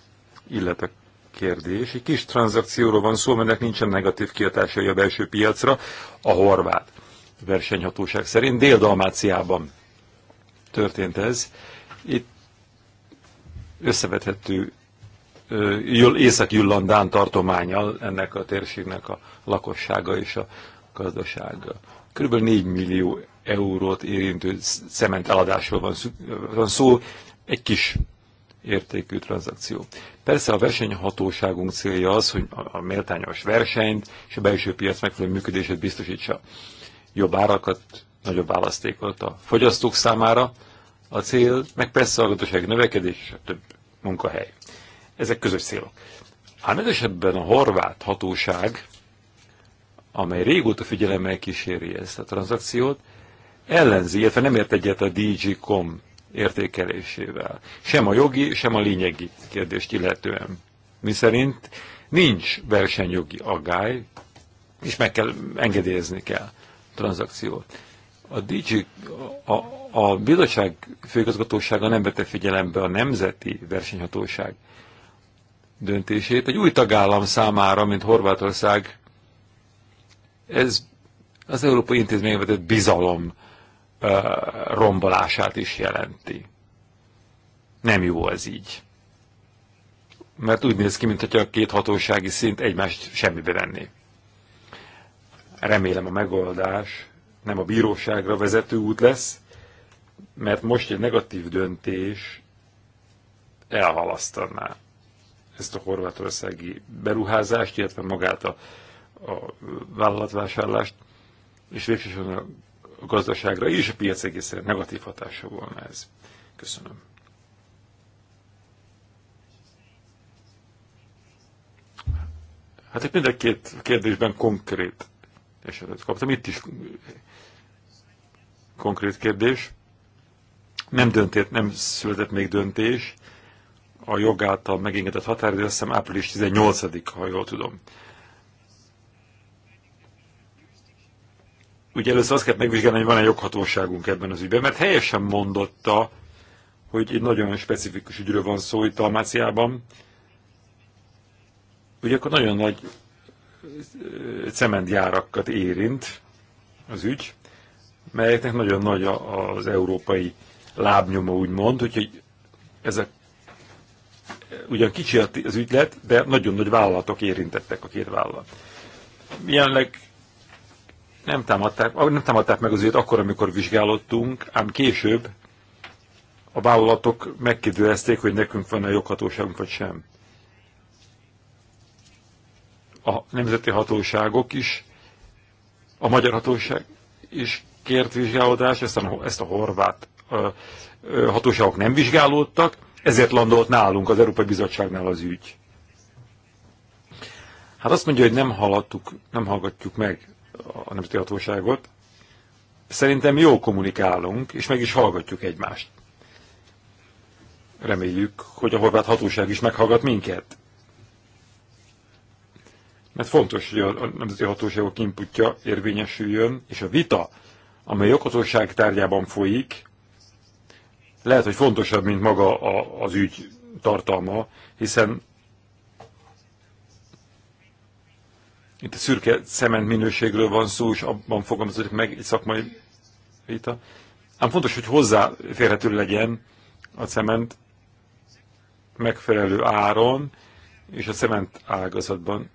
illetve kérdés. Egy kis tranzakcióról van szó, mert nincsen negatív kihatásai a belső piacra, a horvát versenyhatóság szerint. Dél-Dalmáciában történt ez. Itt összevethető Észak-Jüllandán tartományal ennek a térségnek a lakossága és a gazdasága. Körülbelül 4 millió eurót érintő szement eladásról van szó, van szó egy kis értékű tranzakció. Persze a versenyhatóságunk célja az, hogy a méltányos versenyt és a belső piac megfelelő működését biztosítsa jobb árakat, nagyobb választékot a fogyasztók számára, a cél, meg persze a gazdasági növekedés és a több munkahely. Ezek közös célok. Ám ez esetben a horvát hatóság, amely régóta figyelemmel kíséri ezt a tranzakciót, ellenzi, illetve nem ért egyet a DG.com értékelésével. Sem a jogi, sem a lényegi kérdést illetően. Mi szerint nincs versenyjogi agály, és meg kell engedélyezni kell tranzakciót. A DG, a, a bizottság főigazgatósága nem vette figyelembe a nemzeti versenyhatóság döntését. Egy új tagállam számára, mint Horvátország, ez az Európai Intézmény vetett bizalom uh, rombolását is jelenti. Nem jó ez így. Mert úgy néz ki, mintha a két hatósági szint egymást semmibe venné. Remélem a megoldás nem a bíróságra vezető út lesz, mert most egy negatív döntés elhalasztaná ezt a horvátországi beruházást, illetve magát a, a vállalatvásárlást, és végsősorban a gazdaságra és a piac egészen negatív hatása volna ez. Köszönöm. Hát itt mind a két kérdésben konkrét esetet kaptam. Itt is konkrét kérdés. Nem döntét, nem született még döntés. A jog által megengedett határidő, azt hiszem április 18 ha jól tudom. Ugye először azt kell megvizsgálni, hogy van-e joghatóságunk ebben az ügyben, mert helyesen mondotta, hogy egy nagyon specifikus ügyről van szó itt Almáciában, ugye akkor nagyon nagy cementgyárakat érint az ügy, melyeknek nagyon nagy az európai lábnyoma, úgymond, ez a, ugyan kicsi az ügylet, de nagyon nagy vállalatok érintettek a két vállalat. Jelenleg nem támadták, ah, nem támadták meg az ügyet akkor, amikor vizsgálottunk, ám később a vállalatok megkérdőjelezték, hogy nekünk van-e joghatóságunk vagy sem a nemzeti hatóságok is, a magyar hatóság is kért vizsgálódást, ezt a, ezt a horvát a, a hatóságok nem vizsgálódtak, ezért landolt nálunk, az Európai Bizottságnál az ügy. Hát azt mondja, hogy nem hallottuk, nem hallgatjuk meg a nemzeti hatóságot. Szerintem jó kommunikálunk, és meg is hallgatjuk egymást. Reméljük, hogy a horvát hatóság is meghallgat minket. Mert fontos, hogy a nemzeti hatóságok inputja érvényesüljön, és a vita, amely joghatóság tárgyában folyik, lehet, hogy fontosabb, mint maga a, az ügy tartalma, hiszen itt a szürke szement minőségről van szó, és abban fogalmazódik meg egy szakmai vita. Ám fontos, hogy hozzáférhető legyen a cement megfelelő áron, és a cement ágazatban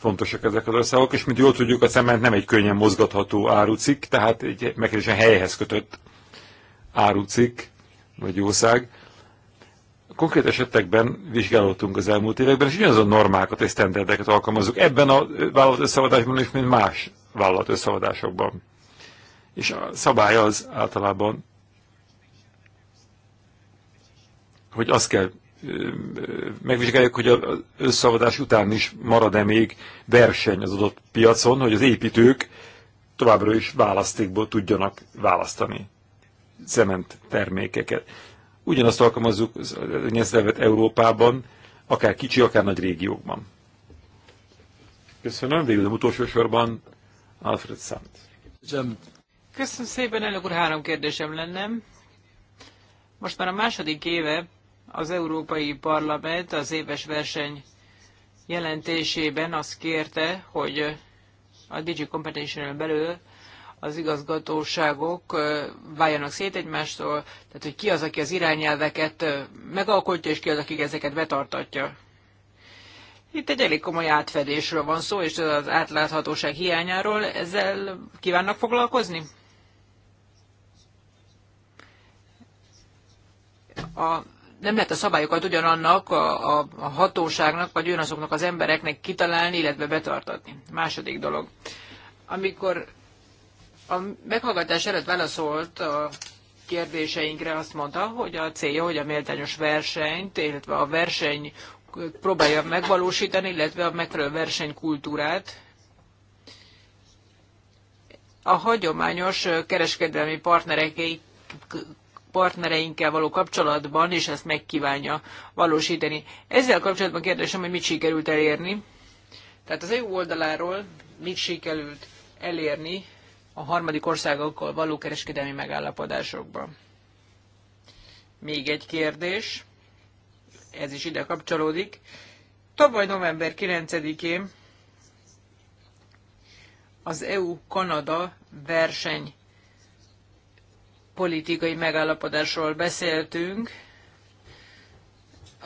fontosak ezek az országok, és mint jól tudjuk, a cement nem egy könnyen mozgatható árucik, tehát egy megkérdésen helyhez kötött árucik, vagy ország. Konkrét esetekben vizsgálódtunk az elmúlt években, és ugyanazon normákat és sztenderdeket alkalmazunk ebben a vállalat összeadásban is, mint más vállalat összeadásokban. És a szabály az általában, hogy azt kell megvizsgáljuk, hogy az összeadás után is marad-e még verseny az adott piacon, hogy az építők továbbra is választékból tudjanak választani cement termékeket. Ugyanazt alkalmazzuk az Európában, akár kicsi, akár nagy régiókban. Köszönöm, végül a utolsó sorban Alfred Szent. Köszönöm szépen, elnök úr, három kérdésem lenne. Most már a második éve az Európai Parlament az éves verseny jelentésében azt kérte, hogy a Digi competition belül az igazgatóságok váljanak szét egymástól, tehát hogy ki az, aki az irányelveket megalkotja, és ki az, aki ezeket betartatja. Itt egy elég komoly átfedésről van szó, és az átláthatóság hiányáról ezzel kívánnak foglalkozni? A nem lehet a szabályokat ugyanannak a, a, a hatóságnak, vagy ugyanazoknak az embereknek kitalálni, illetve betartatni. Második dolog. Amikor a meghallgatás előtt válaszolt a kérdéseinkre, azt mondta, hogy a célja, hogy a méltányos versenyt, illetve a verseny próbálja megvalósítani, illetve a megfelelő versenykultúrát. A hagyományos kereskedelmi partnereik partnereinkkel való kapcsolatban, és ezt megkívánja valósítani. Ezzel kapcsolatban kérdésem, hogy mit sikerült elérni. Tehát az EU oldaláról mit sikerült elérni a harmadik országokkal való kereskedelmi megállapodásokban. Még egy kérdés, ez is ide kapcsolódik. Tavaly november 9-én az EU-Kanada verseny politikai megállapodásról beszéltünk.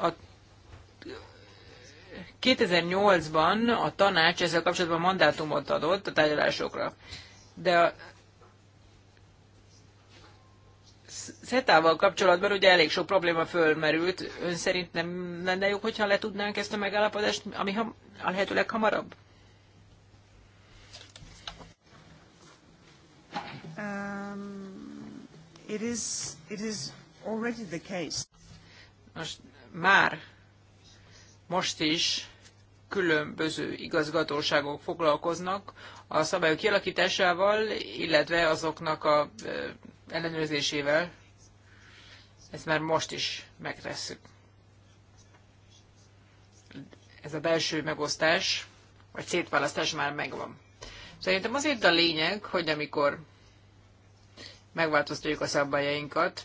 A 2008-ban a tanács ezzel kapcsolatban mandátumot adott a tárgyalásokra, de a Szetával kapcsolatban ugye elég sok probléma fölmerült. Ön szerint nem lenne jó, hogyha le tudnánk ezt a megállapodást, ami ha, a lehető leghamarabb? Um... It is, it is already the case. Most már, most is különböző igazgatóságok foglalkoznak a szabályok kialakításával, illetve azoknak a ellenőrzésével. Ezt már most is megtesszük. Ez a belső megosztás, vagy szétválasztás már megvan. Szerintem azért a lényeg, hogy amikor megváltoztatjuk a szabályainkat,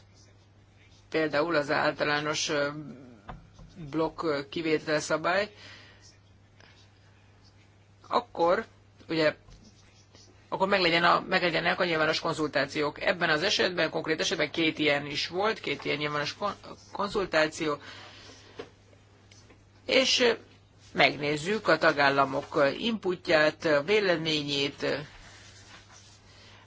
például az általános blokk kivétel szabály, akkor ugye akkor meglegyen a, a nyilvános konzultációk. Ebben az esetben, konkrét esetben két ilyen is volt, két ilyen nyilvános konzultáció, és megnézzük a tagállamok inputját, véleményét,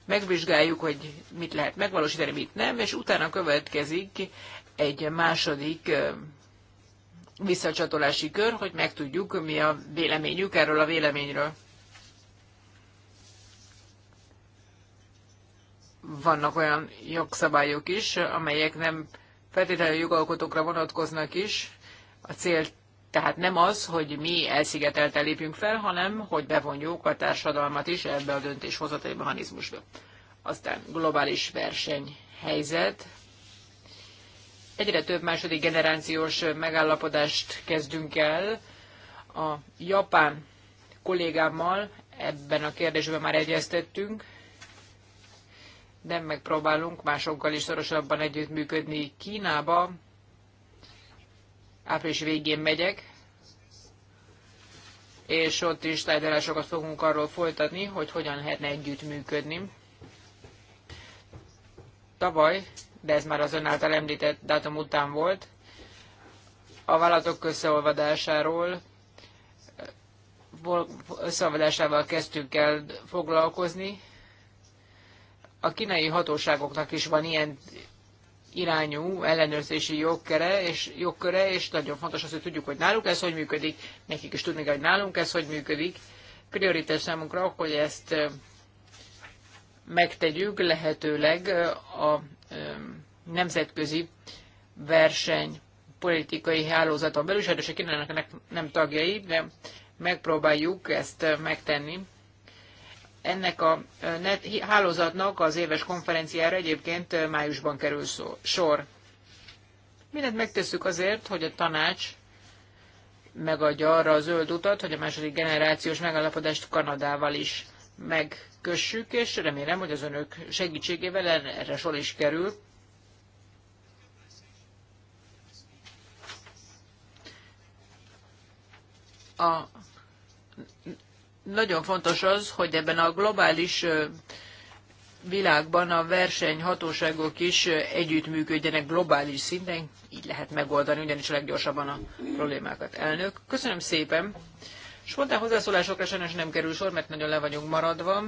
megvizsgáljuk, hogy mit lehet megvalósítani, mit nem, és utána következik egy második visszacsatolási kör, hogy megtudjuk, mi a véleményük erről a véleményről. Vannak olyan jogszabályok is, amelyek nem feltétlenül jogalkotókra vonatkoznak is. A cél tehát nem az, hogy mi elszigetelten lépjünk fel, hanem hogy bevonjuk a társadalmat is ebbe a döntéshozatai mechanizmusba. Aztán globális versenyhelyzet. Egyre több második generációs megállapodást kezdünk el. A japán kollégámmal ebben a kérdésben már egyeztettünk, de megpróbálunk másokkal is szorosabban együttműködni Kínába, április végén megyek, és ott is tárgyalásokat fogunk arról folytatni, hogy hogyan lehetne együttműködni. Tavaly, de ez már az ön által említett dátum után volt, a vállalatok összeolvadásáról összeolvadásával kezdtünk el foglalkozni. A kínai hatóságoknak is van ilyen irányú ellenőrzési jogköre, és, jogköre, és nagyon fontos az, hogy tudjuk, hogy náluk ez hogy működik, nekik is tudni hogy nálunk ez hogy működik. Prioritás számunkra, hogy ezt megtegyük lehetőleg a nemzetközi verseny politikai hálózaton belül, sajnos a hát nem tagjai, de megpróbáljuk ezt megtenni ennek a net, hálózatnak az éves konferenciára egyébként májusban kerül szó, sor. Mindent megtesszük azért, hogy a tanács megadja arra a zöld utat, hogy a második generációs megállapodást Kanadával is megkössük, és remélem, hogy az önök segítségével erre sor is kerül. A nagyon fontos az, hogy ebben a globális világban a versenyhatóságok is együttműködjenek globális szinten, így lehet megoldani ugyanis a leggyorsabban a problémákat. Elnök, köszönöm szépen! Spontán hozzászólásokra sajnos nem kerül sor, mert nagyon le vagyunk maradva.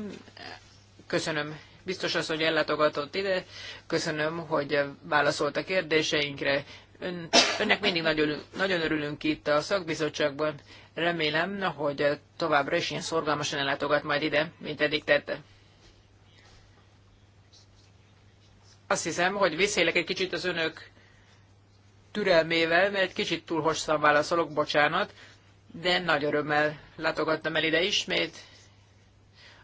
Köszönöm biztos az, hogy ellátogatott ide, köszönöm, hogy válaszolt a kérdéseinkre, Ön, önnek mindig nagyon, nagyon örülünk itt a szakbizottságban. Remélem, hogy továbbra is ilyen szorgalmasan ellátogat majd ide, mint eddig tette. Azt hiszem, hogy visszélek egy kicsit az önök türelmével, mert kicsit túl hosszan válaszolok, bocsánat, de nagy örömmel látogattam el ide ismét.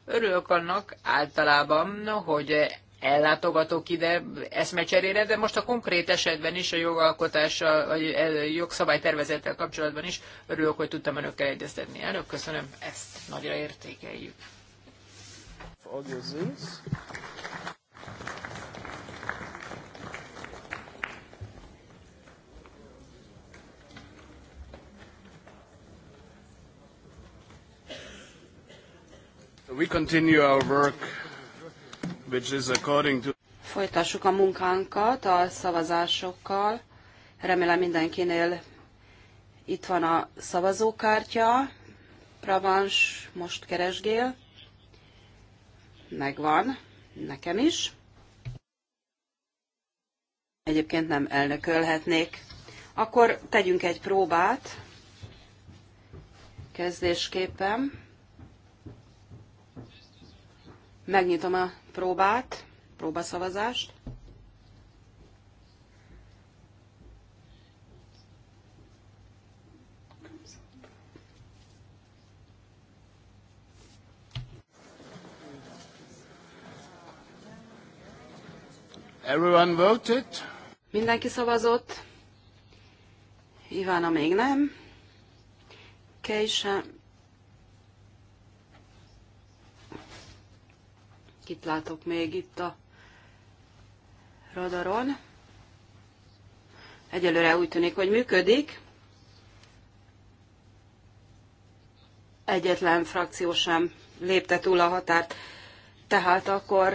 Örülök annak általában, hogy ellátogatok ide eszmecserére, de most a konkrét esetben is, a jogalkotással, a jogszabálytervezettel kapcsolatban is örülök, hogy tudtam önökkel egyeztetni. Elnök, köszönöm, ezt nagyra értékeljük. We continue our work which is according to... Folytassuk a munkánkat a szavazásokkal. Remélem mindenkinél itt van a szavazókártya. Pravans, most keresgél. Megvan, nekem is. Egyébként nem elnökölhetnék. Akkor tegyünk egy próbát kezdésképpen. Megnyitom a próbát, próbaszavazást. Everyone voted. Mindenki szavazott. Ivana még nem. Kej sem. kit látok még itt a radaron. Egyelőre úgy tűnik, hogy működik. Egyetlen frakció sem lépte túl a határt. Tehát akkor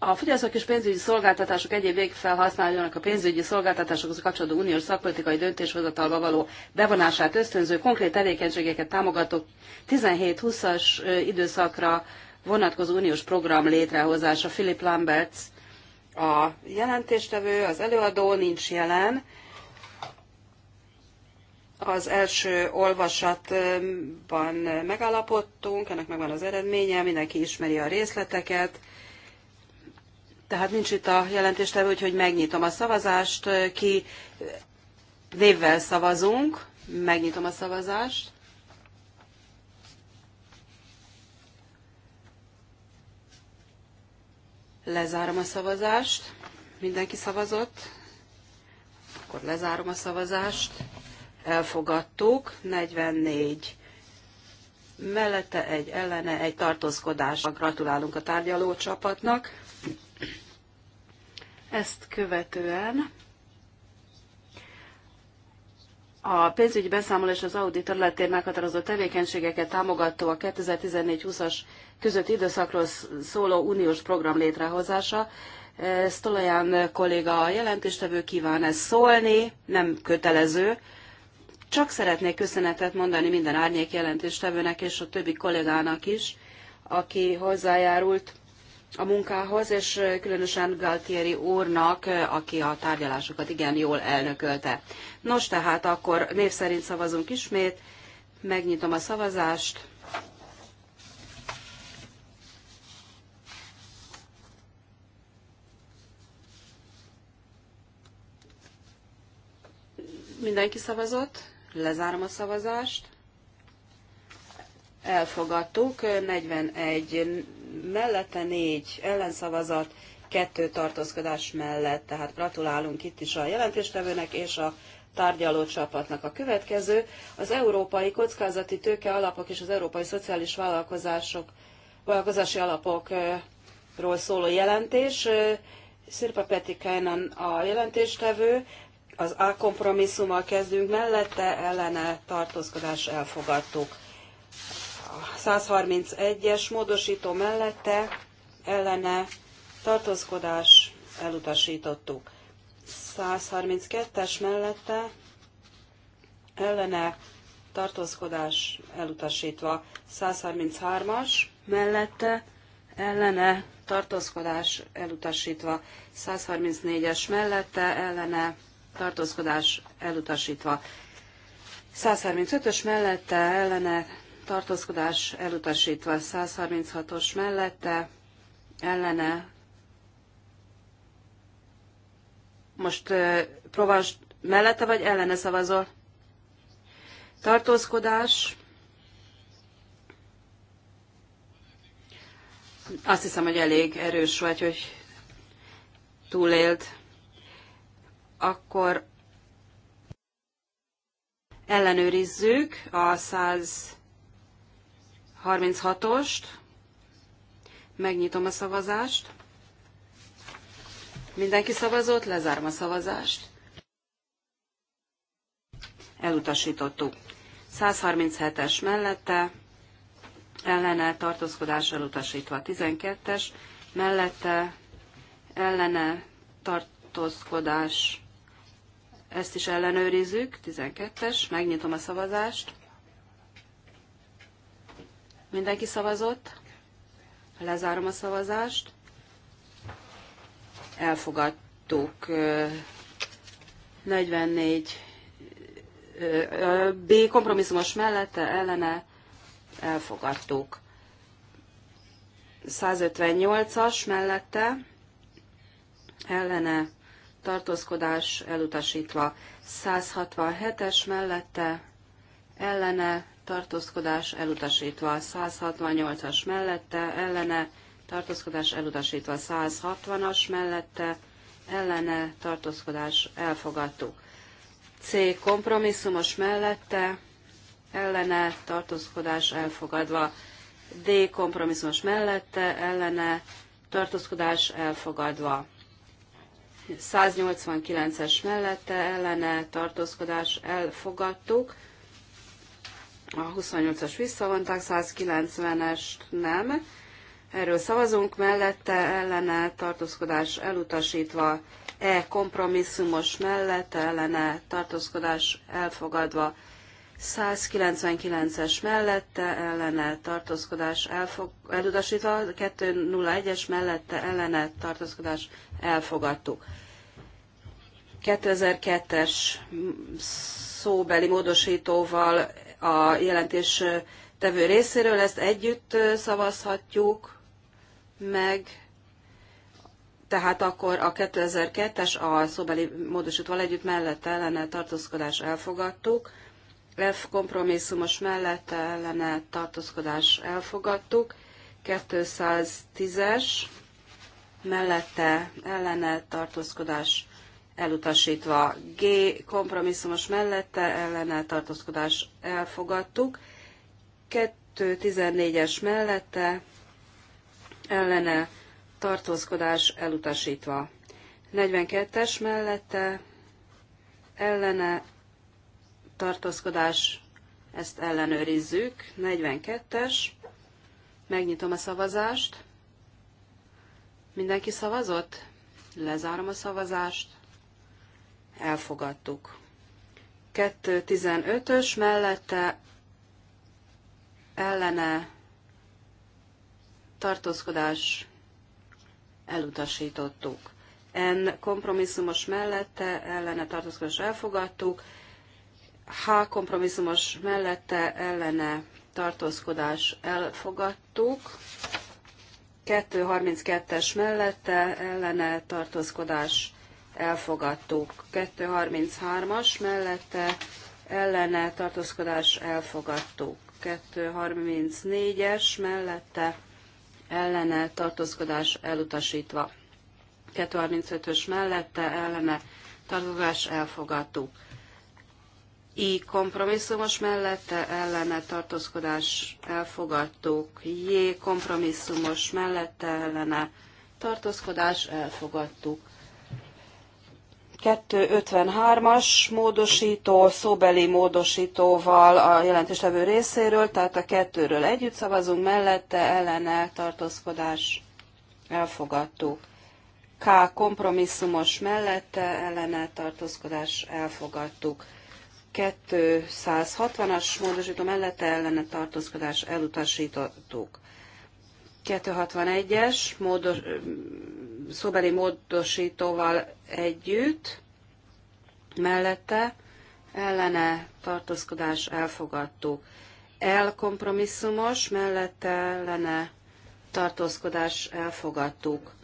A fogyasztók és pénzügyi szolgáltatások egyéb végfelhasználójának a pénzügyi szolgáltatásokhoz kapcsolódó uniós szakpolitikai döntéshozatalba való bevonását ösztönző konkrét tevékenységeket támogató 17-20-as időszakra vonatkozó uniós program létrehozása. Philip Lamberts a jelentéstevő, az előadó nincs jelen. Az első olvasatban megállapodtunk, ennek megvan az eredménye, mindenki ismeri a részleteket tehát nincs itt a jelentéstevő, úgyhogy megnyitom a szavazást. Ki névvel szavazunk, megnyitom a szavazást. Lezárom a szavazást. Mindenki szavazott. Akkor lezárom a szavazást. Elfogadtuk. 44 mellette egy ellene egy tartózkodás. Gratulálunk a tárgyaló csapatnak. Ezt követően a pénzügyi beszámolás az audit területén meghatározott tevékenységeket támogató a 2014-20-as közötti időszakról szóló uniós program létrehozása. E, Stolajan kolléga a jelentéstevő kíván ezt szólni, nem kötelező. Csak szeretnék köszönetet mondani minden árnyék jelentéstevőnek és a többi kollégának is, aki hozzájárult a munkához, és különösen Galtieri úrnak, aki a tárgyalásokat igen jól elnökölte. Nos, tehát akkor név szerint szavazunk ismét, megnyitom a szavazást. Mindenki szavazott, lezárom a szavazást. Elfogadtuk, 41 mellette négy ellenszavazat, kettő tartózkodás mellett, tehát gratulálunk itt is a jelentéstevőnek és a tárgyaló csapatnak. A következő az európai kockázati tőke alapok és az európai szociális vállalkozások, vállalkozási alapokról szóló jelentés. Szirpa Petikainen a jelentéstevő, az A kompromisszummal kezdünk mellette, ellene tartózkodás elfogadtuk. 131-es módosító mellette ellene tartózkodás elutasítottuk. 132-es mellette ellene tartózkodás elutasítva. 133-as mellette ellene tartózkodás elutasítva. 134-es mellette ellene tartózkodás elutasítva. 135-ös mellette ellene tartózkodás elutasítva 136-os mellette, ellene. Most Provence mellette vagy ellene szavazol? Tartózkodás. Azt hiszem, hogy elég erős vagy, hogy túlélt. Akkor ellenőrizzük a 100 36-ost. Megnyitom a szavazást. Mindenki szavazott, lezárom a szavazást. Elutasítottuk. 137-es mellette, ellene tartózkodás elutasítva. 12-es mellette, ellene tartózkodás, ezt is ellenőrizzük, 12-es, megnyitom a szavazást. Mindenki szavazott? Lezárom a szavazást. Elfogadtuk 44 B kompromisszumos mellette ellene elfogadtuk. 158-as mellette ellene tartózkodás elutasítva, 167-es mellette ellene tartózkodás elutasítva 168-as mellette, ellene tartózkodás elutasítva 160-as mellette, ellene tartózkodás elfogadtuk. C. Kompromisszumos mellette, ellene tartózkodás elfogadva. D. Kompromisszumos mellette, ellene tartózkodás elfogadva. 189-es mellette, ellene tartózkodás elfogadtuk. A 28-as visszavonták, 190 est nem. Erről szavazunk, mellette ellene tartózkodás elutasítva, E kompromisszumos mellette ellene tartózkodás elfogadva, 199-es mellette ellene tartózkodás elfog, elutasítva, 201-es mellette ellene tartózkodás elfogadtuk. 2002-es szóbeli módosítóval a jelentés tevő részéről, ezt együtt szavazhatjuk meg, tehát akkor a 2002-es a szóbeli módosítóval együtt mellette ellene tartózkodás elfogadtuk, F kompromisszumos mellette ellene tartózkodás elfogadtuk, 210-es mellette ellene tartózkodás elutasítva. G kompromisszumos mellette ellene tartózkodás elfogadtuk. 2.14-es mellette ellene tartózkodás elutasítva. 42-es mellette ellene tartózkodás, ezt ellenőrizzük. 42-es, megnyitom a szavazást. Mindenki szavazott? Lezárom a szavazást elfogadtuk. 2.15-ös mellette ellene tartózkodás elutasítottuk. En kompromisszumos mellette ellene tartózkodás elfogadtuk, H kompromisszumos mellette ellene tartózkodás elfogadtuk, 232-es mellette ellene tartózkodás elfogadtuk. 233-as mellette ellene tartózkodás elfogadtuk. 234-es mellette ellene tartózkodás elutasítva. 235-ös mellette ellene tartózkodás elfogadtuk. I kompromisszumos mellette ellene tartózkodás elfogadtuk. J kompromisszumos mellette ellene tartózkodás elfogadtuk. 253-as módosító, szóbeli módosítóval a jelentéstevő részéről, tehát a kettőről együtt szavazunk, mellette ellene tartózkodás elfogadtuk. K kompromisszumos mellette ellene tartózkodás elfogadtuk. 260-as módosító mellette ellene tartózkodás elutasítottuk. 261-es módos, szóbeli módosítóval együtt, mellette ellene tartózkodás elfogadtuk. Elkompromisszumos, mellette ellene tartózkodás elfogadtuk.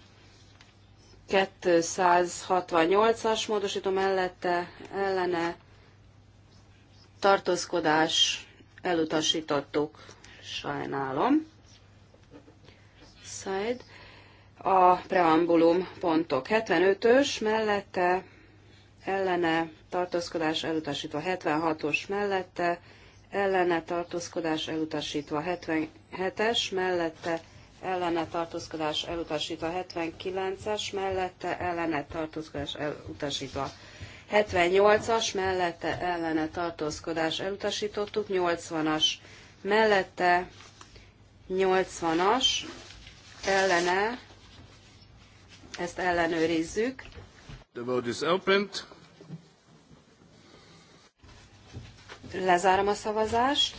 268-as módosító mellette ellene tartózkodás elutasítottuk. Sajnálom. Side a preambulum pontok. 75-ös mellette ellene tartózkodás elutasítva, 76-os mellette ellene tartózkodás elutasítva, 77-es mellette ellene tartózkodás elutasítva, 79-es mellette ellene tartózkodás elutasítva. 78-as mellette ellene tartózkodás elutasítottuk, 80-as mellette 80-as ellene ezt ellenőrizzük. The vote is opened. Lezárom a szavazást.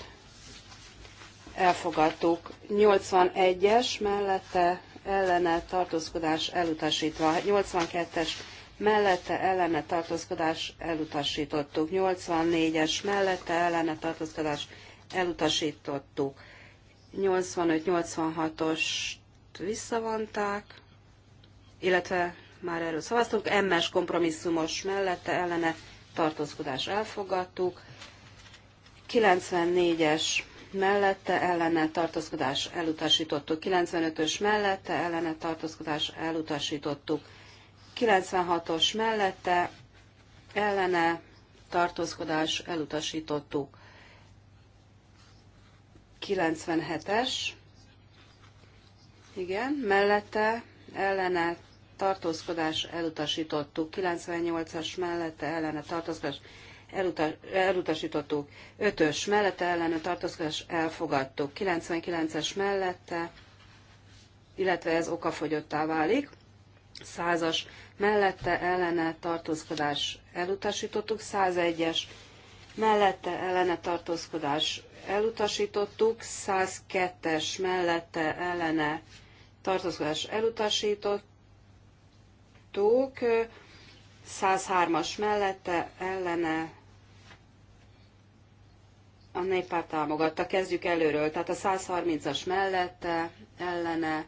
Elfogadtuk. 81-es mellette ellene tartózkodás elutasítva. 82-es mellette ellene tartózkodás elutasítottuk. 84-es mellette ellene tartózkodás elutasítottuk. 85-86-ost visszavonták illetve már erről szavaztunk, emmes kompromisszumos mellette ellene tartózkodás elfogadtuk, 94-es mellette ellene tartózkodás elutasítottuk, 95-ös mellette ellene tartózkodás elutasítottuk, 96-os mellette ellene tartózkodás elutasítottuk, 97-es, igen, mellette ellene tartózkodás elutasítottuk, 98-as mellette ellene tartózkodás elutas, elutasítottuk, 5-ös mellette ellene tartózkodás elfogadtuk, 99-es mellette, illetve ez okafogyottá válik, 100-as mellette ellene tartózkodás elutasítottuk, 101-es mellette ellene tartózkodás elutasítottuk, 102-es mellette ellene tartózkodás elutasítottuk, elfogadtuk, 103-as mellette ellene a néppárt támogatta. Kezdjük előről, tehát a 130-as mellette ellene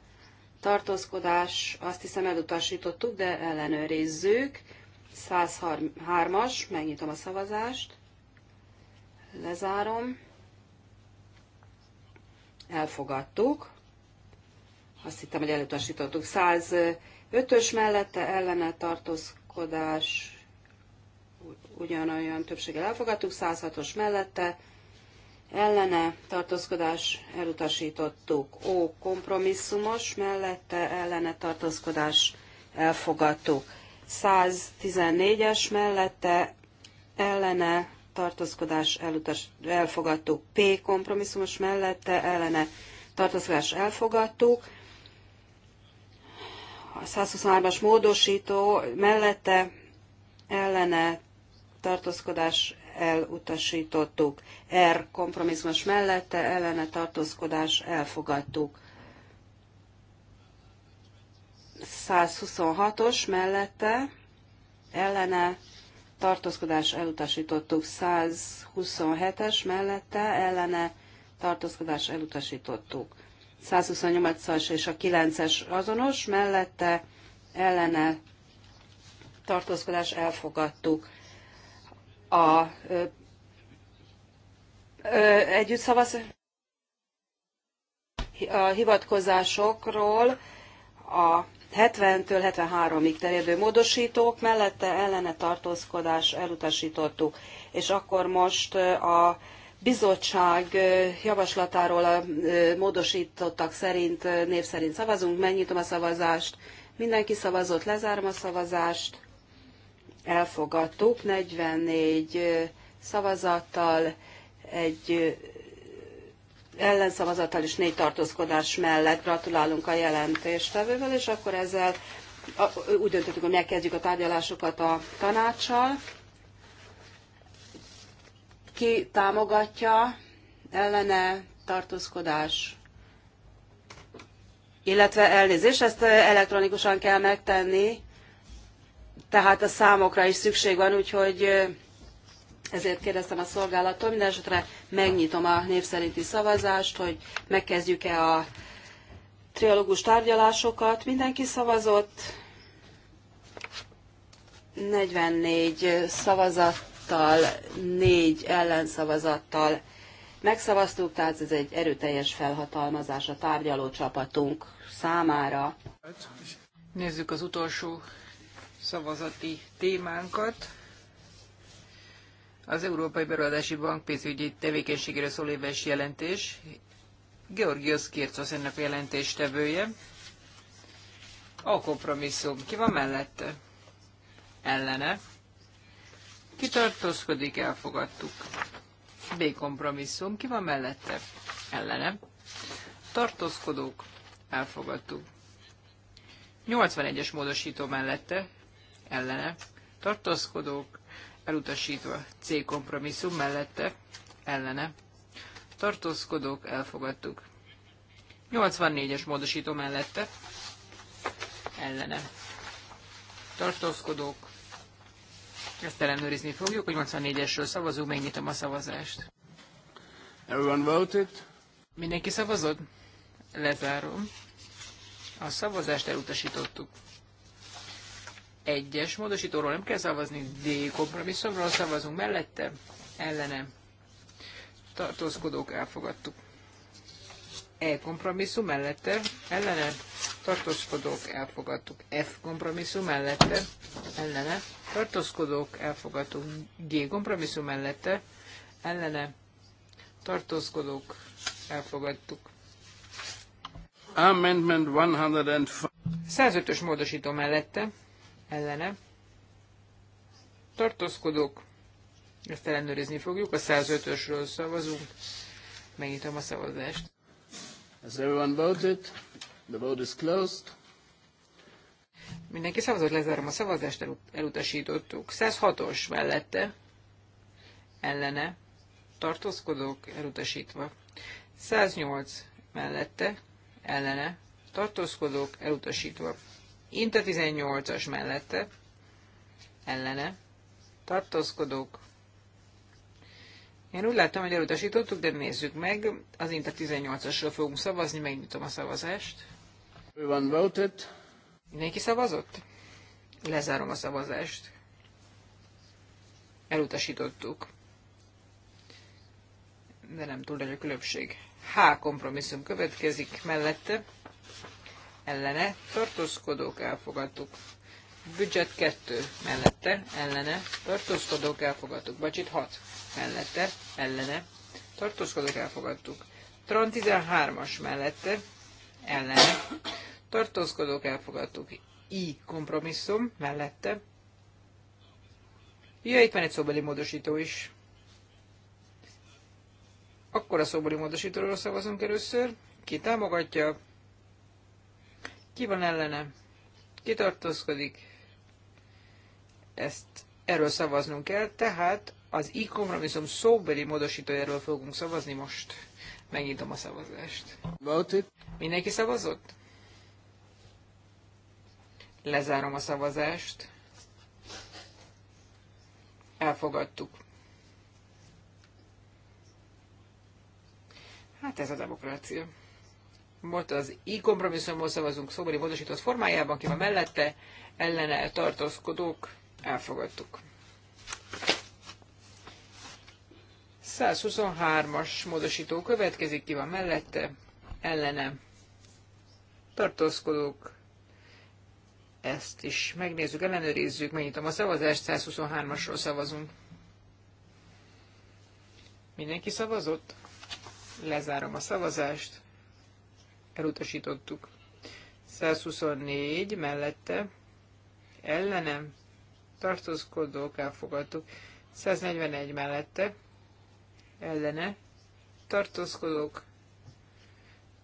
tartózkodás, azt hiszem elutasítottuk, de ellenőrizzük. 103-as, megnyitom a szavazást, lezárom, elfogadtuk, azt hittem, hogy elutasítottuk, 100 Ötös mellette ellene tartózkodás ugyanolyan többséggel elfogadtuk, 106-os mellette ellene tartózkodás elutasítottuk, ó kompromisszumos mellette ellene tartózkodás elfogadtuk, 114-es mellette ellene tartózkodás elutas, elfogadtuk, P kompromisszumos mellette ellene tartózkodás elfogadtuk, a 123-as módosító mellette ellene tartózkodás elutasítottuk. R kompromisszumos mellette ellene tartózkodás elfogadtuk. 126-os mellette ellene tartózkodás elutasítottuk. 127-es mellette ellene tartózkodás elutasítottuk. 128-as és a 9-es azonos, mellette ellene tartózkodás elfogadtuk. A ö, ö, együtt szavaz a hivatkozásokról a 70-től 73-ig terjedő módosítók mellette ellene tartózkodás elutasítottuk. És akkor most a bizottság javaslatáról a módosítottak szerint név szerint szavazunk. Megnyitom a szavazást. Mindenki szavazott, lezárom a szavazást. Elfogadtuk 44 szavazattal, egy ellenszavazattal és négy tartózkodás mellett gratulálunk a jelentéstevővel, és akkor ezzel úgy döntöttünk, hogy megkezdjük a tárgyalásokat a tanácssal. Ki támogatja, ellene tartózkodás, illetve elnézést, ezt elektronikusan kell megtenni, tehát a számokra is szükség van, úgyhogy ezért kérdeztem a szolgálatot, Minden esetre megnyitom a név szerinti szavazást, hogy megkezdjük-e a triológus tárgyalásokat. Mindenki szavazott. 44 szavazat szavazattal, négy ellenszavazattal megszavaztuk, tehát ez egy erőteljes felhatalmazás a tárgyaló csapatunk számára. Nézzük az utolsó szavazati témánkat. Az Európai Beruházási Bank pénzügyi tevékenységére szóló éves jelentés. Georgios Kircosz ennek a jelentéstevője. A kompromisszum. Ki van mellette? Ellene kitartózkodik, elfogadtuk. B kompromisszum, ki van mellette? Ellenem. Tartózkodók, elfogadtuk. 81-es módosító mellette, ellene. Tartózkodók, elutasítva. C kompromisszum mellette, ellene. Tartózkodók, elfogadtuk. 84-es módosító mellette, ellene. Tartózkodók, ezt ellenőrizni fogjuk, hogy 84-esről szavazunk, megnyitom a szavazást. Everyone voted? Mindenki szavazott? Lezárom. A szavazást elutasítottuk. Egyes módosítóról nem kell szavazni, D kompromisszumról szavazunk mellette, ellene. Tartózkodók elfogadtuk. E kompromisszum mellette ellene tartózkodók elfogadtuk. F kompromisszum mellette ellene tartózkodók elfogadtuk. G kompromisszum mellette ellene tartózkodók elfogadtuk. Amendment 105. 105-ös módosító mellette ellene tartózkodók ezt ellenőrizni fogjuk. A 105-ösről szavazunk. Megnyitom a szavazást. Has everyone voted? The vote is closed. Mindenki szavazott, lezárom a szavazást, elutasítottuk. 106-os mellette, ellene, tartózkodók, elutasítva. 108 mellette, ellene, tartózkodók, elutasítva. Inta 18-as mellette, ellene, tartózkodók, én úgy láttam, hogy elutasítottuk, de nézzük meg. Az Inta 18-asról fogunk szavazni, megnyitom a szavazást. Everyone voted. Mindenki szavazott? Lezárom a szavazást. Elutasítottuk. De nem túl nagy a különbség. H kompromisszum következik mellette. Ellene tartózkodók elfogadtuk. Budget 2 mellette, ellene, tartózkodók elfogadtuk. Budget 6 mellette, ellene, tartózkodók elfogadtuk. Tron 13-as mellette, ellene, tartózkodók elfogadtuk. I kompromisszum mellette. Ja, itt van egy szóbeli módosító is. Akkor a szóbeli módosítóról szavazunk először. Ki támogatja? Ki van ellene? Ki tartózkodik? ezt erről szavaznunk kell, tehát az i kompromisszum szóbeli módosítójáról fogunk szavazni most. Megnyitom a szavazást. Voted. Mindenki szavazott? Lezárom a szavazást. Elfogadtuk. Hát ez a demokrácia. Most az i kompromisszumból szavazunk szóbeli módosított formájában, ki van mellette, ellene tartózkodók elfogadtuk. 123-as módosító következik, ki van mellette, ellene tartózkodók. Ezt is megnézzük, ellenőrizzük, megnyitom a szavazást, 123-asról szavazunk. Mindenki szavazott? Lezárom a szavazást. Elutasítottuk. 124 mellette ellenem tartózkodók elfogadtuk. 141 mellette ellene tartózkodók.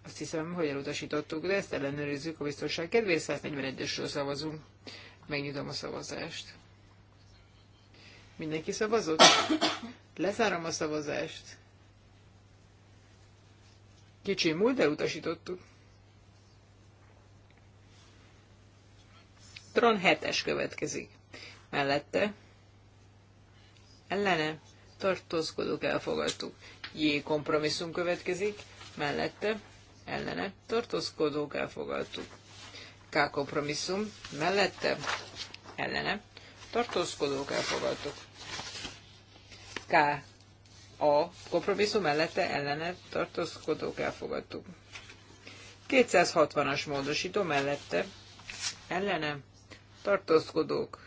Azt hiszem, hogy elutasítottuk, de ezt ellenőrizzük a biztonság kedvéért. 141-esről szavazunk. Megnyitom a szavazást. Mindenki szavazott? Lezárom a szavazást. Kicsi múlt, de utasítottuk. Tron 7-es következik mellette ellene tartózkodók elfogadtuk. J kompromisszum következik, mellette ellene tartózkodók elfogadtuk. K kompromisszum, mellette ellene tartózkodók elfogadtuk. K a kompromisszum mellette ellene tartózkodók elfogadtuk. 260-as módosító mellette ellene tartózkodók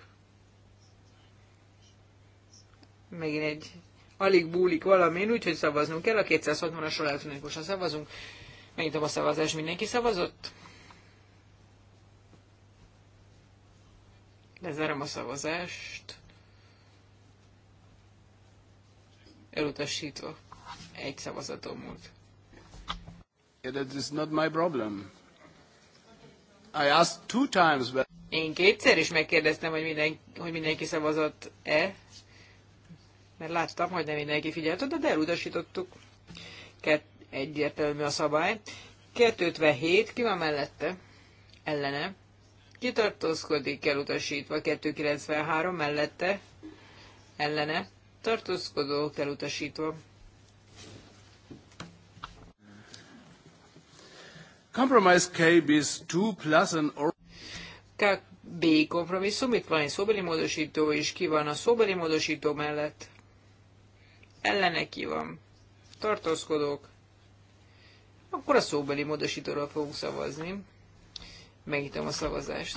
megint egy alig búlik valamin, úgyhogy szavaznunk kell. A 260-asról elektronikusan szavazunk. Megnyitom a szavazás, mindenki szavazott? Lezárom a szavazást. Elutasítva. Egy szavazatom múlt. Yeah, that is not my problem. I asked two times, but... Én kétszer is megkérdeztem, hogy minden, hogy mindenki szavazott-e, mert láttam, hogy nem mindenki figyelt oda, de elutasítottuk. Kett, egyértelmű a szabály. 257, ki van mellette? Ellene. Kitartózkodik elutasítva, 293 mellette. Ellene. Tartózkodó elutasítva. Compromise KB is 2 plus an or KB kompromisszum, itt van egy szóbeli módosító, és ki van a szóbeli módosító mellett ellene ki van, tartózkodók, akkor a szóbeli módosítóról fogunk szavazni. Megnyitom a szavazást.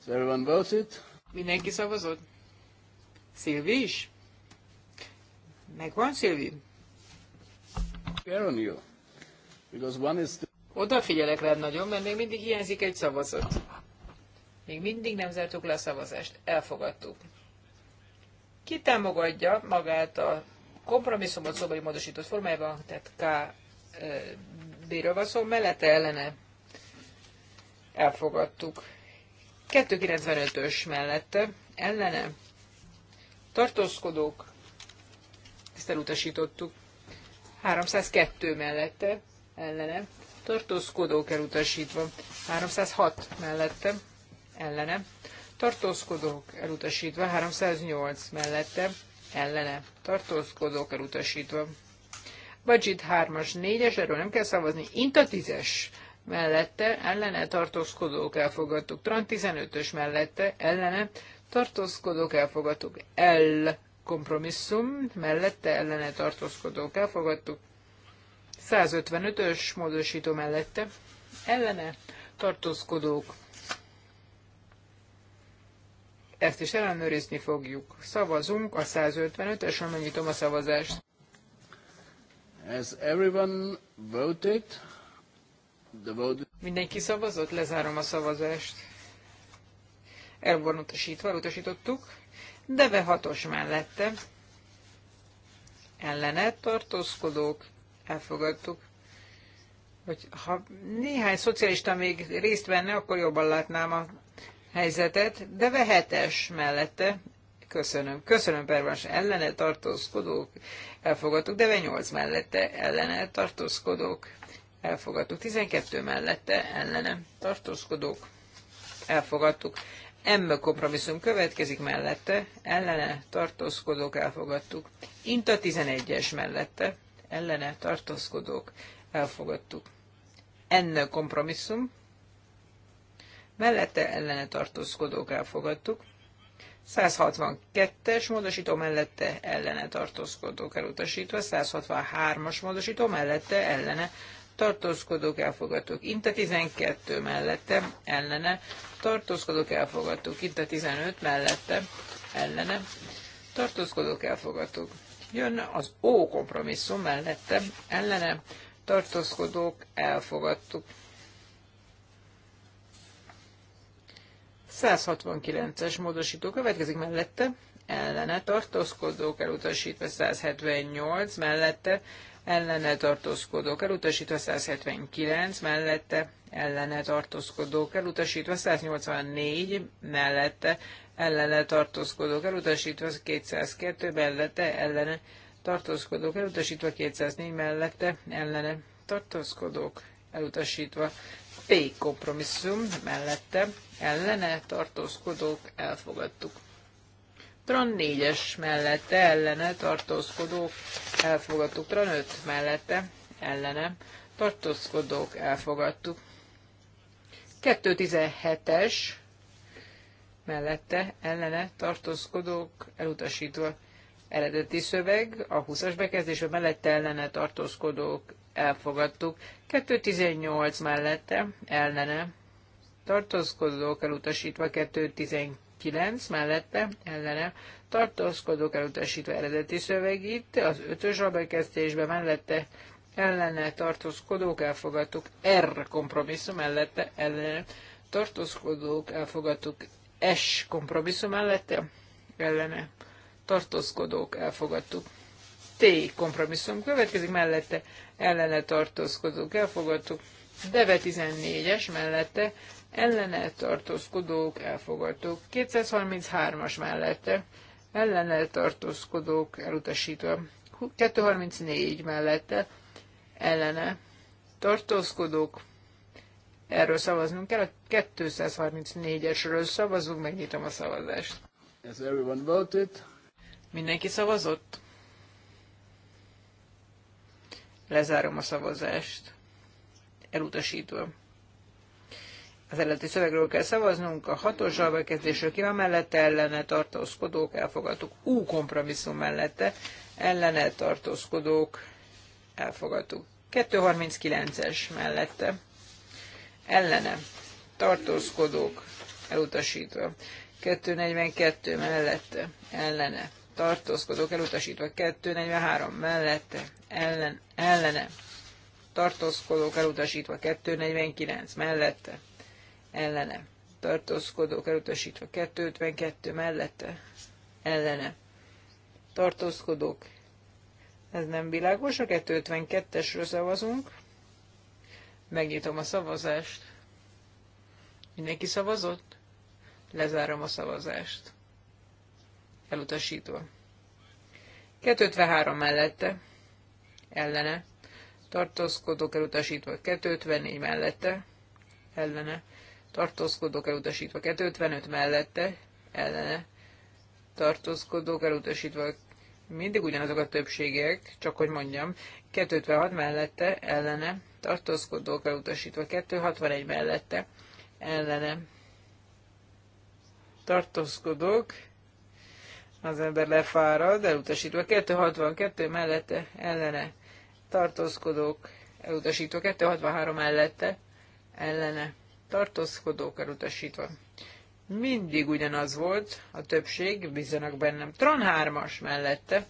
Is everyone voted? Mindenki szavazott? Szilvi is? Megvan Szilvi? Care on you. Because one is... Odafigyelek rád nagyon, mert még mindig hiányzik egy szavazat. Még mindig nem zártuk le a szavazást. Elfogadtuk. Ki támogatja magát a kompromisszumot szobai módosított formájában, tehát K B-ről van szó, mellette ellene elfogadtuk. 295-ös mellette ellene tartózkodók, ezt elutasítottuk. 302 mellette ellene tartózkodók elutasítva. 306 mellette ellene tartózkodók elutasítva. 308 mellette ellene tartózkodók elutasítva. Budget 3-as, 4-es, erről nem kell szavazni. Inta 10-es mellette ellene tartózkodók elfogadtuk. Tran 15-ös mellette ellene tartózkodók elfogadtuk. L kompromisszum mellette ellene tartózkodók elfogadtuk. 155-ös módosító mellette ellene tartózkodók ezt is ellenőrizni fogjuk. Szavazunk a 155-esről, megnyitom a szavazást. Has everyone voted? The vote... Mindenki szavazott? Lezárom a szavazást. Elvonutasítva, elutasítottuk. Deve hatos mellette. Ellenet tartózkodók. Elfogadtuk. Hogy ha néhány szocialista még részt venne, akkor jobban látnám a helyzetet, de vehetes mellette. Köszönöm. Köszönöm, Pervas. Ellene tartózkodók elfogadtuk, de 8 mellette ellene tartózkodók elfogadtuk. 12 mellette ellene tartózkodók elfogadtuk. M kompromisszum következik mellette, ellene tartózkodók elfogadtuk. Inta 11-es mellette, ellene tartózkodók elfogadtuk. N kompromisszum mellette ellene tartózkodók elfogadtuk, 162-es módosító mellette ellene tartózkodók elutasítva, 163-as módosító mellette ellene tartózkodók Itt a 12 mellette ellene tartózkodók Itt a 15 mellette ellene tartózkodók elfogadtuk. Jön az O kompromisszum mellette ellene tartózkodók elfogadtuk. 169-es módosító következik mellette, ellene tartózkodók elutasítva 178, mellette ellene tartózkodók elutasítva 179, mellette ellene tartózkodók elutasítva 184, mellette ellene tartózkodók elutasítva 202, mellette ellene tartózkodók elutasítva 204, mellette ellene tartózkodók elutasítva P kompromisszum mellette ellene tartózkodók elfogadtuk. Tran 4-es mellette ellene tartózkodók elfogadtuk. Tran 5 mellette ellene tartózkodók elfogadtuk. 217-es mellette ellene tartózkodók elutasítva. Eredeti szöveg a 20-as bekezdésben mellette ellene tartózkodók elfogadtuk. 218 mellette ellene tartózkodók elutasítva 219 mellette ellene tartózkodók elutasítva eredeti szöveg itt, az ötös abekezdésben mellette ellene tartózkodók elfogadtuk, R kompromisszum mellette ellene tartózkodók elfogadtuk, S kompromisszum mellette ellene tartózkodók elfogadtuk. T kompromisszum következik mellette, ellene tartózkodók elfogadtuk, Deve 14-es mellette ellene tartózkodók elfogadtuk. 233-as mellette ellene tartózkodók elutasítva. 234 mellette ellene tartózkodók. Erről szavaznunk kell. A 234-esről szavazunk, megnyitom a szavazást. Has everyone voted? Mindenki szavazott? Lezárom a szavazást. Elutasítva az eredeti szövegről kell szavaznunk, a hatos bekezdésről ki van mellette, ellene tartózkodók, elfogadtuk. Ú kompromisszum mellette, ellene tartózkodók, elfogadtuk. 239-es mellette, ellene tartózkodók, elutasítva. 242 mellette, ellene tartózkodók, elutasítva. 243 mellette, ellen, ellene tartózkodók, elutasítva. 249 mellette, ellene tartózkodók elutasítva 252 mellette ellene tartózkodók. Ez nem világos, a 252-esről szavazunk. Megnyitom a szavazást. Mindenki szavazott? Lezárom a szavazást. Elutasítva. 253 mellette ellene tartózkodók elutasítva 254 mellette ellene tartózkodók elutasítva 255 mellette ellene tartózkodók elutasítva mindig ugyanazok a többségek, csak hogy mondjam, 256 mellette ellene tartózkodók elutasítva 261 mellette ellene tartózkodók az ember lefárad, elutasítva 262 mellette ellene tartózkodók elutasítva 263 mellette ellene tartózkodók elutasítva. Mindig ugyanaz volt, a többség, bízzanak bennem. Tran 3-as mellette,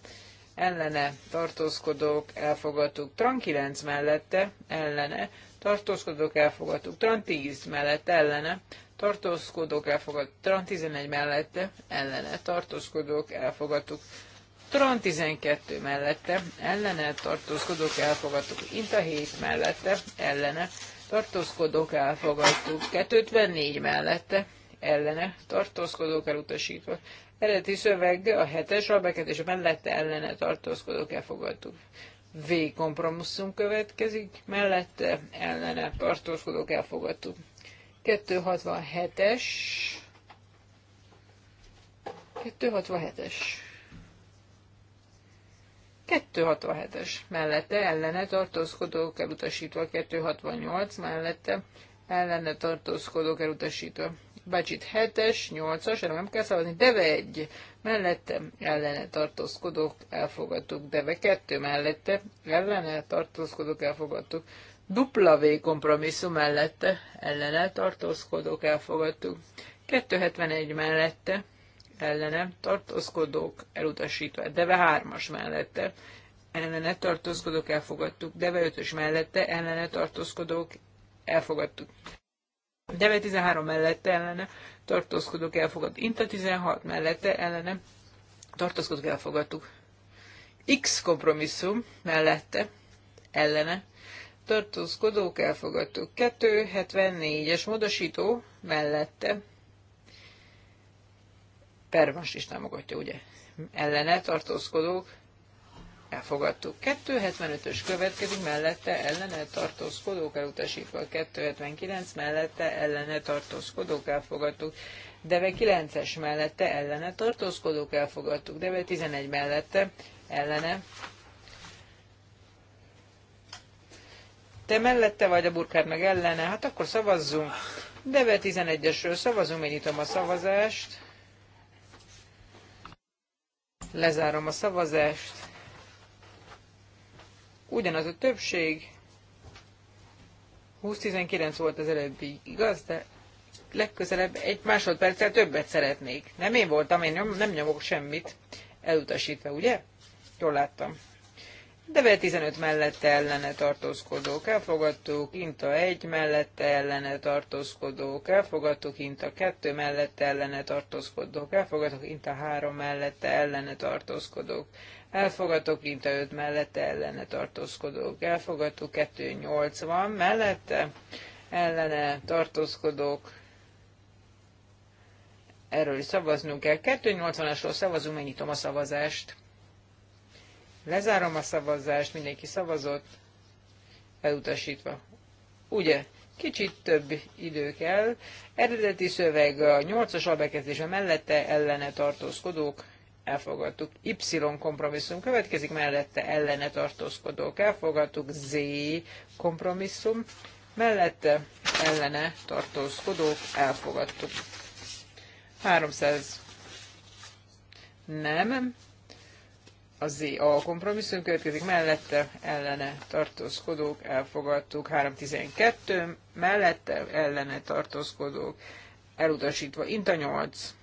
ellene tartózkodók elfogadtuk. Tran 9 mellette, ellene tartózkodók elfogadtuk. Tran 10 mellette, ellene tartózkodók elfogadtuk. Tran 11 mellette, ellene tartózkodók elfogadtuk. Tran 12 mellette, ellene tartózkodók elfogadtuk. Inta 7 mellette, ellene tartózkodók elfogadtuk, 254 mellette ellene tartózkodók elutasítva. Eredeti szöveg a hetes a mellette ellene tartózkodók elfogadtuk. V kompromisszum következik, mellette ellene tartózkodók elfogadtuk. 267-es 267-es 267-es mellette ellene tartózkodók elutasítva, 268 mellette ellene tartózkodók elutasítva. Bacsit 7-es, 8-as, erre nem kell szavazni, Deve 1 mellette ellene tartózkodók elfogadtuk, Deve 2 mellette ellene tartózkodók elfogadtuk, dupla V kompromisszum mellette ellene tartózkodók elfogadtuk, 271 mellette ellene tartózkodók elutasítva. Deve 3-as mellette ellene tartózkodók elfogadtuk. Deve 5-ös mellette ellene tartózkodók elfogadtuk. Deve 13 mellette ellene tartózkodók elfogadtuk. Inta 16 mellette ellene tartózkodók elfogadtuk. X kompromisszum mellette ellene tartózkodók elfogadtuk. 274-es módosító mellette Pervans is támogatja, ugye? Ellene tartózkodók, elfogadtuk. 275-ös következik, mellette ellene tartózkodók elutasítva, 279 mellette ellene tartózkodók elfogadtuk, Deve 9-es mellette ellene tartózkodók elfogadtuk, Deve 11 mellette ellene. Te mellette vagy a burkád meg ellene, hát akkor szavazzunk. Deve 11-esről szavazunk, nyitom a szavazást. Lezárom a szavazást. Ugyanaz a többség. 20-19 volt az előbbi, igaz? De legközelebb egy másodperccel többet szeretnék. Nem én voltam, én nem, nyomok semmit, elutasítva, ugye? Jól láttam. Deve 15 mellette ellene tartózkodók elfogadtuk, Inta 1 mellette ellene tartózkodók elfogadtuk, Inta 2 mellette ellene tartózkodók elfogadtuk, Inta 3 mellette ellene tartózkodók elfogadtuk, Inta 5 mellette ellene tartózkodók elfogadtuk, 280 mellette ellene tartózkodók erről is szavaznunk kell. 280-asról szavazunk, megnyitom a szavazást. Lezárom a szavazást, mindenki szavazott, elutasítva. Ugye? Kicsit több idő kell. Eredeti szöveg a 8-as albekezdése mellette ellene tartózkodók, elfogadtuk. Y kompromisszum következik, mellette ellene tartózkodók, elfogadtuk. Z kompromisszum, mellette ellene tartózkodók, elfogadtuk. 300 nem, a Z a kompromisszum következik, mellette ellene tartózkodók, elfogadtuk, 312, mellette ellene tartózkodók, elutasítva, Inta 8,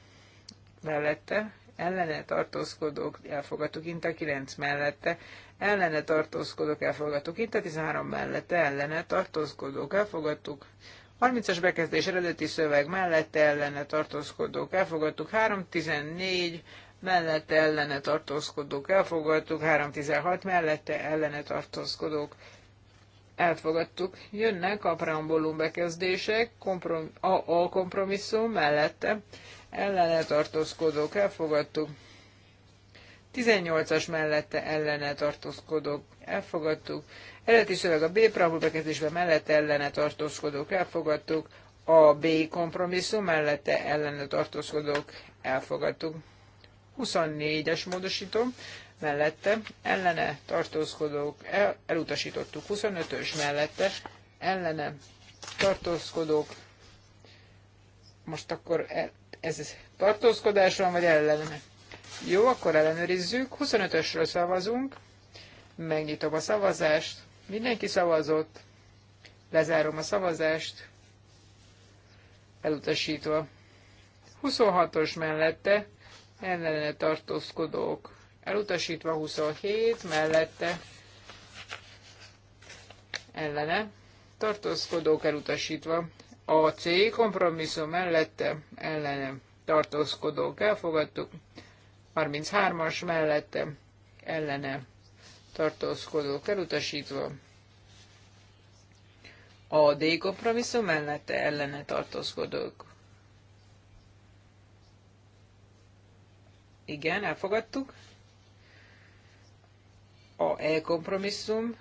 mellette ellene tartózkodók, elfogadtuk, Inta 9 mellette, ellene tartózkodók, elfogadtuk, Inta 13 mellette, ellene tartózkodók, elfogadtuk, 30-as bekezdés eredeti szöveg mellette ellene tartózkodók elfogadtuk, 314 mellette ellene tartózkodók elfogadtuk, 316 mellette ellene tartózkodók elfogadtuk. Jönnek a preambulum bekezdések, komprom, a, a kompromisszum mellette ellene tartózkodók elfogadtuk, 18-as mellette ellene tartózkodók elfogadtuk, eredeti szöveg a B preambulum bekezdésben mellette ellene tartózkodók elfogadtuk, a B kompromisszum mellette ellene tartózkodók elfogadtuk. 24-es módosító mellette, ellene tartózkodók el, elutasítottuk 25-ös mellette, ellene tartózkodók, most akkor e, ez tartózkodás van, vagy ellene? Jó, akkor ellenőrizzük, 25-ösről szavazunk, megnyitom a szavazást, mindenki szavazott, lezárom a szavazást, elutasítva. 26-os mellette ellene tartózkodók elutasítva 27, mellette ellene tartózkodók elutasítva a C kompromisszum mellette ellene tartózkodók elfogadtuk, 33-as mellette ellene tartózkodók elutasítva, a D kompromisszum mellette ellene tartózkodók Igen, elfogadtuk. A E kompromisszum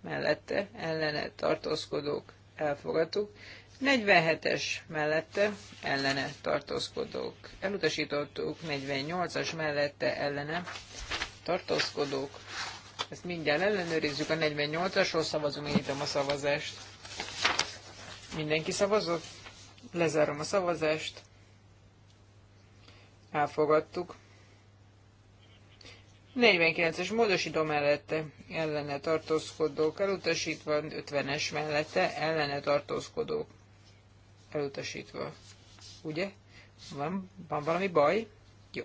mellette ellene tartózkodók elfogadtuk. 47-es mellette ellene tartózkodók. Elutasítottuk 48-as mellette ellene tartózkodók. Ezt mindjárt ellenőrizzük, a 48-asról szavazunk, nyitom a szavazást. Mindenki szavazott? Lezárom a szavazást elfogadtuk. 49-es módosító mellette ellene tartózkodók elutasítva, 50-es mellette ellene tartózkodók elutasítva. Ugye? Van, van valami baj? Jó.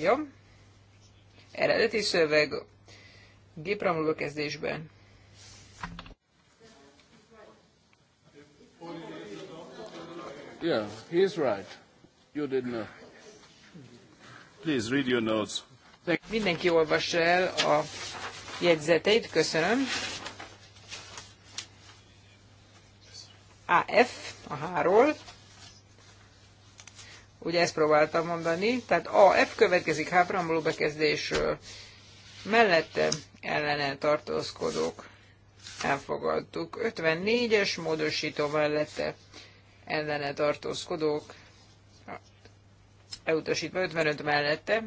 Jó. Eredeti szöveg gépramló kezdésben Yeah, he's right. You didn't know. Please read your notes. Mindenki olvassa el a jegyzeteit. Köszönöm. AF, a H-ról. Ugye ezt próbáltam mondani. Tehát AF következik háframboló bekezdésről. Mellette ellene tartózkodók. Elfogadtuk. 54-es módosító mellette ellene tartózkodók, elutasítva 55 mellette,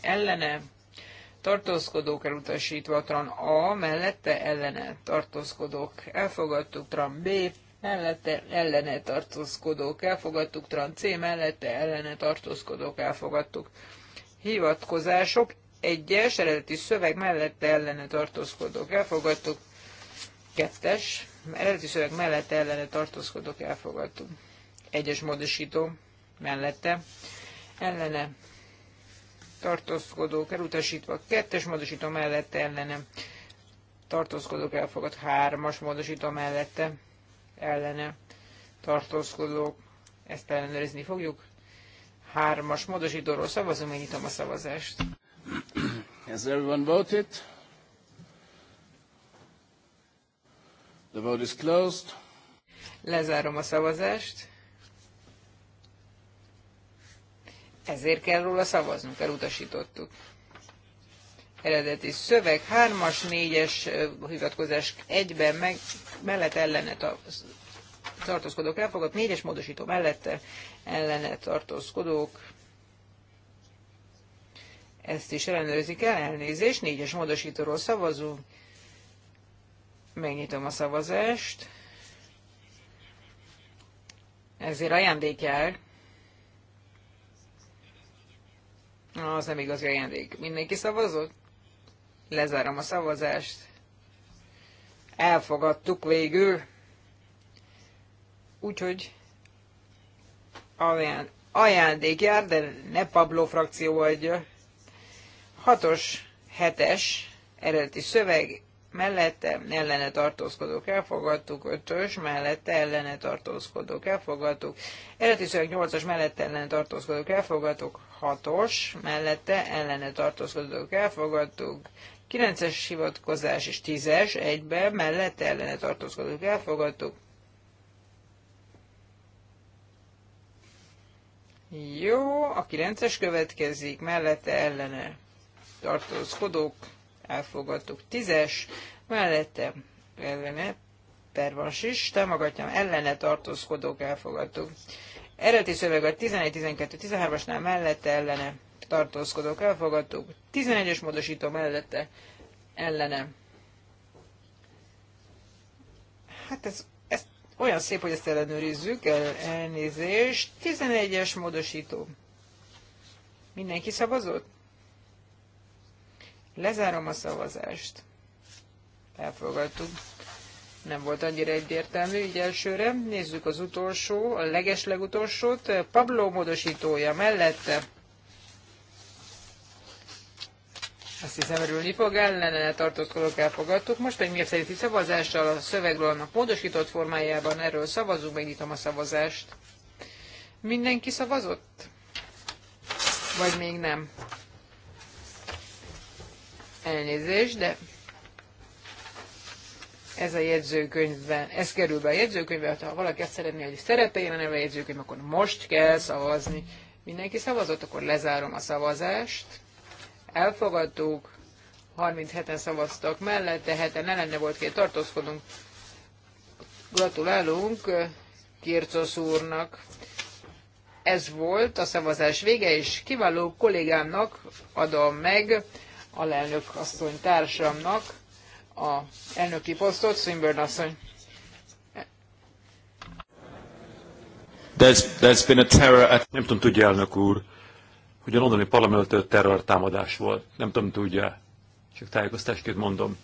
ellene tartózkodók elutasítva, tran A mellette ellene tartózkodók elfogadtuk, tran B mellette ellene tartózkodók elfogadtuk, tran C mellette ellene tartózkodók elfogadtuk. Hivatkozások egyes eredeti szöveg mellette ellene tartózkodók elfogadtuk, Kettes, eredeti szöveg mellette ellene tartózkodok, elfogadtuk. Egyes módosító mellette ellene tartózkodók elutasítva, kettes módosító mellette ellene tartózkodók elfogadt, hármas módosító mellette ellene tartózkodók, ezt ellenőrizni fogjuk. Hármas módosítóról szavazom, én nyitom a szavazást. Has everyone voted? The vote is closed. Lezárom a szavazást. Ezért kell róla szavaznunk, elutasítottuk. Eredeti szöveg, hármas, négyes hivatkozás egyben meg, mellett ellene tartózkodók elfogadt, négyes módosító mellette ellene tartózkodók. Ezt is ellenőrzik el, elnézést, négyes módosítóról szavazunk, Megnyitom a szavazást. Ezért ajándék jár. Az nem igazi ajándék. Mindenki szavazott? Lezárom a szavazást. Elfogadtuk végül. Úgyhogy ajándék jár, de ne Pablo frakció adja. 6-os, 7-es eredeti szöveg mellette ellene tartózkodók elfogadtuk, Ötös mellette ellene tartózkodók elfogadtuk, eredeti szöveg mellette ellene tartózkodók elfogadtuk, Hatos mellette ellene tartózkodók elfogadtuk, Kilences hivatkozás és tízes egybe mellette ellene tartózkodók elfogadtuk, Jó, a 9-es következik, mellette ellene tartózkodók elfogadtuk. Tízes mellette ellene pervansis, támogatjam ellene tartózkodók elfogadtuk. Eredeti szöveg a 11, 12, 13-asnál mellette ellene tartózkodók elfogadtuk. 11-es módosító mellette ellene. Hát ez, ez olyan szép, hogy ezt ellenőrizzük, el, elnézést. 11-es módosító. Mindenki szavazott? Lezárom a szavazást. Elfogadtuk. Nem volt annyira egyértelmű, így elsőre. Nézzük az utolsó, a legeslegutolsót. Pablo módosítója mellette. Azt hiszem, örülni fog, ellene tartózkodók elfogadtuk. Most pedig miért szerinti szavazással a szövegről annak módosított formájában erről szavazunk, megnyitom a szavazást. Mindenki szavazott? Vagy még nem? Elnézést, de ez a jegyzőkönyvben, ez kerül be a jegyzőkönyvbe, ha valaki azt szeretné, hogy szerepeljen a neve jegyzőkönyv, akkor most kell szavazni. Mindenki szavazott, akkor lezárom a szavazást. Elfogadtuk, 37-en szavaztak mellette, heten ellenne volt két tartózkodunk. Gratulálunk Kircosz úrnak. Ez volt a szavazás vége, és kiváló kollégámnak adom meg alelnök asszony társamnak a elnöki posztot, Swinburne asszony. There's, there's been a terror... Nem tudom, tudja elnök úr, hogy a londoni parlamentől terror támadás volt. Nem tudom, tudja. Csak tájékoztásként mondom.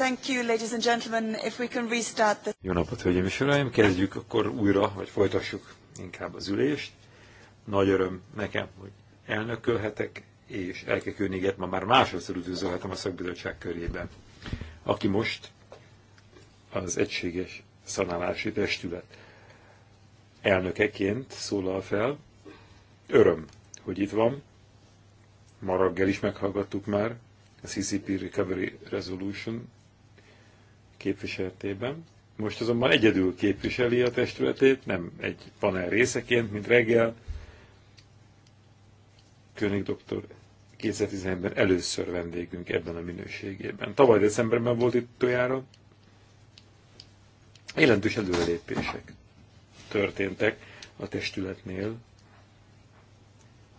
Thank you, ladies and gentlemen, if we can restart the... Jó napot, hölgyeim és uraim! Kezdjük akkor újra, vagy folytassuk inkább az ülést. Nagy öröm nekem, hogy elnökölhetek, és Elke Königet ma már másodszor üdvözölhetem a szakbizottság körében, aki most az Egységes Szanálási Testület elnökeként szólal fel. Öröm, hogy itt van. Maraggel is meghallgattuk már a CCP Recovery Resolution képviseletében. Most azonban egyedül képviseli a testületét, nem egy panel részeként, mint reggel. König doktor 2011-ben először vendégünk ebben a minőségében. Tavaly decemberben volt itt tojára. Jelentős előrelépések történtek a testületnél.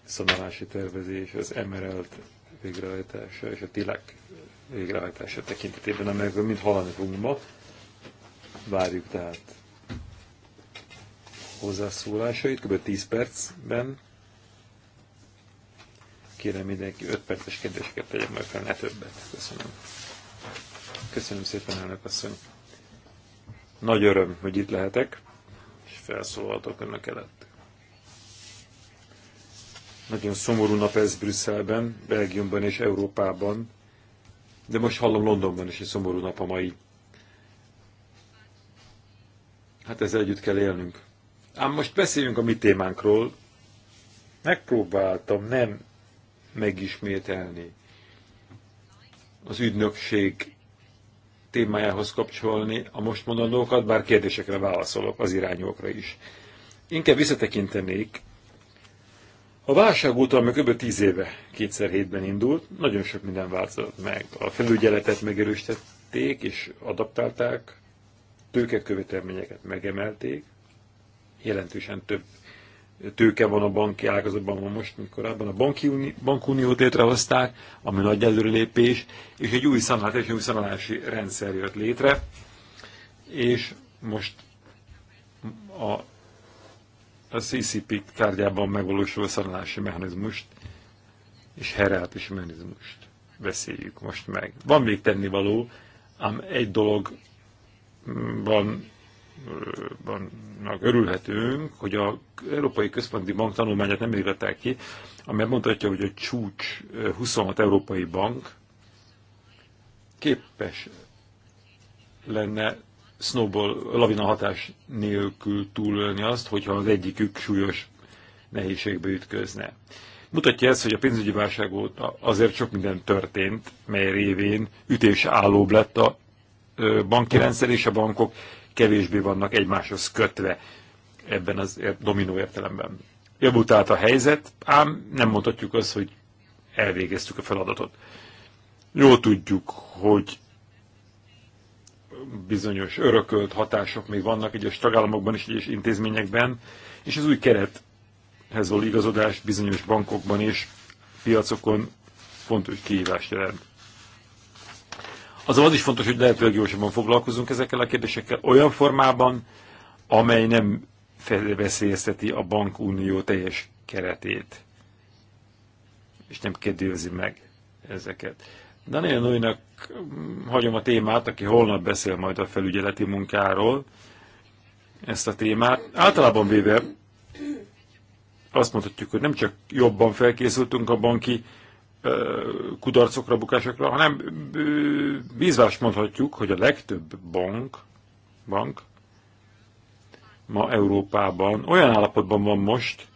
Szanálási tervezés, az emerelt végrehajtása és a tilák végrehajtása tekintetében, amelyekből mind hallani fogunk ma. Várjuk tehát hozzászólásait, kb. 10 percben. Kérem mindenki 5 perces kérdéseket tegyen meg fel, ne többet. Köszönöm. Köszönöm szépen, elnök asszony. Nagy öröm, hogy itt lehetek, és felszólaltok önök előtt. Nagyon szomorú nap ez Brüsszelben, Belgiumban és Európában de most hallom Londonban is egy szomorú nap a mai. Hát ezzel együtt kell élnünk. Ám most beszéljünk a mi témánkról. Megpróbáltam nem megismételni az ügynökség témájához kapcsolni a most mondandókat, bár kérdésekre válaszolok az irányokra is. Inkább visszatekintenék a válság óta, ami kb. 10 éve, kétszer hétben indult, nagyon sok minden változott meg. A felügyeletet megerősítették és adaptálták, tőkekövetelményeket megemelték, jelentősen több tőke van a banki ágazatban, van most, mint korábban a banki uni, bankuniót létrehozták, ami nagy előrelépés, és egy új szanálás, egy új szanálási rendszer jött létre, és most a a CCP tárgyában megvalósuló szanalási mechanizmust és herátus mechanizmust beszéljük most meg. Van még tennivaló, ám egy dolog mm, van, vannak örülhetünk, hogy a Európai Központi Bank tanulmányát nem írták ki, amely mondhatja, hogy a csúcs 26 Európai Bank képes lenne snowball lavina hatás nélkül túlölni azt, hogyha az egyikük súlyos nehézségbe ütközne. Mutatja ezt, hogy a pénzügyi válság óta azért sok minden történt, mely révén ütés állóbb lett a banki rendszer, és a bankok kevésbé vannak egymáshoz kötve ebben az dominó értelemben. Javult tehát a helyzet, ám nem mondhatjuk azt, hogy elvégeztük a feladatot. Jól tudjuk, hogy bizonyos örökölt hatások még vannak egyes tagállamokban és egyes intézményekben, és az új kerethez való igazodás bizonyos bankokban és piacokon fontos kihívást jelent. Azon az is fontos, hogy lehetőleg gyorsabban foglalkozunk ezekkel a kérdésekkel olyan formában, amely nem veszélyezteti a bankunió teljes keretét, és nem kedőzi meg ezeket. Daniel újnak, mm, hagyom a témát, aki holnap beszél majd a felügyeleti munkáról, ezt a témát. Általában véve azt mondhatjuk, hogy nem csak jobban felkészültünk a banki kudarcokra, bukásokra, hanem bízvás mondhatjuk, hogy a legtöbb bank, bank ma Európában olyan állapotban van most,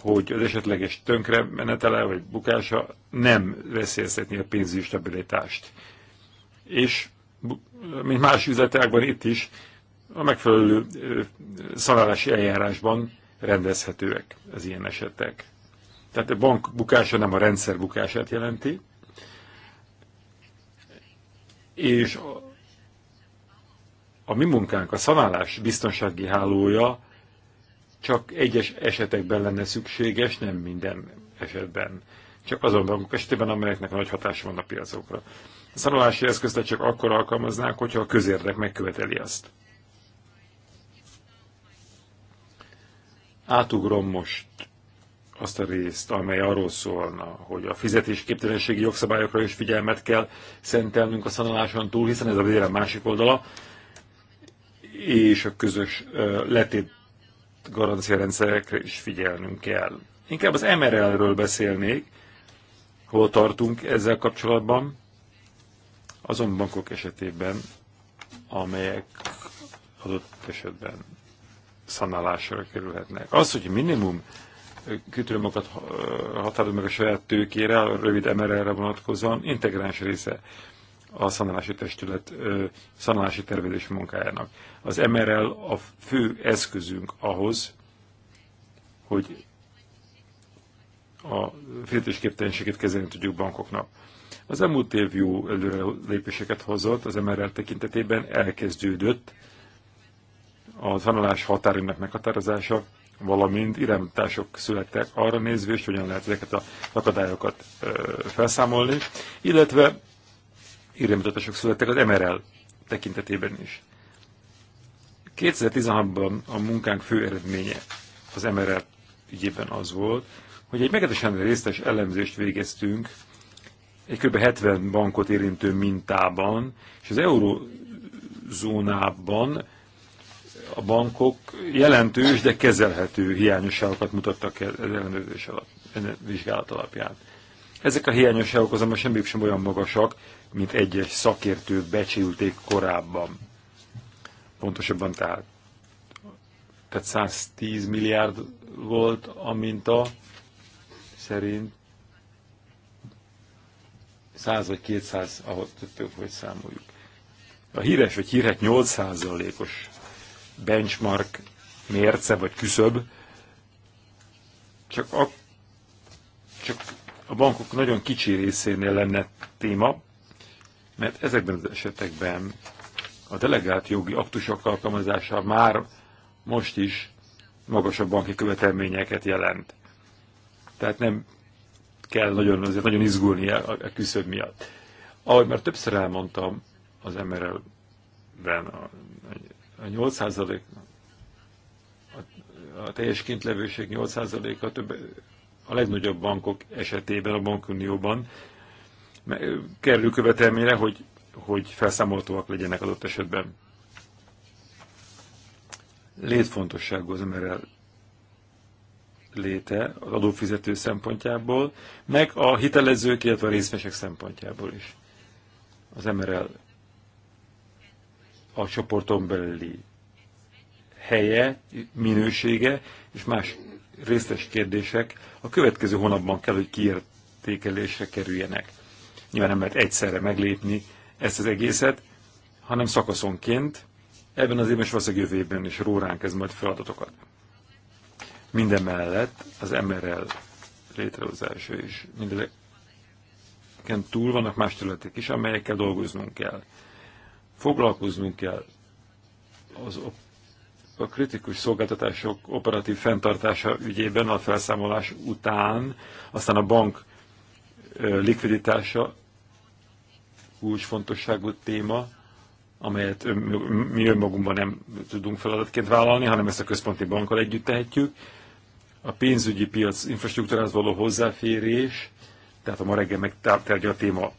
hogy az esetleges tönkre menetele vagy bukása nem veszélyeztetni a pénzügyi stabilitást. És, mint más üzletágban itt is, a megfelelő szalálási eljárásban rendezhetőek az ilyen esetek. Tehát a bank bukása nem a rendszer bukását jelenti, és a, a mi munkánk, a szanálás biztonsági hálója csak egyes esetekben lenne szükséges, nem minden esetben. Csak azon bankok esetében, amelyeknek nagy hatása van a piacokra. A szanolási eszközt csak akkor alkalmaznák, hogyha a közérdek megköveteli azt. Átugrom most azt a részt, amely arról szólna, hogy a fizetésképtelenségi jogszabályokra is figyelmet kell szentelnünk a szanaláson túl, hiszen ez a vélem másik oldala, és a közös letét garanciarendszerekre is figyelnünk kell. Inkább az MRL-ről beszélnék, hol tartunk ezzel kapcsolatban, azon bankok esetében, amelyek adott esetben szanálásra kerülhetnek. Az, hogy minimum kütőmokat határozunk meg a saját tőkére, a rövid MRL-re vonatkozóan, integráns része a szanálási testület szanálási tervezés munkájának. Az MRL a fő eszközünk ahhoz, hogy a fizetésképtelenséget kezelni tudjuk bankoknak. Az elmúlt év jó lépéseket hozott, az MRL tekintetében elkezdődött a tanulás határinak meghatározása, valamint irányítások születtek arra nézvést, hogyan lehet ezeket a akadályokat felszámolni, illetve iránymutatások születtek az MRL tekintetében is. 2016-ban a munkánk fő eredménye az MRL ügyében az volt, hogy egy meglehetősen résztes elemzést végeztünk egy kb. 70 bankot érintő mintában, és az eurozónában a bankok jelentős, de kezelhető hiányosságokat mutattak el az ellenőrzés alatt, vizsgálat alapján. Ezek a hiányosságok azonban semmi sem olyan magasak, mint egyes szakértők becsülték korábban. Pontosabban tehát, tehát 110 milliárd volt a minta, szerint 100 vagy 200, ahogy több, hogy számoljuk. A híres vagy hírhet 8%-os benchmark mérce vagy küszöb, csak, a, csak a bankok nagyon kicsi részénél lenne téma, mert ezekben az esetekben a delegált jogi aktusok alkalmazása már most is magasabb banki követelményeket jelent. Tehát nem kell nagyon, azért nagyon izgulni e, a, a e küszöb miatt. Ahogy már többször elmondtam az MRL-ben, a, a 8 a, a teljes kintlevőség 8%-a több a legnagyobb bankok esetében a bankunióban kerül követelményre, hogy, hogy felszámolhatóak legyenek adott esetben. Létfontosságú az MRL léte az adófizető szempontjából, meg a hitelezők, illetve a részvesek szempontjából is. Az MRL a csoporton belüli helye, minősége és más részletes kérdések a következő hónapban kell, hogy kiértékelésre kerüljenek. Nyilván nem lehet egyszerre meglépni ezt az egészet, hanem szakaszonként, ebben az évben és valószínűleg jövőben is róránk ez majd feladatokat. Minden mellett az MRL létrehozása is. Mindezeken túl vannak más területek is, amelyekkel dolgoznunk kell. Foglalkoznunk kell az a kritikus szolgáltatások operatív fenntartása ügyében a felszámolás után, aztán a bank likviditása kulcsfontosságú téma, amelyet mi önmagunkban nem tudunk feladatként vállalni, hanem ezt a központi bankkal együtt tehetjük. A pénzügyi piac infrastruktúrához való hozzáférés, tehát a ma reggel megtárgya a téma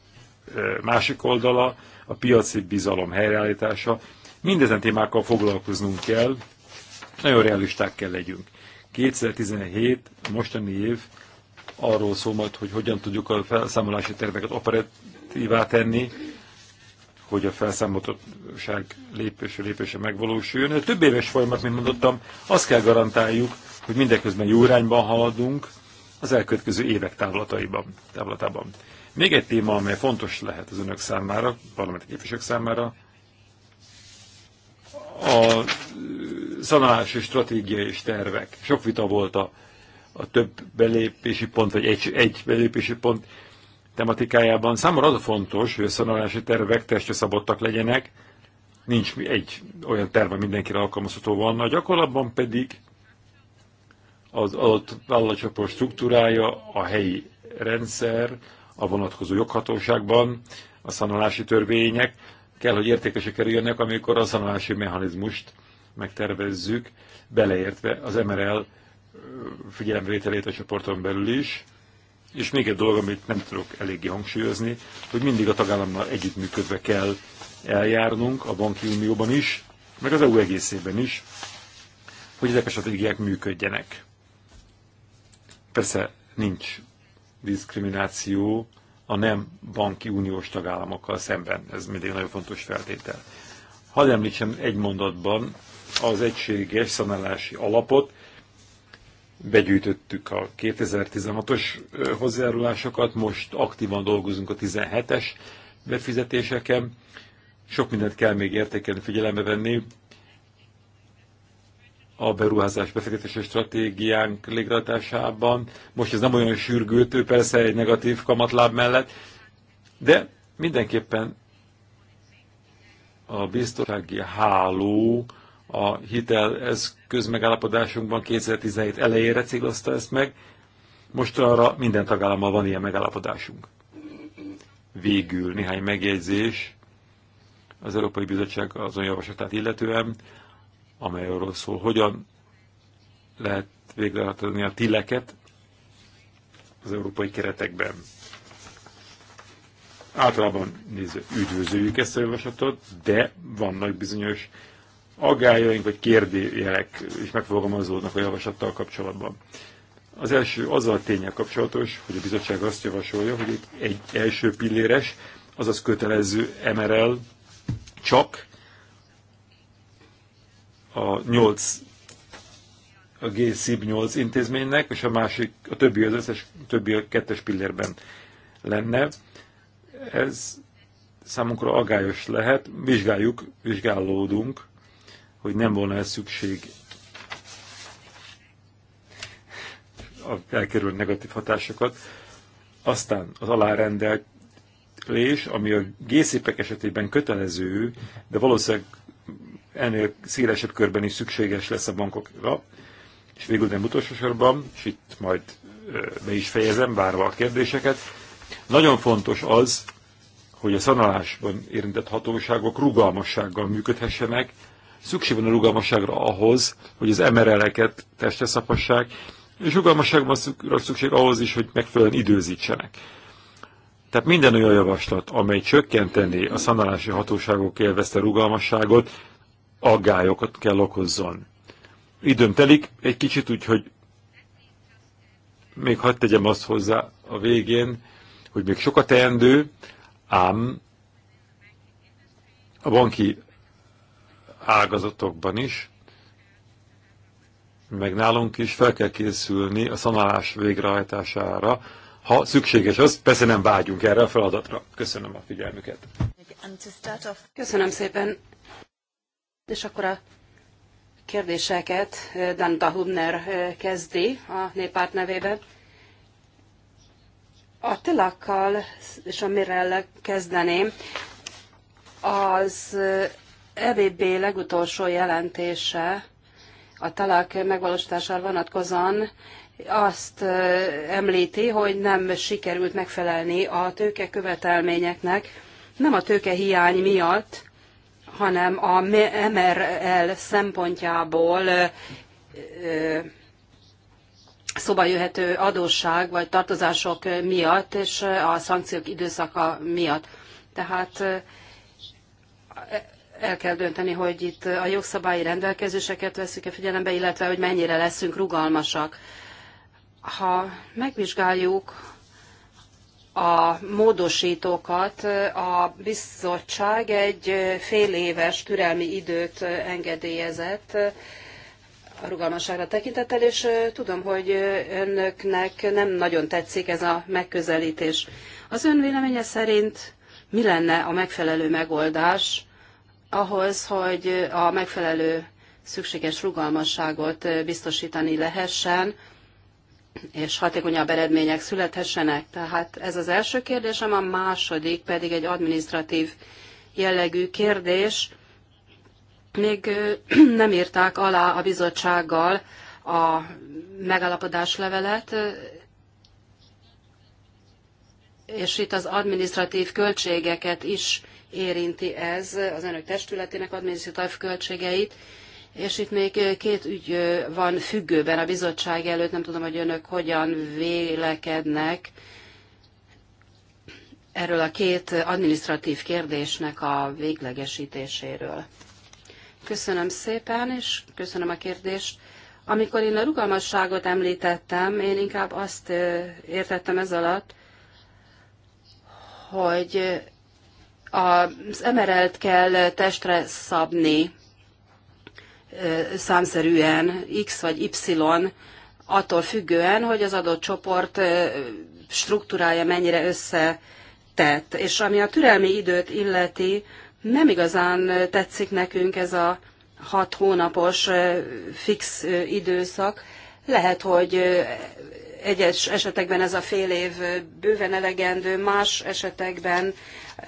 másik oldala, a piaci bizalom helyreállítása. Mindezen témákkal foglalkoznunk kell, nagyon realisták kell legyünk. 2017, mostani év arról szól majd, hogy hogyan tudjuk a felszámolási terveket operatívá tenni, hogy a felszámolatottság lépésről lépésre megvalósuljon. A több éves folyamat, mint mondottam, azt kell garantáljuk, hogy mindeközben jó irányban haladunk az elkövetkező évek távlataiban, távlatában. Még egy téma, amely fontos lehet az önök számára, parlamenti képviselők számára, a szanálási stratégia és tervek. Sok vita volt a, a több belépési pont, vagy egy, egy belépési pont tematikájában. Számomra az a fontos, hogy a szanálási tervek testre szabottak legyenek, nincs egy olyan terve mindenkire alkalmazható van, a gyakorlatban pedig az adott vállalatcsoport struktúrája, a helyi rendszer, a vonatkozó joghatóságban, a szanalási törvények kell, hogy értékesek kerüljenek, amikor a szanalási mechanizmust megtervezzük, beleértve az MRL figyelemvételét a csoporton belül is. És még egy dolog, amit nem tudok eléggé hangsúlyozni, hogy mindig a tagállammal együttműködve kell eljárnunk a banki unióban is, meg az EU egészében is, hogy ezek a stratégiák működjenek. Persze nincs diszkrimináció a nem banki uniós tagállamokkal szemben. Ez mindig nagyon fontos feltétel. Hadd említsem egy mondatban az egységes szanálási alapot, begyűjtöttük a 2016-os hozzájárulásokat, most aktívan dolgozunk a 17-es befizetéseken. Sok mindent kell még értékelni, figyelembe venni. A beruházás befektetési stratégiánk légrehajtásában. Most ez nem olyan sürgőtő, persze egy negatív kamatláb mellett, de mindenképpen a biztonsági háló a hitel ez közmegállapodásunkban 2017 elejére célozta ezt meg, most minden tagállammal van ilyen megállapodásunk. Végül néhány megjegyzés az Európai Bizottság azon javaslatát illetően, amely arról szól, hogyan lehet végrehajtani a tileket az európai keretekben. Általában nézve üdvözöljük ezt a javaslatot, de vannak bizonyos aggájaink vagy kérdőjelek is megfogalmazódnak a javaslattal kapcsolatban. Az első azzal a tényel kapcsolatos, hogy a bizottság azt javasolja, hogy egy, egy első pilléres, azaz kötelező MRL csak a 8 a GSIB 8 intézménynek, és a másik, a többi az összes, a többi a kettes pillérben lenne. Ez számunkra agályos lehet, vizsgáljuk, vizsgálódunk hogy nem volna ez szükség elkerülni negatív hatásokat. Aztán az alárendelés, ami a gészépek esetében kötelező, de valószínűleg ennél szélesebb körben is szükséges lesz a bankokra. És végül nem utolsó sorban, és itt majd be is fejezem, várva a kérdéseket. Nagyon fontos az, hogy a szanalásban érintett hatóságok rugalmassággal működhessenek, Szükség van a rugalmasságra ahhoz, hogy az MRL-eket testre szapassák, és rugalmasságra szükség ahhoz is, hogy megfelelően időzítsenek. Tehát minden olyan javaslat, amely csökkenteni a szanálási hatóságok élvezte rugalmasságot, aggályokat kell okozzon. Időm telik egy kicsit, úgyhogy még hadd tegyem azt hozzá a végén, hogy még sokat teendő, ám a banki ágazatokban is, meg nálunk is fel kell készülni a szanálás végrehajtására, ha szükséges az, persze nem vágyunk erre a feladatra. Köszönöm a figyelmüket. Köszönöm szépen. És akkor a kérdéseket eh, Dan Hubner eh, kezdi a néppárt nevében. A tilakkal és a mirrel kezdeném. Az eh, EBB legutolsó jelentése a talák megvalósítására vonatkozóan azt említi, hogy nem sikerült megfelelni a tőke követelményeknek, nem a tőke hiány miatt, hanem a MRL szempontjából szoba jöhető adósság vagy tartozások miatt, és a szankciók időszaka miatt. Tehát el kell dönteni, hogy itt a jogszabályi rendelkezéseket veszük-e figyelembe, illetve hogy mennyire leszünk rugalmasak. Ha megvizsgáljuk a módosítókat, a bizottság egy fél éves türelmi időt engedélyezett a rugalmasságra tekintettel, és tudom, hogy önöknek nem nagyon tetszik ez a megközelítés. Az ön véleménye szerint mi lenne a megfelelő megoldás, ahhoz, hogy a megfelelő szükséges rugalmasságot biztosítani lehessen, és hatékonyabb eredmények születhessenek. Tehát ez az első kérdésem, a második pedig egy administratív jellegű kérdés. Még nem írták alá a bizottsággal a megalapodás levelet, és itt az administratív költségeket is érinti ez az önök testületének adminisztratív költségeit, és itt még két ügy van függőben a bizottság előtt, nem tudom, hogy önök hogyan vélekednek erről a két adminisztratív kérdésnek a véglegesítéséről. Köszönöm szépen, és köszönöm a kérdést. Amikor én a rugalmasságot említettem, én inkább azt értettem ez alatt, hogy az emerelt kell testre szabni számszerűen X vagy Y, attól függően, hogy az adott csoport struktúrája mennyire összetett. És ami a türelmi időt illeti, nem igazán tetszik nekünk ez a hat hónapos fix időszak. Lehet, hogy egyes esetekben ez a fél év bőven elegendő, más esetekben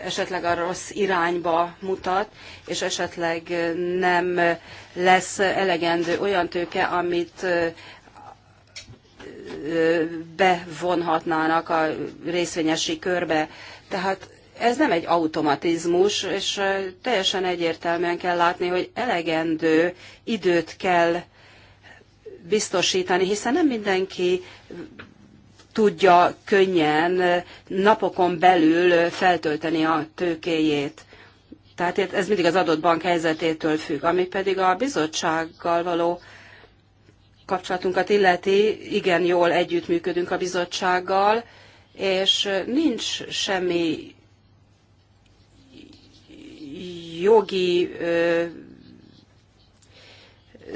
esetleg a rossz irányba mutat, és esetleg nem lesz elegendő olyan tőke, amit bevonhatnának a részvényesi körbe. Tehát ez nem egy automatizmus, és teljesen egyértelműen kell látni, hogy elegendő időt kell biztosítani, hiszen nem mindenki tudja könnyen napokon belül feltölteni a tőkéjét. Tehát ez mindig az adott bank helyzetétől függ. Ami pedig a bizottsággal való kapcsolatunkat illeti, igen jól együttműködünk a bizottsággal, és nincs semmi jogi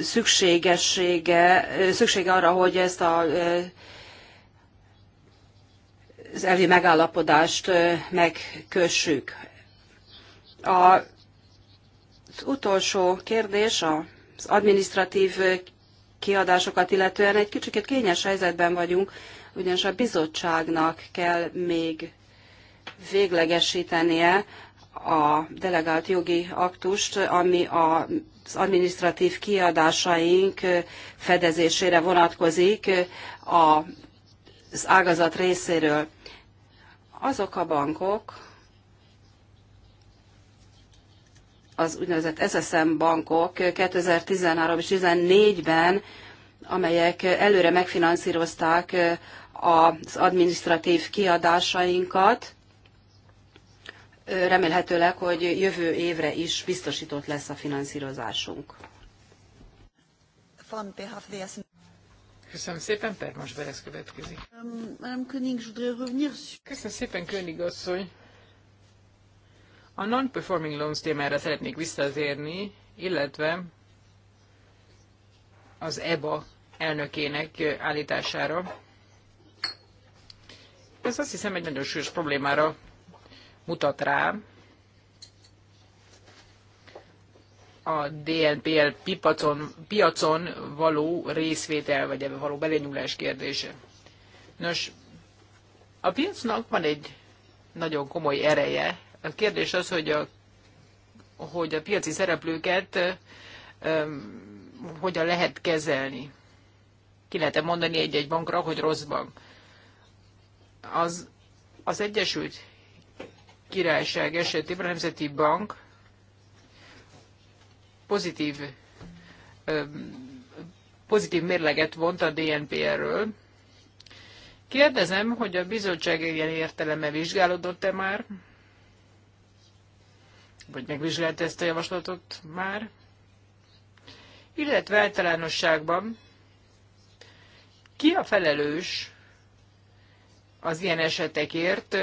szükségessége, szüksége arra, hogy ezt a az elvi megállapodást megkössük. A az utolsó kérdés az administratív kiadásokat illetően egy kicsit kényes helyzetben vagyunk, ugyanis a bizottságnak kell még véglegesítenie a delegált jogi aktust, ami az administratív kiadásaink fedezésére vonatkozik a az ágazat részéről. Azok a bankok, az úgynevezett SSM bankok 2013 és 2014-ben, amelyek előre megfinanszírozták az administratív kiadásainkat, remélhetőleg, hogy jövő évre is biztosított lesz a finanszírozásunk. Köszönöm szépen, Permas Berez következik. Um, Madame König, je voudrais revenir Köszönöm szépen, König asszony. A non-performing loans témára szeretnék visszatérni, illetve az EBA elnökének állítására. Ez azt hiszem egy nagyon súlyos problémára mutat rá, a DNPL pipacon, piacon való részvétel, vagy ebbe való belenyúlás kérdése. Nos, a piacnak van egy nagyon komoly ereje. A kérdés az, hogy a, hogy a piaci szereplőket um, hogyan lehet kezelni. Ki lehet -e mondani egy-egy bankra, hogy rossz bank. Az, az Egyesült Királyság esetében a Nemzeti Bank pozitív, pozitív mérleget vont a DNPR-ről. Kérdezem, hogy a bizottság ilyen értelemben vizsgálódott-e már, vagy megvizsgálta ezt a javaslatot már, illetve általánosságban ki a felelős az ilyen esetekért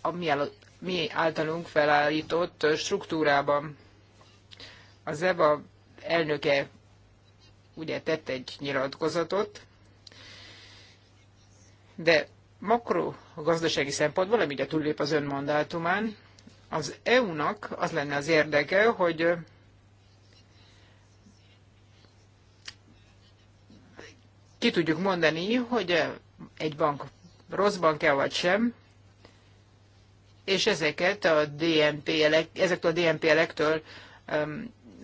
a mi általunk felállított struktúrában? Az EVA elnöke ugye tett egy nyilatkozatot, de makro gazdasági szempontból, amíg túllép az önmandátumán, az EU-nak az lenne az érdeke, hogy ki tudjuk mondani, hogy egy bank rossz bank-e vagy sem, és ezeket a DNP elek, a DNP elektől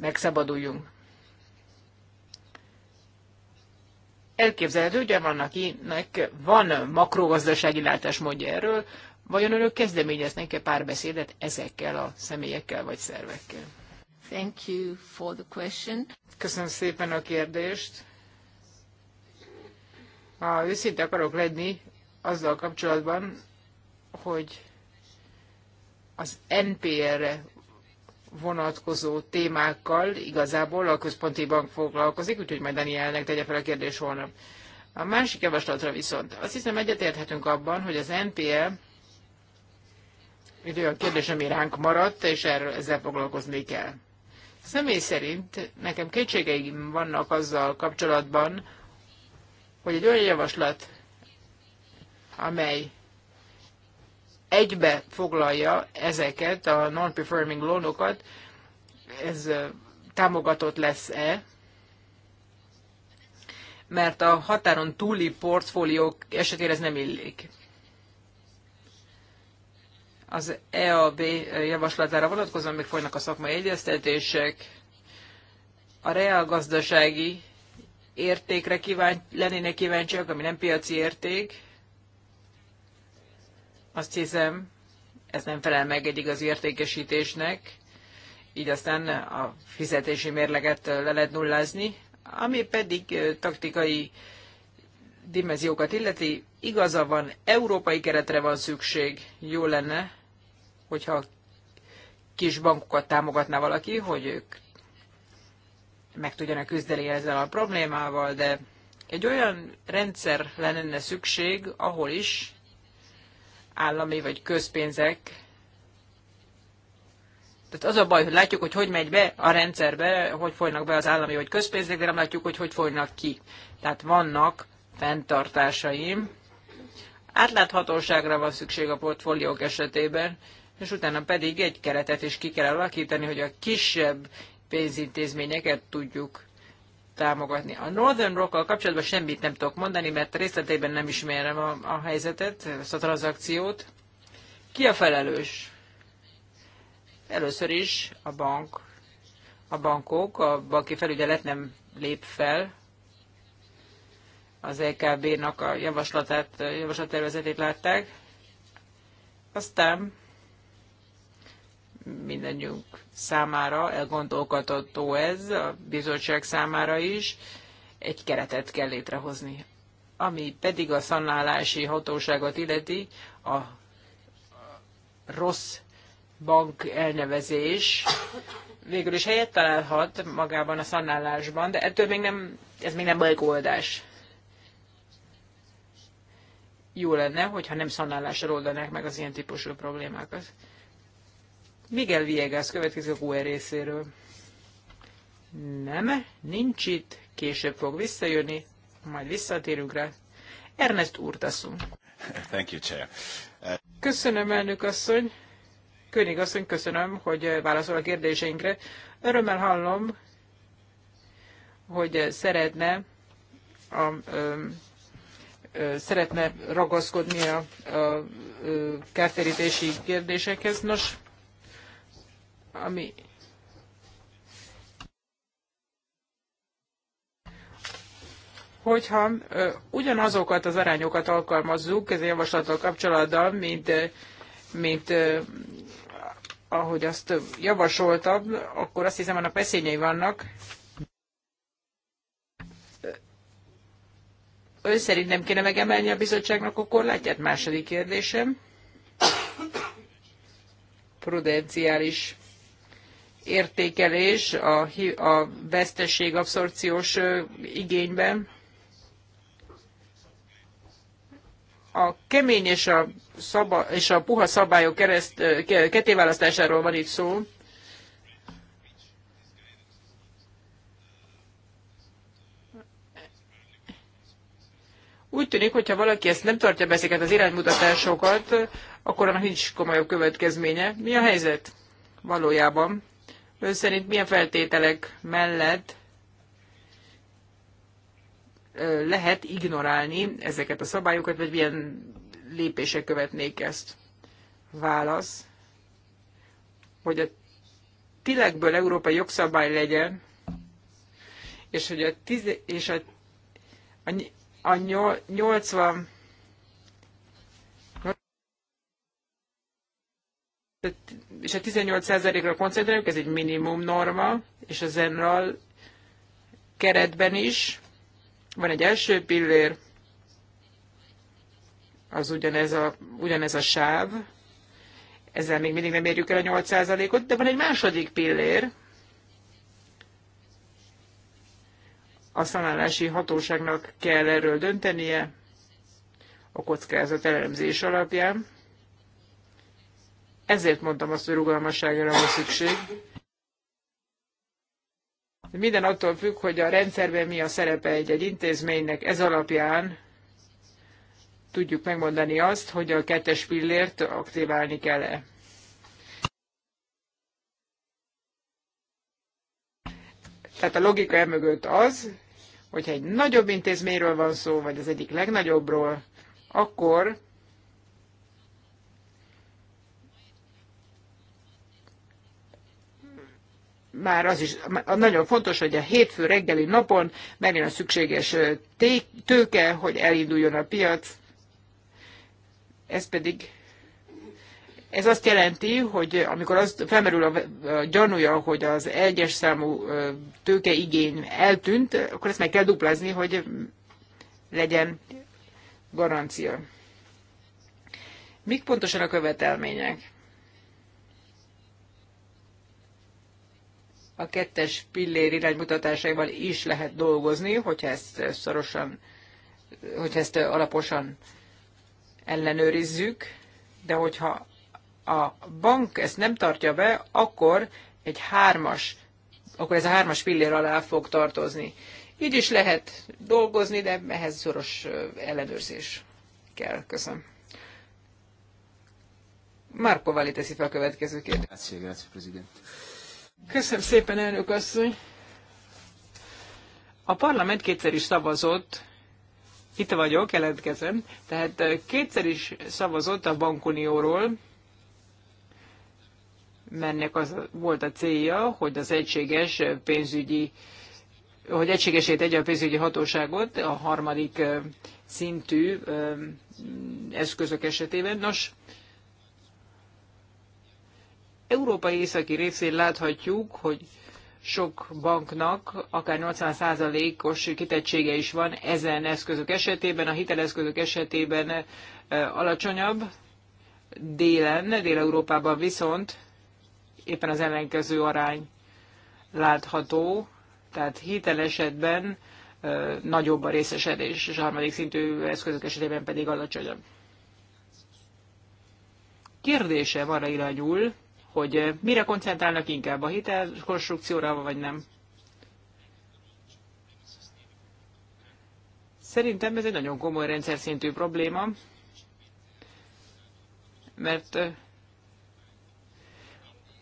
megszabaduljunk. Elképzelhető, hogy van, akinek van makrogazdasági látásmódja erről, vajon önök kezdeményeznek-e párbeszédet ezekkel a személyekkel vagy szervekkel? Thank you for the question. Köszönöm szépen a kérdést. Ha őszinte akarok lenni azzal kapcsolatban, hogy az NPR-re vonatkozó témákkal igazából a központi bank foglalkozik, úgyhogy majd Danielnek tegye fel a kérdés holnap. A másik javaslatra viszont azt hiszem egyetérthetünk abban, hogy az NPE egy olyan kérdés, ami ránk maradt, és erről ezzel foglalkozni kell. Személy szerint nekem kétségeim vannak azzal kapcsolatban, hogy egy olyan javaslat, amely egybe foglalja ezeket a non-performing loanokat, ez támogatott lesz-e, mert a határon túli portfóliók esetére ez nem illik. Az EAB javaslatára vonatkozóan még folynak a szakmai egyeztetések. A reálgazdasági értékre kíváncsi, lennének kíváncsiak, ami nem piaci érték, azt hiszem, ez nem felel meg egy igazi értékesítésnek, így aztán a fizetési mérleget le lehet nullázni, ami pedig taktikai dimenziókat illeti, igaza van, európai keretre van szükség, jó lenne, hogyha kis bankokat támogatná valaki, hogy ők meg tudjanak küzdeni ezzel a problémával, de egy olyan rendszer lenne szükség, ahol is állami vagy közpénzek. Tehát az a baj, hogy látjuk, hogy hogy megy be a rendszerbe, hogy folynak be az állami vagy közpénzek, de nem látjuk, hogy hogy folynak ki. Tehát vannak fenntartásaim. Átláthatóságra van szükség a portfóliók esetében, és utána pedig egy keretet is ki kell alakítani, hogy a kisebb pénzintézményeket tudjuk támogatni. A Northern Rock-kal kapcsolatban semmit nem tudok mondani, mert részletében nem ismerem a, a helyzetet, ezt a tranzakciót. Ki a felelős? Először is a bank, a bankok, a banki felügyelet nem lép fel. Az EKB-nak a javaslatát, javaslattervezetét látták. Aztán mindannyiunk számára elgondolkodható ez, a bizottság számára is. Egy keretet kell létrehozni. Ami pedig a szanálási hatóságot illeti, a rossz bank elnevezés végül is helyet találhat magában a szannálásban, de ettől még nem, ez még nem megoldás. Jó lenne, hogyha nem szannálásra oldanák meg az ilyen típusú problémákat. Miguel Viegas következik a QR részéről. Nem, nincs itt, később fog visszajönni, majd visszatérünk rá. Ernest Urtasun. Thank you, Chair. Köszönöm, elnök asszony. König asszony, köszönöm, hogy válaszol a kérdéseinkre. Örömmel hallom, hogy szeretne a, ö, ö, szeretne ragaszkodni a, a ö, kártérítési kérdésekhez. Nos, ami hogyha ö, ugyanazokat az arányokat alkalmazzuk ez a javaslattal kapcsolatban, mint, mint ö, ahogy azt javasoltam, akkor azt hiszem, annak veszényei vannak. Ön szerint nem kéne megemelni a bizottságnak a korlátját? Második kérdésem. Prudenciális értékelés a, a veszteség abszorpciós igényben. a kemény és a, szaba, és a puha szabályok kereszt, kettéválasztásáról van itt szó. Úgy tűnik, hogyha valaki ezt nem tartja be ezeket az iránymutatásokat, akkor annak nincs komolyabb következménye. Mi a helyzet valójában? Ön szerint milyen feltételek mellett lehet ignorálni ezeket a szabályokat, vagy milyen lépések követnék ezt? Válasz, hogy a tilekből európai jogszabály legyen, és hogy a, tiz, és a, a, a 80 és a 18%-ra koncentráljuk, ez egy minimum norma, és a Zenral keretben is van egy első pillér, az ugyanez a, ugyanez a sáv, ezzel még mindig nem érjük el a 8%-ot, de van egy második pillér, a szanálási hatóságnak kell erről döntenie a kockázat elemzés alapján. Ezért mondtam azt, hogy rugalmasságra van szükség. Minden attól függ, hogy a rendszerben mi a szerepe egy-egy intézménynek. Ez alapján tudjuk megmondani azt, hogy a kettes pillért aktiválni kell-e. Tehát a logika emögött az, hogyha egy nagyobb intézményről van szó, vagy az egyik legnagyobbról, akkor már az is nagyon fontos, hogy a hétfő reggeli napon megjön a szükséges tőke, hogy elinduljon a piac. Ez pedig ez azt jelenti, hogy amikor az felmerül a gyanúja, hogy az egyes számú tőkeigény eltűnt, akkor ezt meg kell duplázni, hogy legyen garancia. Mik pontosan a követelmények? a kettes pillér iránymutatásaival is lehet dolgozni, hogyha ezt szorosan, hogyha ezt alaposan ellenőrizzük, de hogyha a bank ezt nem tartja be, akkor egy hármas, akkor ez a hármas pillér alá fog tartozni. Így is lehet dolgozni, de ehhez szoros ellenőrzés kell. Köszönöm. Marco Vali teszi fel a következő kérdést. Grazie, grazie, Presidente. Köszönöm szépen, elnök asszony. A parlament kétszer is szavazott, itt vagyok, jelentkezem, tehát kétszer is szavazott a bankunióról, mennek az volt a célja, hogy az egységes pénzügyi, hogy egységesét tegye a pénzügyi hatóságot a harmadik szintű eszközök esetében. Nos, európai északi részén láthatjuk, hogy sok banknak akár 80%-os kitettsége is van ezen eszközök esetében, a hiteleszközök esetében e, alacsonyabb, délen, Dél-Európában viszont éppen az ellenkező arány látható, tehát hitel esetben e, nagyobb a részesedés, és a harmadik szintű eszközök esetében pedig alacsonyabb. Kérdésem arra irányul, hogy eh, mire koncentrálnak inkább, a hitelkonstrukcióra vagy nem. Szerintem ez egy nagyon komoly rendszer szintű probléma, mert eh,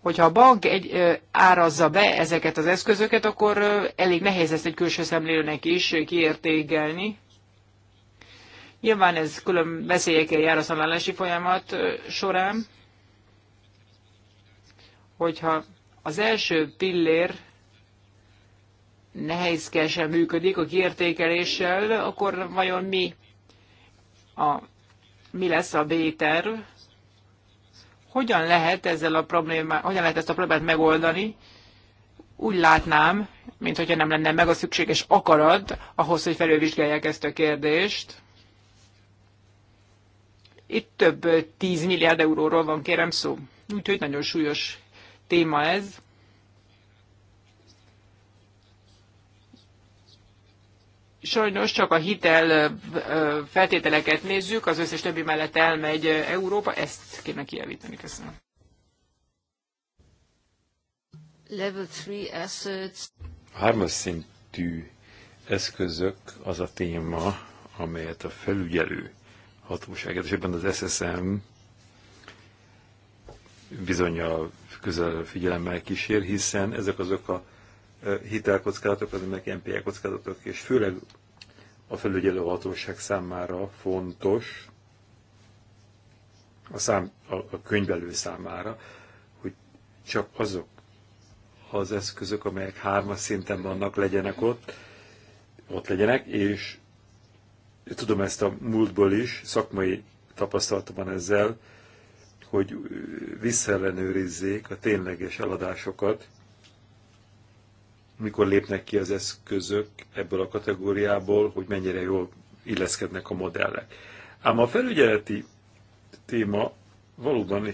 hogyha a bank egy, eh, árazza be ezeket az eszközöket, akkor elég nehéz ezt egy külső szemlélőnek is kiértékelni. Nyilván ez külön veszélyekkel jár a szalálási folyamat során, hogyha az első pillér nehézkesen működik a kiértékeléssel, akkor vajon mi, a, mi lesz a B-terv? Hogyan lehet, ezzel a problémá, hogyan lehet ezt a problémát megoldani? Úgy látnám, mint hogyha nem lenne meg a szükséges akarat ahhoz, hogy felülvizsgálják ezt a kérdést. Itt több 10 milliárd euróról van, kérem szó. Úgyhogy nagyon súlyos téma ez. Sajnos csak a hitel feltételeket nézzük, az összes többi mellett elmegy Európa, ezt kéne kijavítani. Köszönöm. Level three assets. Hármas szintű eszközök az a téma, amelyet a felügyelő hatóság, és ebben az SSM bizonyal közel figyelemmel kísér, hiszen ezek azok a e, hitelkockázatok, azok MPL kockázatok, és főleg a hatóság számára fontos, a, szám, a, a könyvelő számára, hogy csak azok az eszközök, amelyek hármas szinten vannak, legyenek ott, ott legyenek, és tudom ezt a múltból is, szakmai tapasztalatban ezzel, hogy visszaellenőrizzék a tényleges eladásokat, mikor lépnek ki az eszközök ebből a kategóriából, hogy mennyire jól illeszkednek a modellek. Ám a felügyeleti téma valóban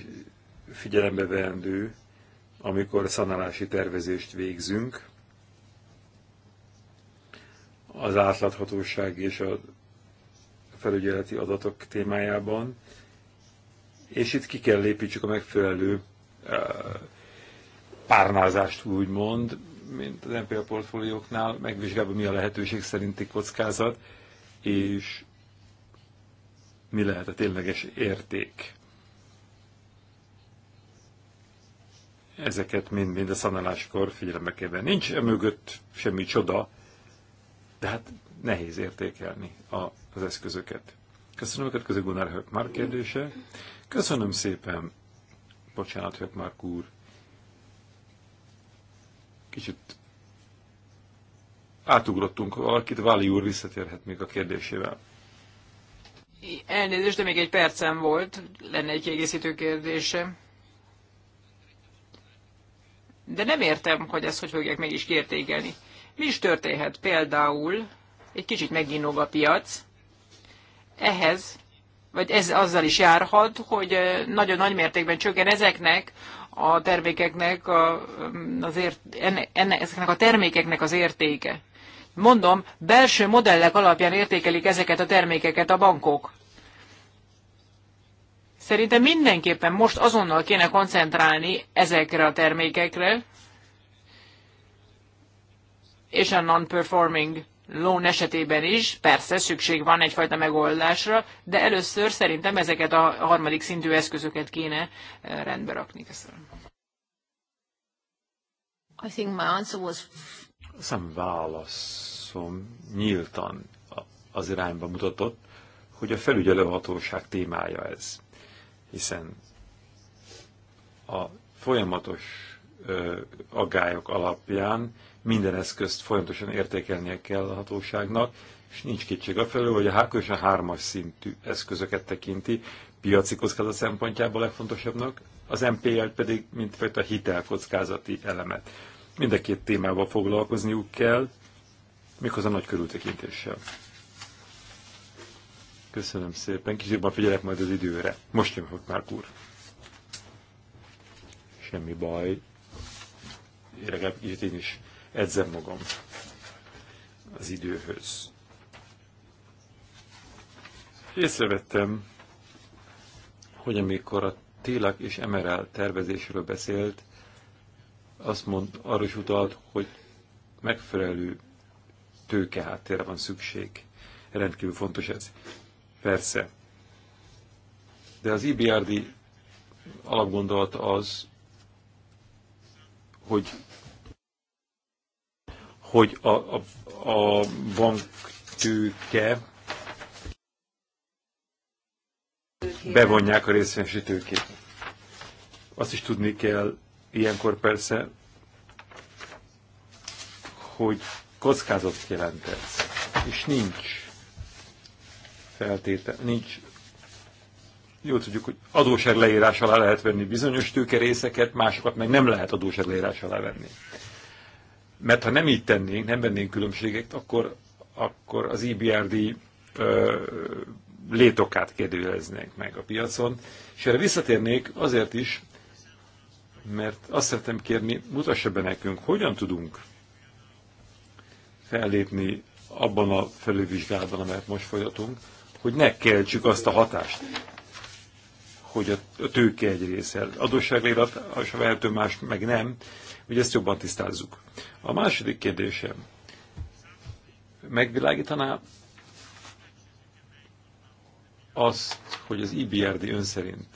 figyelembe veendő, amikor szanálási tervezést végzünk, az átláthatóság és a felügyeleti adatok témájában, és itt ki kell lépítsük a megfelelő eh, párnázást, úgymond, mint az NPA portfólióknál, megvizsgálva mi a lehetőség szerinti kockázat, és mi lehet a tényleges érték. Ezeket mind-mind a szanáláskor figyelembe kell venni. Nincs mögött semmi csoda, de hát nehéz értékelni a, az eszközöket. Köszönöm, a következő Gunnar Hökmark kérdése. Köszönöm szépen. Bocsánat, Hökmark úr. Kicsit átugrottunk valakit, Váli úr visszatérhet még a kérdésével. Elnézést, de még egy percem volt, lenne egy kiegészítő kérdése. De nem értem, hogy ezt hogy fogják mégis kértékelni. Mi is történhet? Például egy kicsit meginnog a piac, ehhez, vagy ez azzal is járhat, hogy nagyon nagy mértékben csökken ezeknek a termékeknek, a, mm, az ért, enne, enne, ezeknek a termékeknek az értéke. Mondom, belső modellek alapján értékelik ezeket a termékeket a bankok. Szerintem mindenképpen most azonnal kéne koncentrálni ezekre a termékekre, és a non-performing Lón esetében is, persze szükség van egyfajta megoldásra, de először szerintem ezeket a harmadik szintű eszközöket kéne eh, rendbe rakni. Köszönöm. I think my answer was... Szem válaszom nyíltan az irányba mutatott, hogy a felügyelőhatóság témája ez. Hiszen a folyamatos ö, agályok alapján minden eszközt folyamatosan értékelnie kell a hatóságnak, és nincs kétség a felül, hogy a a hármas szintű eszközöket tekinti piaci kockázat szempontjából legfontosabbnak, az MPL pedig mintfajta hitelkockázati elemet. Mind a két témával foglalkozniuk kell, méghozzá nagy körültekintéssel. Köszönöm szépen, kicsit jobban figyelek majd az időre. Most jön már úr. Semmi baj. Legalább kicsit én is edzem magam az időhöz. Észrevettem, hogy amikor a Télak és Emerald tervezésről beszélt, azt mond, arra is utalt, hogy megfelelő háttérre van szükség. Rendkívül fontos ez. Persze. De az IBRD e alapgondolata az, hogy hogy a, a, a banktőke bevonják a részvényesítőkét. Azt is tudni kell ilyenkor persze, hogy kockázat jelent ez, és nincs feltétel, nincs jó tudjuk, hogy adóság leírás alá lehet venni bizonyos tőkerészeket, másokat meg nem lehet adóság leírás alá venni. Mert ha nem így tennénk, nem vennénk különbségeket, akkor, akkor az IBRD e ö, létokát kérdőjeleznénk meg a piacon. És erre visszatérnék azért is, mert azt szeretném kérni, mutassa be nekünk, hogyan tudunk fellépni abban a felülvizsgálatban, amelyet most folytatunk, hogy ne keltsük azt a hatást, hogy a tőke egy része adósságlérat, és a vehető más meg nem, hogy ezt jobban tisztázzuk. A második kérdésem, megvilágítaná azt, hogy az IBRD ön szerint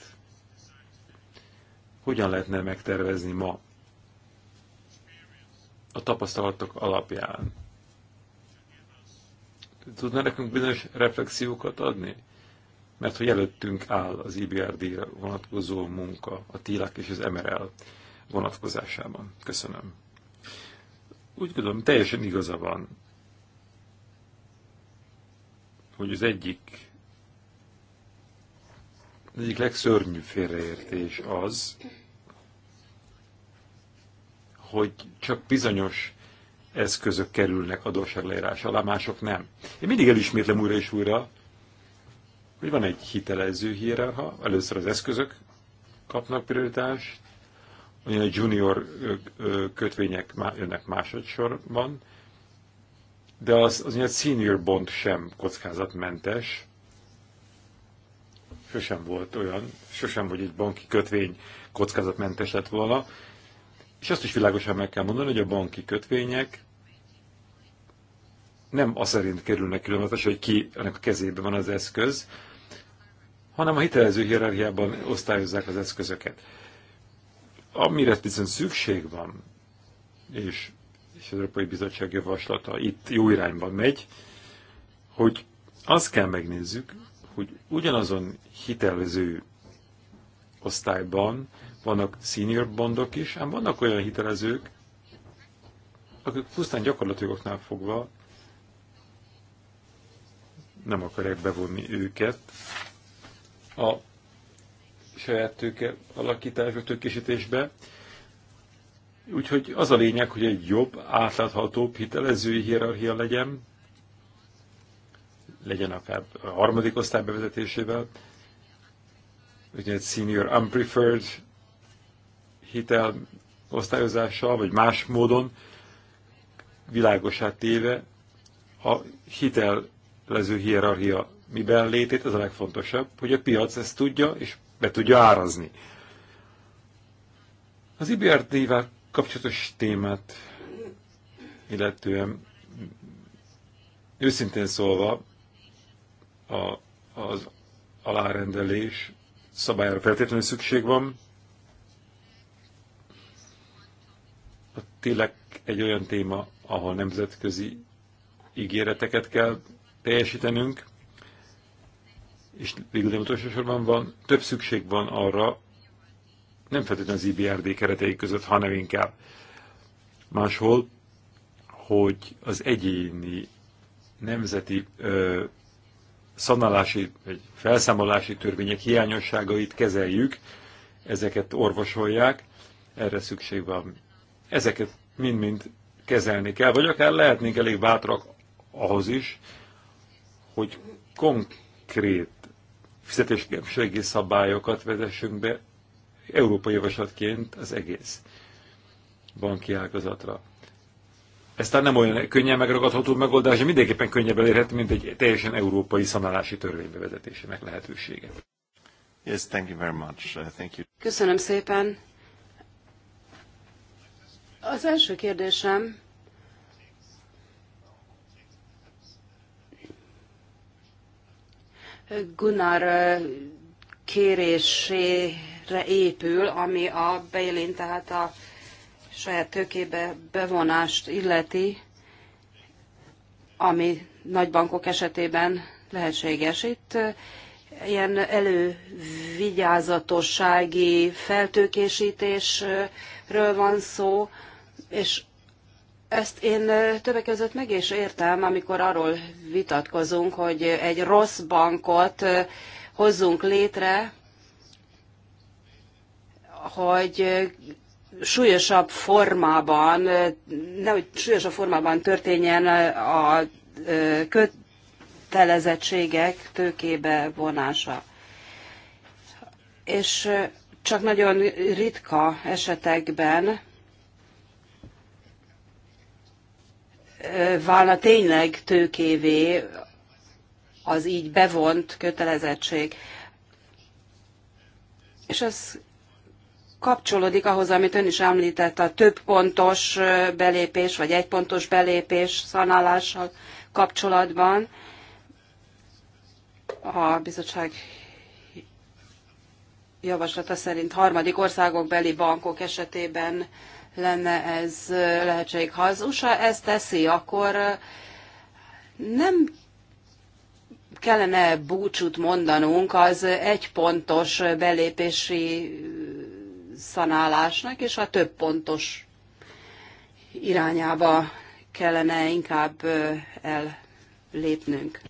hogyan lehetne megtervezni ma a tapasztalatok alapján? Tudná nekünk bizonyos reflexiókat adni? Mert hogy előttünk áll az IBRD-re vonatkozó munka, a TILAK és az MRL vonatkozásában. Köszönöm. Úgy gondolom, teljesen igaza van, hogy az egyik az egyik legszörnyűbb félreértés az, hogy csak bizonyos eszközök kerülnek adósságleírás alá, mások nem. Én mindig elismétlem újra és újra, hogy van egy hitelező hierarha, először az eszközök kapnak prioritást, olyan junior kötvények jönnek másodszorban, de az, az a senior bond sem kockázatmentes. Sosem volt olyan, sosem, hogy egy banki kötvény kockázatmentes lett volna. És azt is világosan meg kell mondani, hogy a banki kötvények nem az szerint kerülnek különletes, hogy ki ennek a kezében van az eszköz, hanem a hitelező hierarchiában osztályozzák az eszközöket. Amire viszont szükség van, és, és az Európai Bizottság javaslata itt jó irányba megy, hogy azt kell megnézzük, hogy ugyanazon hitelező osztályban vannak senior bondok is, ám vannak olyan hitelezők, akik pusztán gyakorlatilagoknál fogva nem akarják bevonni őket a saját tőke vagy tőkésítésbe. Úgyhogy az a lényeg, hogy egy jobb, átláthatóbb, hitelező hierarchia legyen, legyen akár a harmadik osztály bevezetésével, ugye egy senior unpreferred hitel osztályozással, vagy más módon világosát téve a hitelező hierarchia miben létét, ez a legfontosabb, hogy a piac ezt tudja, és be tudja árazni. Az IBRD-vel kapcsolatos témát, illetően őszintén szólva a, az alárendelés szabályára feltétlenül szükség van. A tényleg egy olyan téma, ahol nemzetközi ígéreteket kell teljesítenünk, és végül nem utolsó sorban van, több szükség van arra, nem feltétlenül az IBRD keretei között, hanem inkább máshol, hogy az egyéni nemzeti ö, szanálási vagy felszámolási törvények hiányosságait kezeljük, ezeket orvosolják, erre szükség van. Ezeket mind-mind kezelni kell, vagy akár lehetnénk elég bátrak ahhoz is, hogy konkrét fizetésképességi szabályokat vezessünk be európai javaslatként az egész banki ágazatra. Ez talán nem olyan könnyen megragadható megoldás, de mindenképpen könnyebb elérhető, mint egy teljesen európai szanálási törvény bevezetésének lehetősége. Yes, thank you very much. Uh, thank you. Köszönöm szépen. Az első kérdésem Gunnar kérésére épül, ami a Bélin, tehát a saját tőkébe bevonást illeti, ami nagybankok esetében lehetséges. Itt ilyen elővigyázatossági feltőkésítésről van szó, és ezt én többek között meg is értem, amikor arról vitatkozunk, hogy egy rossz bankot hozzunk létre, hogy súlyosabb formában, nehogy súlyosabb formában történjen a kötelezettségek tőkébe vonása. És csak nagyon ritka esetekben válna tényleg tőkévé az így bevont kötelezettség. És ez kapcsolódik ahhoz, amit ön is említett, a több pontos belépés, vagy egy pontos belépés szanálással kapcsolatban. A bizottság javaslata szerint harmadik országok beli bankok esetében lenne ez lehetség. Ha az USA ezt teszi, akkor nem kellene búcsút mondanunk az egypontos belépési szanálásnak, és a több pontos irányába kellene inkább ellépnünk.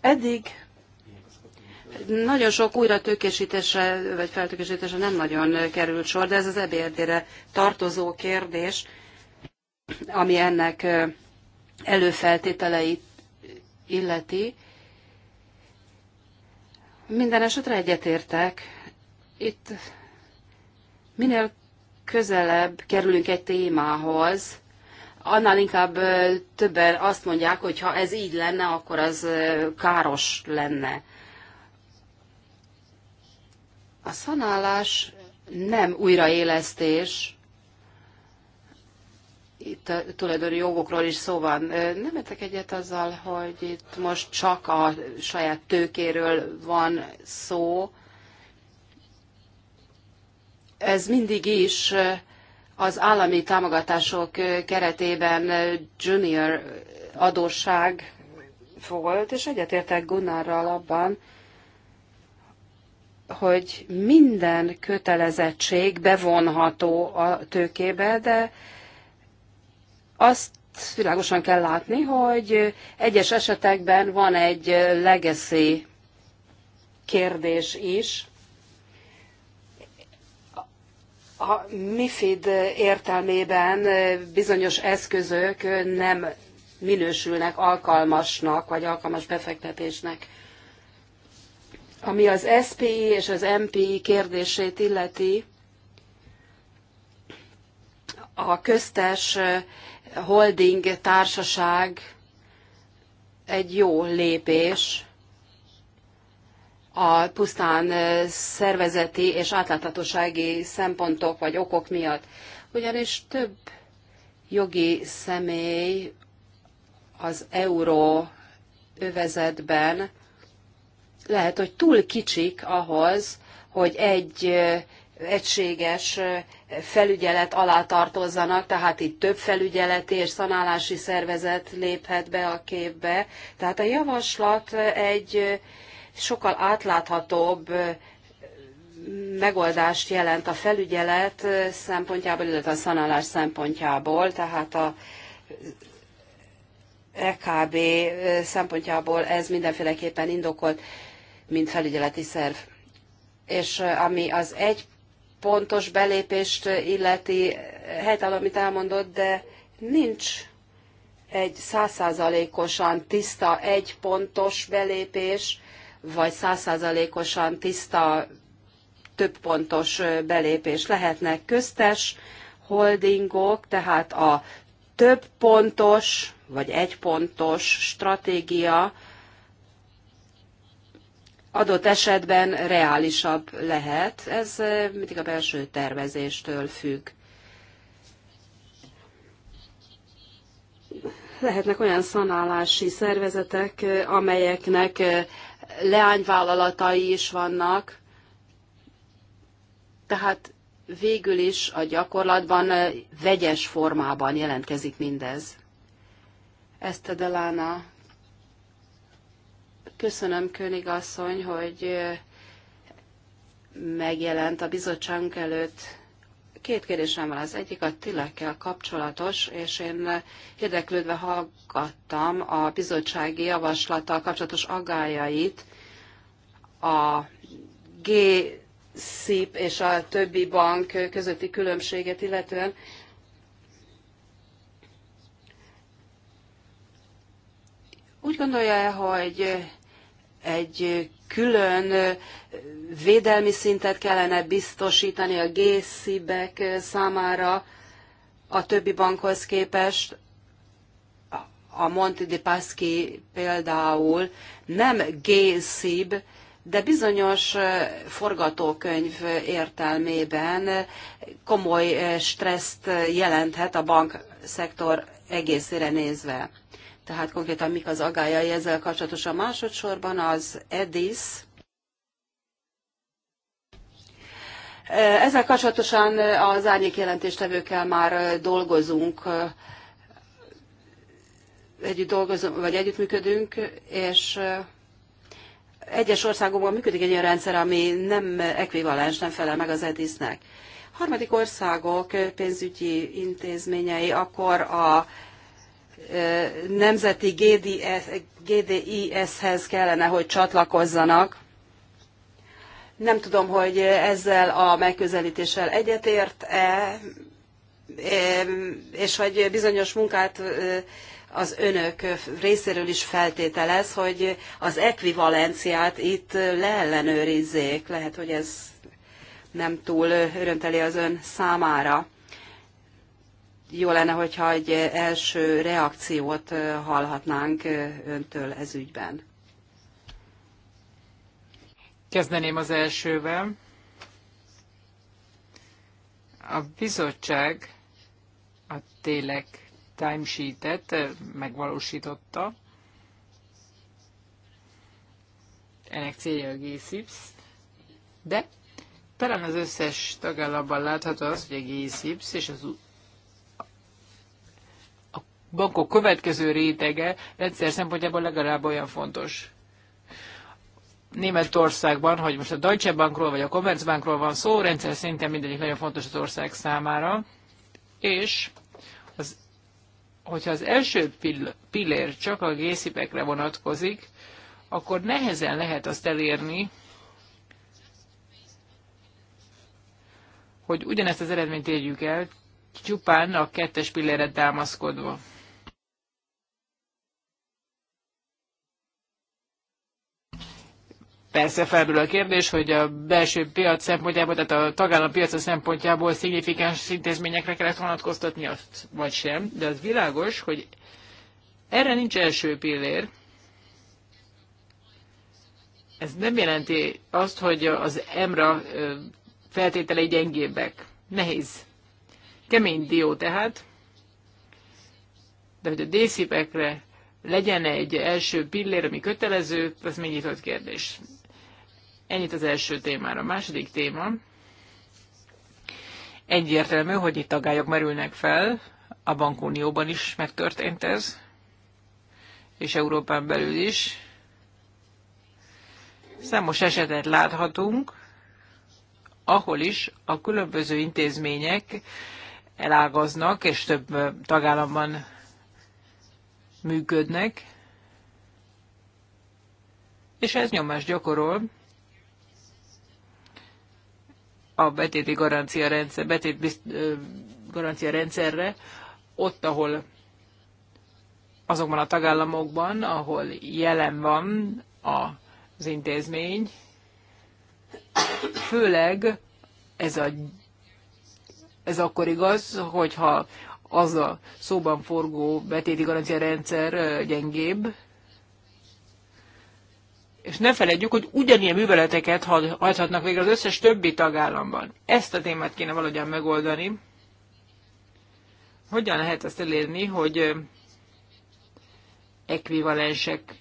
Eddig nagyon sok újra tőkésítésre, vagy feltökésítésre nem nagyon került sor, de ez az EBRD-re tartozó kérdés, ami ennek előfeltételeit illeti. Minden esetre egyetértek. Itt minél közelebb kerülünk egy témához, annál inkább többen azt mondják, hogy ha ez így lenne, akkor az káros lenne. A szanálás nem újraélesztés, itt a tulajdoni jogokról is szó van. Nem értek egyet azzal, hogy itt most csak a saját tőkéről van szó. Ez mindig is az állami támogatások keretében junior adósság volt, és egyetértek Gunnarral abban, hogy minden kötelezettség bevonható a tőkébe, de azt világosan kell látni, hogy egyes esetekben van egy legacy kérdés is. A MIFID értelmében bizonyos eszközök nem minősülnek alkalmasnak, vagy alkalmas befektetésnek. Ami az SPI és az MPI kérdését illeti, a köztes holding társaság egy jó lépés a pusztán szervezeti és átláthatósági szempontok vagy okok miatt. Ugyanis több jogi személy az euró övezetben lehet, hogy túl kicsik ahhoz, hogy egy egységes felügyelet alá tartozzanak, tehát itt több felügyeleti és szanálási szervezet léphet be a képbe. Tehát a javaslat egy sokkal átláthatóbb megoldást jelent a felügyelet szempontjából, illetve a szanálás szempontjából, tehát a EKB szempontjából ez mindenféleképpen indokolt mint felügyeleti szerv. És ami az egy pontos belépést illeti, helytálló, amit elmondott, de nincs egy százszázalékosan tiszta egy pontos belépés, vagy százszázalékosan tiszta több pontos belépés. Lehetnek köztes holdingok, tehát a több pontos vagy egy pontos stratégia adott esetben reálisabb lehet. Ez mindig a belső tervezéstől függ. Lehetnek olyan szanálási szervezetek, amelyeknek leányvállalatai is vannak, tehát végül is a gyakorlatban vegyes formában jelentkezik mindez. Ezt a Delana Köszönöm, König asszony, hogy megjelent a bizottság előtt. Két kérdésem van. Az egyik a tilekkel kapcsolatos, és én érdeklődve hallgattam a bizottsági javaslattal kapcsolatos agályait a G szép és a többi bank közötti különbséget illetően. Úgy gondolja -e, hogy egy külön védelmi szintet kellene biztosítani a GSE-bek számára a többi bankhoz képest. A Monte di Paschi például nem gészib, de bizonyos forgatókönyv értelmében komoly stresszt jelenthet a bankszektor egészére nézve tehát konkrétan mik az agályai ezzel kapcsolatosan. Másodszorban az EDIS, ezzel kapcsolatosan az árnyék jelentéstevőkkel már dolgozunk, együtt dolgozunk, vagy együttműködünk, és egyes országokban működik egy olyan rendszer, ami nem ekvivalens, nem felel meg az EDIS-nek. Harmadik országok pénzügyi intézményei akkor a nemzeti GDIS-hez e, kellene, hogy csatlakozzanak. Nem tudom, hogy ezzel a megközelítéssel egyetért-e, és hogy bizonyos munkát az önök részéről is feltételez, hogy az ekvivalenciát itt leellenőrizzék. Lehet, hogy ez nem túl örömteli az ön számára jó lenne, hogyha egy első reakciót hallhatnánk öntől ez ügyben. Kezdeném az elsővel. A bizottság a télek timesheet-et megvalósította. Ennek célja a GSIPS, de talán az összes tagállamban látható az, hogy a GSIPS és az bankok következő rétege rendszer szempontjából legalább olyan fontos. Németországban, hogy most a Deutsche Bankról vagy a Commerzbankról van szó, rendszer szinten mindegyik nagyon fontos az ország számára, és az, hogyha az első pill pillér csak a gészipekre vonatkozik, akkor nehezen lehet azt elérni, hogy ugyanezt az eredményt érjük el, csupán a kettes pillére támaszkodva. Persze felmerül a kérdés, hogy a belső piac szempontjából, tehát a tagállam piaca szempontjából szignifikáns intézményekre kellett vonatkoztatni azt, vagy sem, de az világos, hogy erre nincs első pillér. Ez nem jelenti azt, hogy az EMRA feltételei gyengébbek. Nehéz. Kemény dió tehát, de hogy a dészipekre legyen egy első pillér, ami kötelező, az még nyitott kérdés. Ennyit az első témára. A második téma. Egyértelmű, hogy itt tagályok merülnek fel, a bankunióban is megtörtént ez, és Európán belül is. Számos esetet láthatunk, ahol is a különböző intézmények elágaznak, és több tagállamban működnek, és ez nyomást gyakorol a betéti garancia rendszer, betét bizt, garancia rendszerre, ott, ahol azokban a tagállamokban, ahol jelen van az intézmény, főleg ez, a, ez akkor igaz, hogyha az a szóban forgó betéti garancia rendszer gyengébb, és ne feledjük, hogy ugyanilyen műveleteket hajthatnak végre az összes többi tagállamban. Ezt a témát kéne valahogyan megoldani. Hogyan lehet ezt elérni, hogy ekvivalensek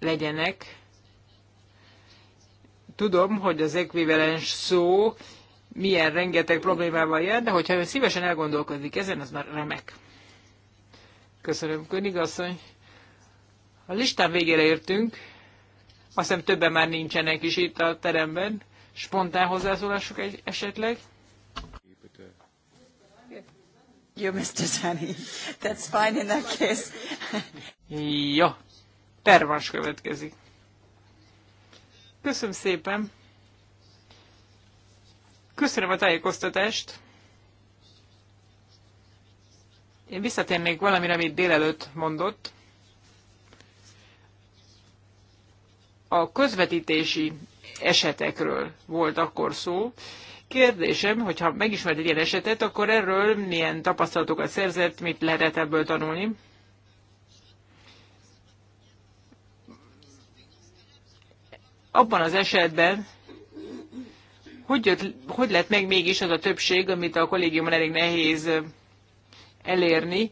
legyenek? Tudom, hogy az ekvivalens szó milyen rengeteg problémával jár, de hogyha ön szívesen elgondolkodik ezen, az már remek. Köszönöm, Königasszony. A listán végére értünk. Azt hiszem többen már nincsenek is itt a teremben. Spontán hozzászólások egy esetleg. Jó, Mr. Zani. That's fine in that case. Jó. Pervans következik. Köszönöm szépen. Köszönöm a tájékoztatást. Én visszatérnék valamire, amit délelőtt mondott. a közvetítési esetekről volt akkor szó. Kérdésem, hogyha megismert egy ilyen esetet, akkor erről milyen tapasztalatokat szerzett, mit lehetett ebből tanulni? Abban az esetben, hogy, jött, hogy lett meg mégis az a többség, amit a kollégiumon elég nehéz elérni?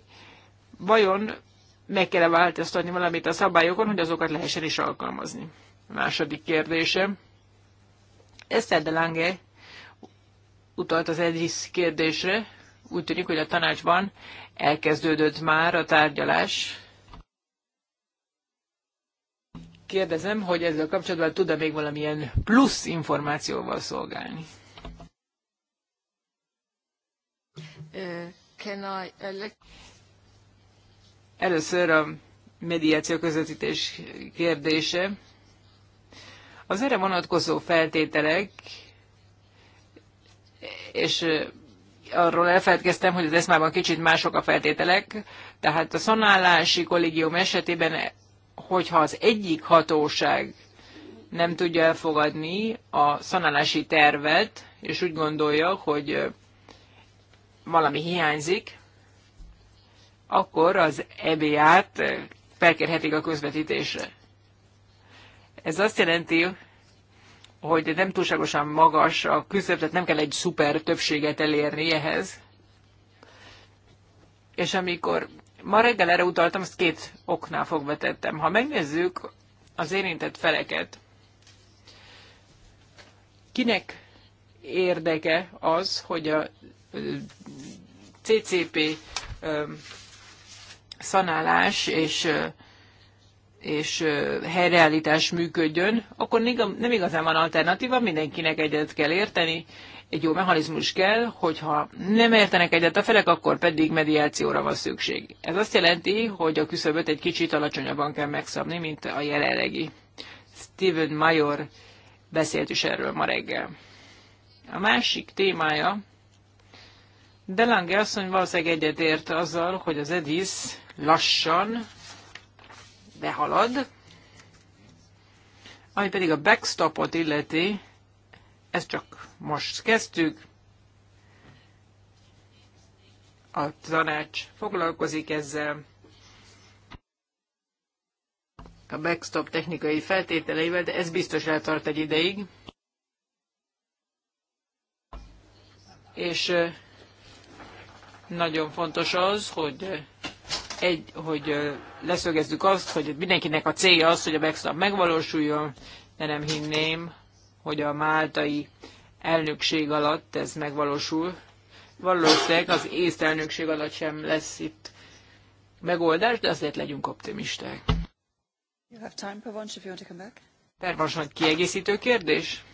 Vajon meg kell -e változtatni valamit a szabályokon, hogy azokat lehessen is alkalmazni. A második kérdése. Eszter de Lange utalt az Edris kérdésre. Úgy tűnik, hogy a tanácsban elkezdődött már a tárgyalás. Kérdezem, hogy ezzel kapcsolatban tud-e még valamilyen plusz információval szolgálni? Uh, can I, uh, Először a mediáció közvetítés kérdése. Az erre vonatkozó feltételek, és arról elfeledkeztem, hogy az eszmában kicsit mások a feltételek, tehát a szanálási kollégium esetében, hogyha az egyik hatóság nem tudja elfogadni a szanálási tervet, és úgy gondolja, hogy valami hiányzik, akkor az EBA-t felkérhetik a közvetítésre. Ez azt jelenti, hogy nem túlságosan magas a küszöb, tehát nem kell egy szuper többséget elérni ehhez. És amikor ma reggel erre utaltam, ezt két oknál fogva tettem. Ha megnézzük az érintett feleket, kinek érdeke az, hogy a CCP szanálás és, és helyreállítás működjön, akkor nem igazán van alternatíva, mindenkinek egyet kell érteni, egy jó mechanizmus kell, hogyha nem értenek egyet a felek, akkor pedig mediációra van szükség. Ez azt jelenti, hogy a küszöböt egy kicsit alacsonyabban kell megszabni, mint a jelenlegi. Steven Major beszélt is erről ma reggel. A másik témája, Delange asszony valószínűleg egyetért azzal, hogy az EDIS lassan behalad. Ami pedig a backstopot illeti, ezt csak most kezdtük. A tanács foglalkozik ezzel. A backstop technikai feltételeivel, de ez biztos eltart egy ideig. És nagyon fontos az, hogy egy, hogy leszögezzük azt, hogy mindenkinek a célja az, hogy a backstop megvalósuljon, de nem hinném, hogy a máltai elnökség alatt ez megvalósul. Valószínűleg az észt elnökség alatt sem lesz itt megoldás, de azért legyünk optimisták. You have kiegészítő kérdés?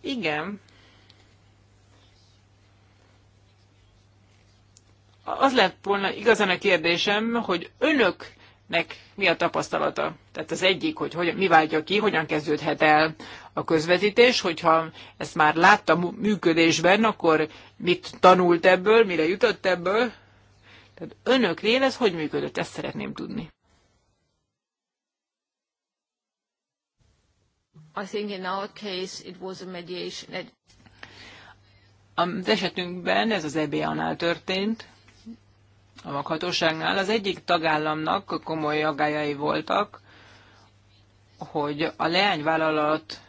Igen. az lett volna igazán a kérdésem, hogy önöknek mi a tapasztalata? Tehát az egyik, hogy hogyan, mi váltja ki, hogyan kezdődhet el a közvetítés, hogyha ezt már látta működésben, akkor mit tanult ebből, mire jutott ebből? Tehát önöknél ez hogy működött? Ezt szeretném tudni. I think in our case it was a mediation. Az esetünkben ez az EBA-nál történt a maghatóságnál. Az egyik tagállamnak komoly agályai voltak, hogy a leányvállalat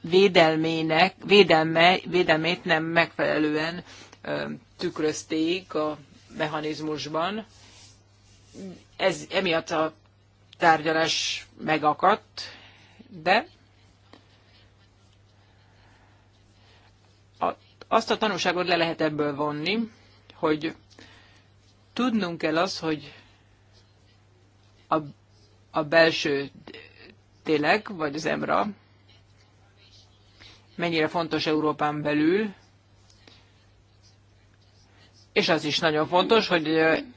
védelmének, védelme, védelmét nem megfelelően tükrözték a mechanizmusban. Ez emiatt a tárgyalás megakadt, de azt a tanulságot le lehet ebből vonni, hogy tudnunk kell az, hogy a, a belső télek, vagy az EMRA mennyire fontos Európán belül, és az is nagyon fontos, hogy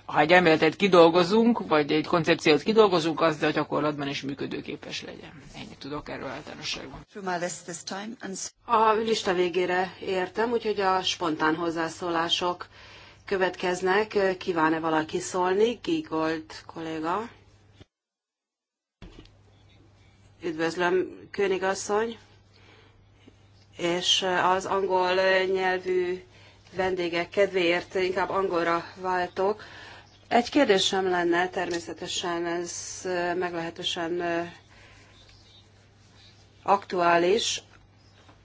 ha egy elméletet kidolgozunk, vagy egy koncepciót kidolgozunk, az de a gyakorlatban is működőképes legyen. Ennyi tudok erről általánosságban. A lista végére értem, úgyhogy a spontán hozzászólások következnek. Kíván-e valaki szólni? Gigold kolléga. Üdvözlöm, Königasszony. És az angol nyelvű vendégek kedvéért inkább angolra váltok. Egy kérdésem lenne, természetesen ez meglehetősen aktuális.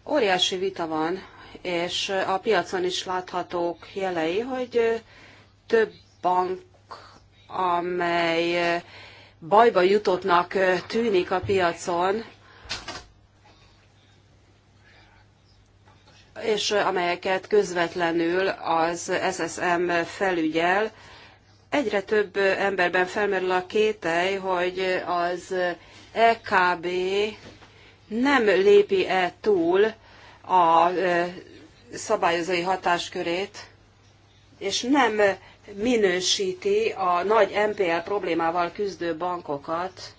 Óriási vita van és a piacon is láthatók jelei, hogy több bank, amely bajba jutottnak tűnik a piacon, és amelyeket közvetlenül az SSM felügyel. Egyre több emberben felmerül a kételj, hogy az EKB nem lépi-e túl a szabályozói hatáskörét, és nem minősíti a nagy MPL problémával küzdő bankokat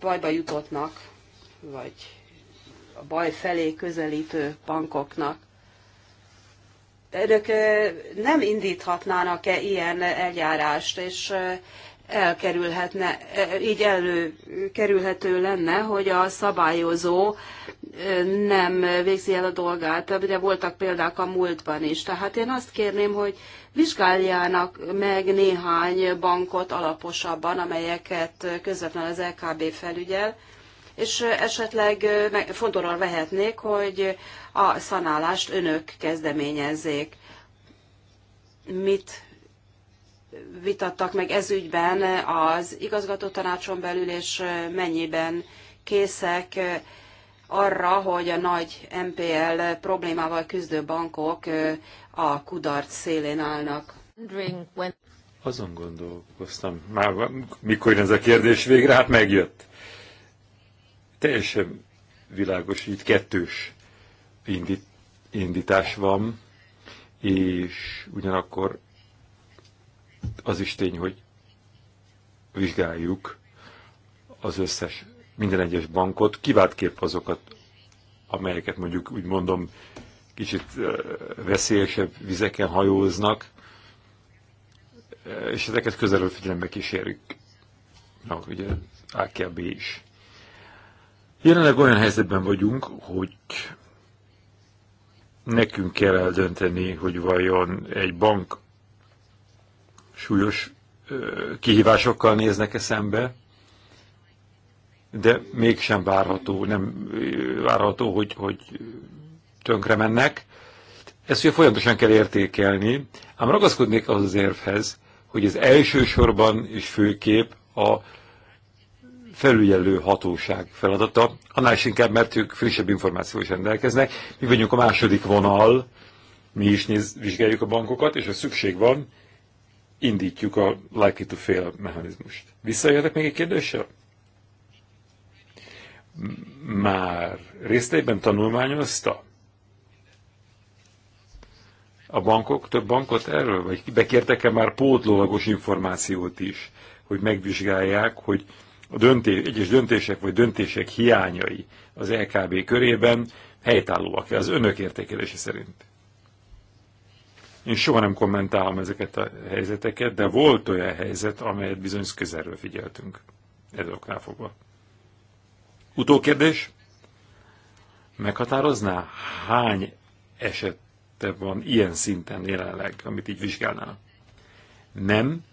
bajba jutottnak, vagy a baj felé közelítő bankoknak. Önök eh, nem indíthatnának-e ilyen eljárást, és eh, elkerülhetne, e, így előkerülhető lenne, hogy a szabályozó e, nem végzi el a dolgát, Ugye voltak példák a múltban is. Tehát én azt kérném, hogy vizsgáljának meg néhány bankot alaposabban, amelyeket közvetlenül az LKB felügyel, és esetleg fontosan vehetnék, hogy a szanálást önök kezdeményezzék. Mit vitattak meg ezügyben az igazgató tanácson belül, és mennyiben készek arra, hogy a nagy MPL problémával küzdő bankok a kudarc szélén állnak. Azon gondolkoztam, már mikor jön ez a kérdés végre, hát megjött. Teljesen világos, így kettős indítás van, és ugyanakkor az is tény, hogy vizsgáljuk az összes, minden egyes bankot, kiváltképp azokat, amelyeket mondjuk úgy mondom, kicsit veszélyesebb vizeken hajóznak, és ezeket közelről figyelembe kísérjük. Na, ugye AKB is. Jelenleg olyan helyzetben vagyunk, hogy nekünk kell eldönteni, hogy vajon egy bank súlyos kihívásokkal néznek -e szembe, de mégsem várható, nem várható, hogy, hogy tönkre mennek. Ezt ugye folyamatosan kell értékelni, ám ragaszkodnék az az érvhez, hogy ez elsősorban és főkép a felügyelő hatóság feladata, annál is inkább, mert ők frissebb információ is rendelkeznek. Mi vagyunk a második vonal, mi is néz, vizsgáljuk a bankokat, és ha szükség van, indítjuk a likely to fail mechanizmust. Visszajöhetek még egy kérdéssel? Már részleiben tanulmányozta? A bankok, több bankot erről? Vagy bekértek-e már pótlólagos információt is, hogy megvizsgálják, hogy a döntés, egyes döntések vagy döntések hiányai az LKB körében helytállóak e az önök értékelése szerint? Én soha nem kommentálom ezeket a helyzeteket, de volt olyan helyzet, amelyet bizony közelről figyeltünk. Ez oknál fogva. Utókérdés? Meghatározná, hány esete van ilyen szinten jelenleg, amit így vizsgálnál? Nem,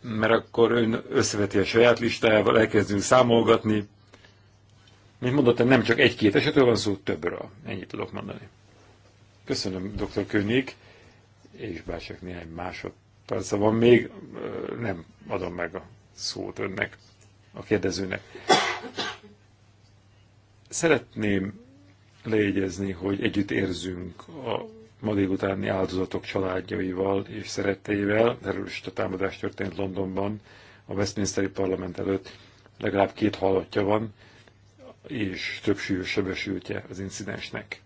mert akkor ön összeveti a saját listájával, elkezdünk számolgatni. Mint mondott, nem csak egy-két esetről van szó, többről. Ennyit tudok mondani. Köszönöm, dr. König és bár csak néhány másodperc van szóval még, nem adom meg a szót önnek, a kérdezőnek. Szeretném lejegyezni, hogy együtt érzünk a ma délutáni áldozatok családjaival és szeretteivel. Erről is a támadás történt Londonban, a Westminsteri parlament előtt. Legalább két halottja van, és több súlyos sebesültje az incidensnek.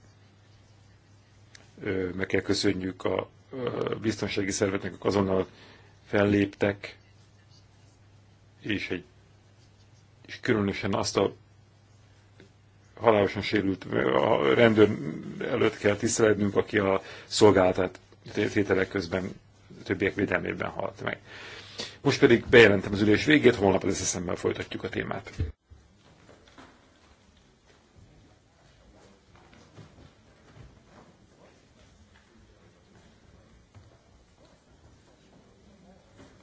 Meg kell köszönjük a biztonsági szervetnek azonnal felléptek, és egy és különösen azt a halálosan sérült a rendőr előtt kell tisztelednünk, aki a szolgálatát tételek közben többiek védelmében halt meg. Most pedig bejelentem az ülés végét, holnap az eszemben folytatjuk a témát.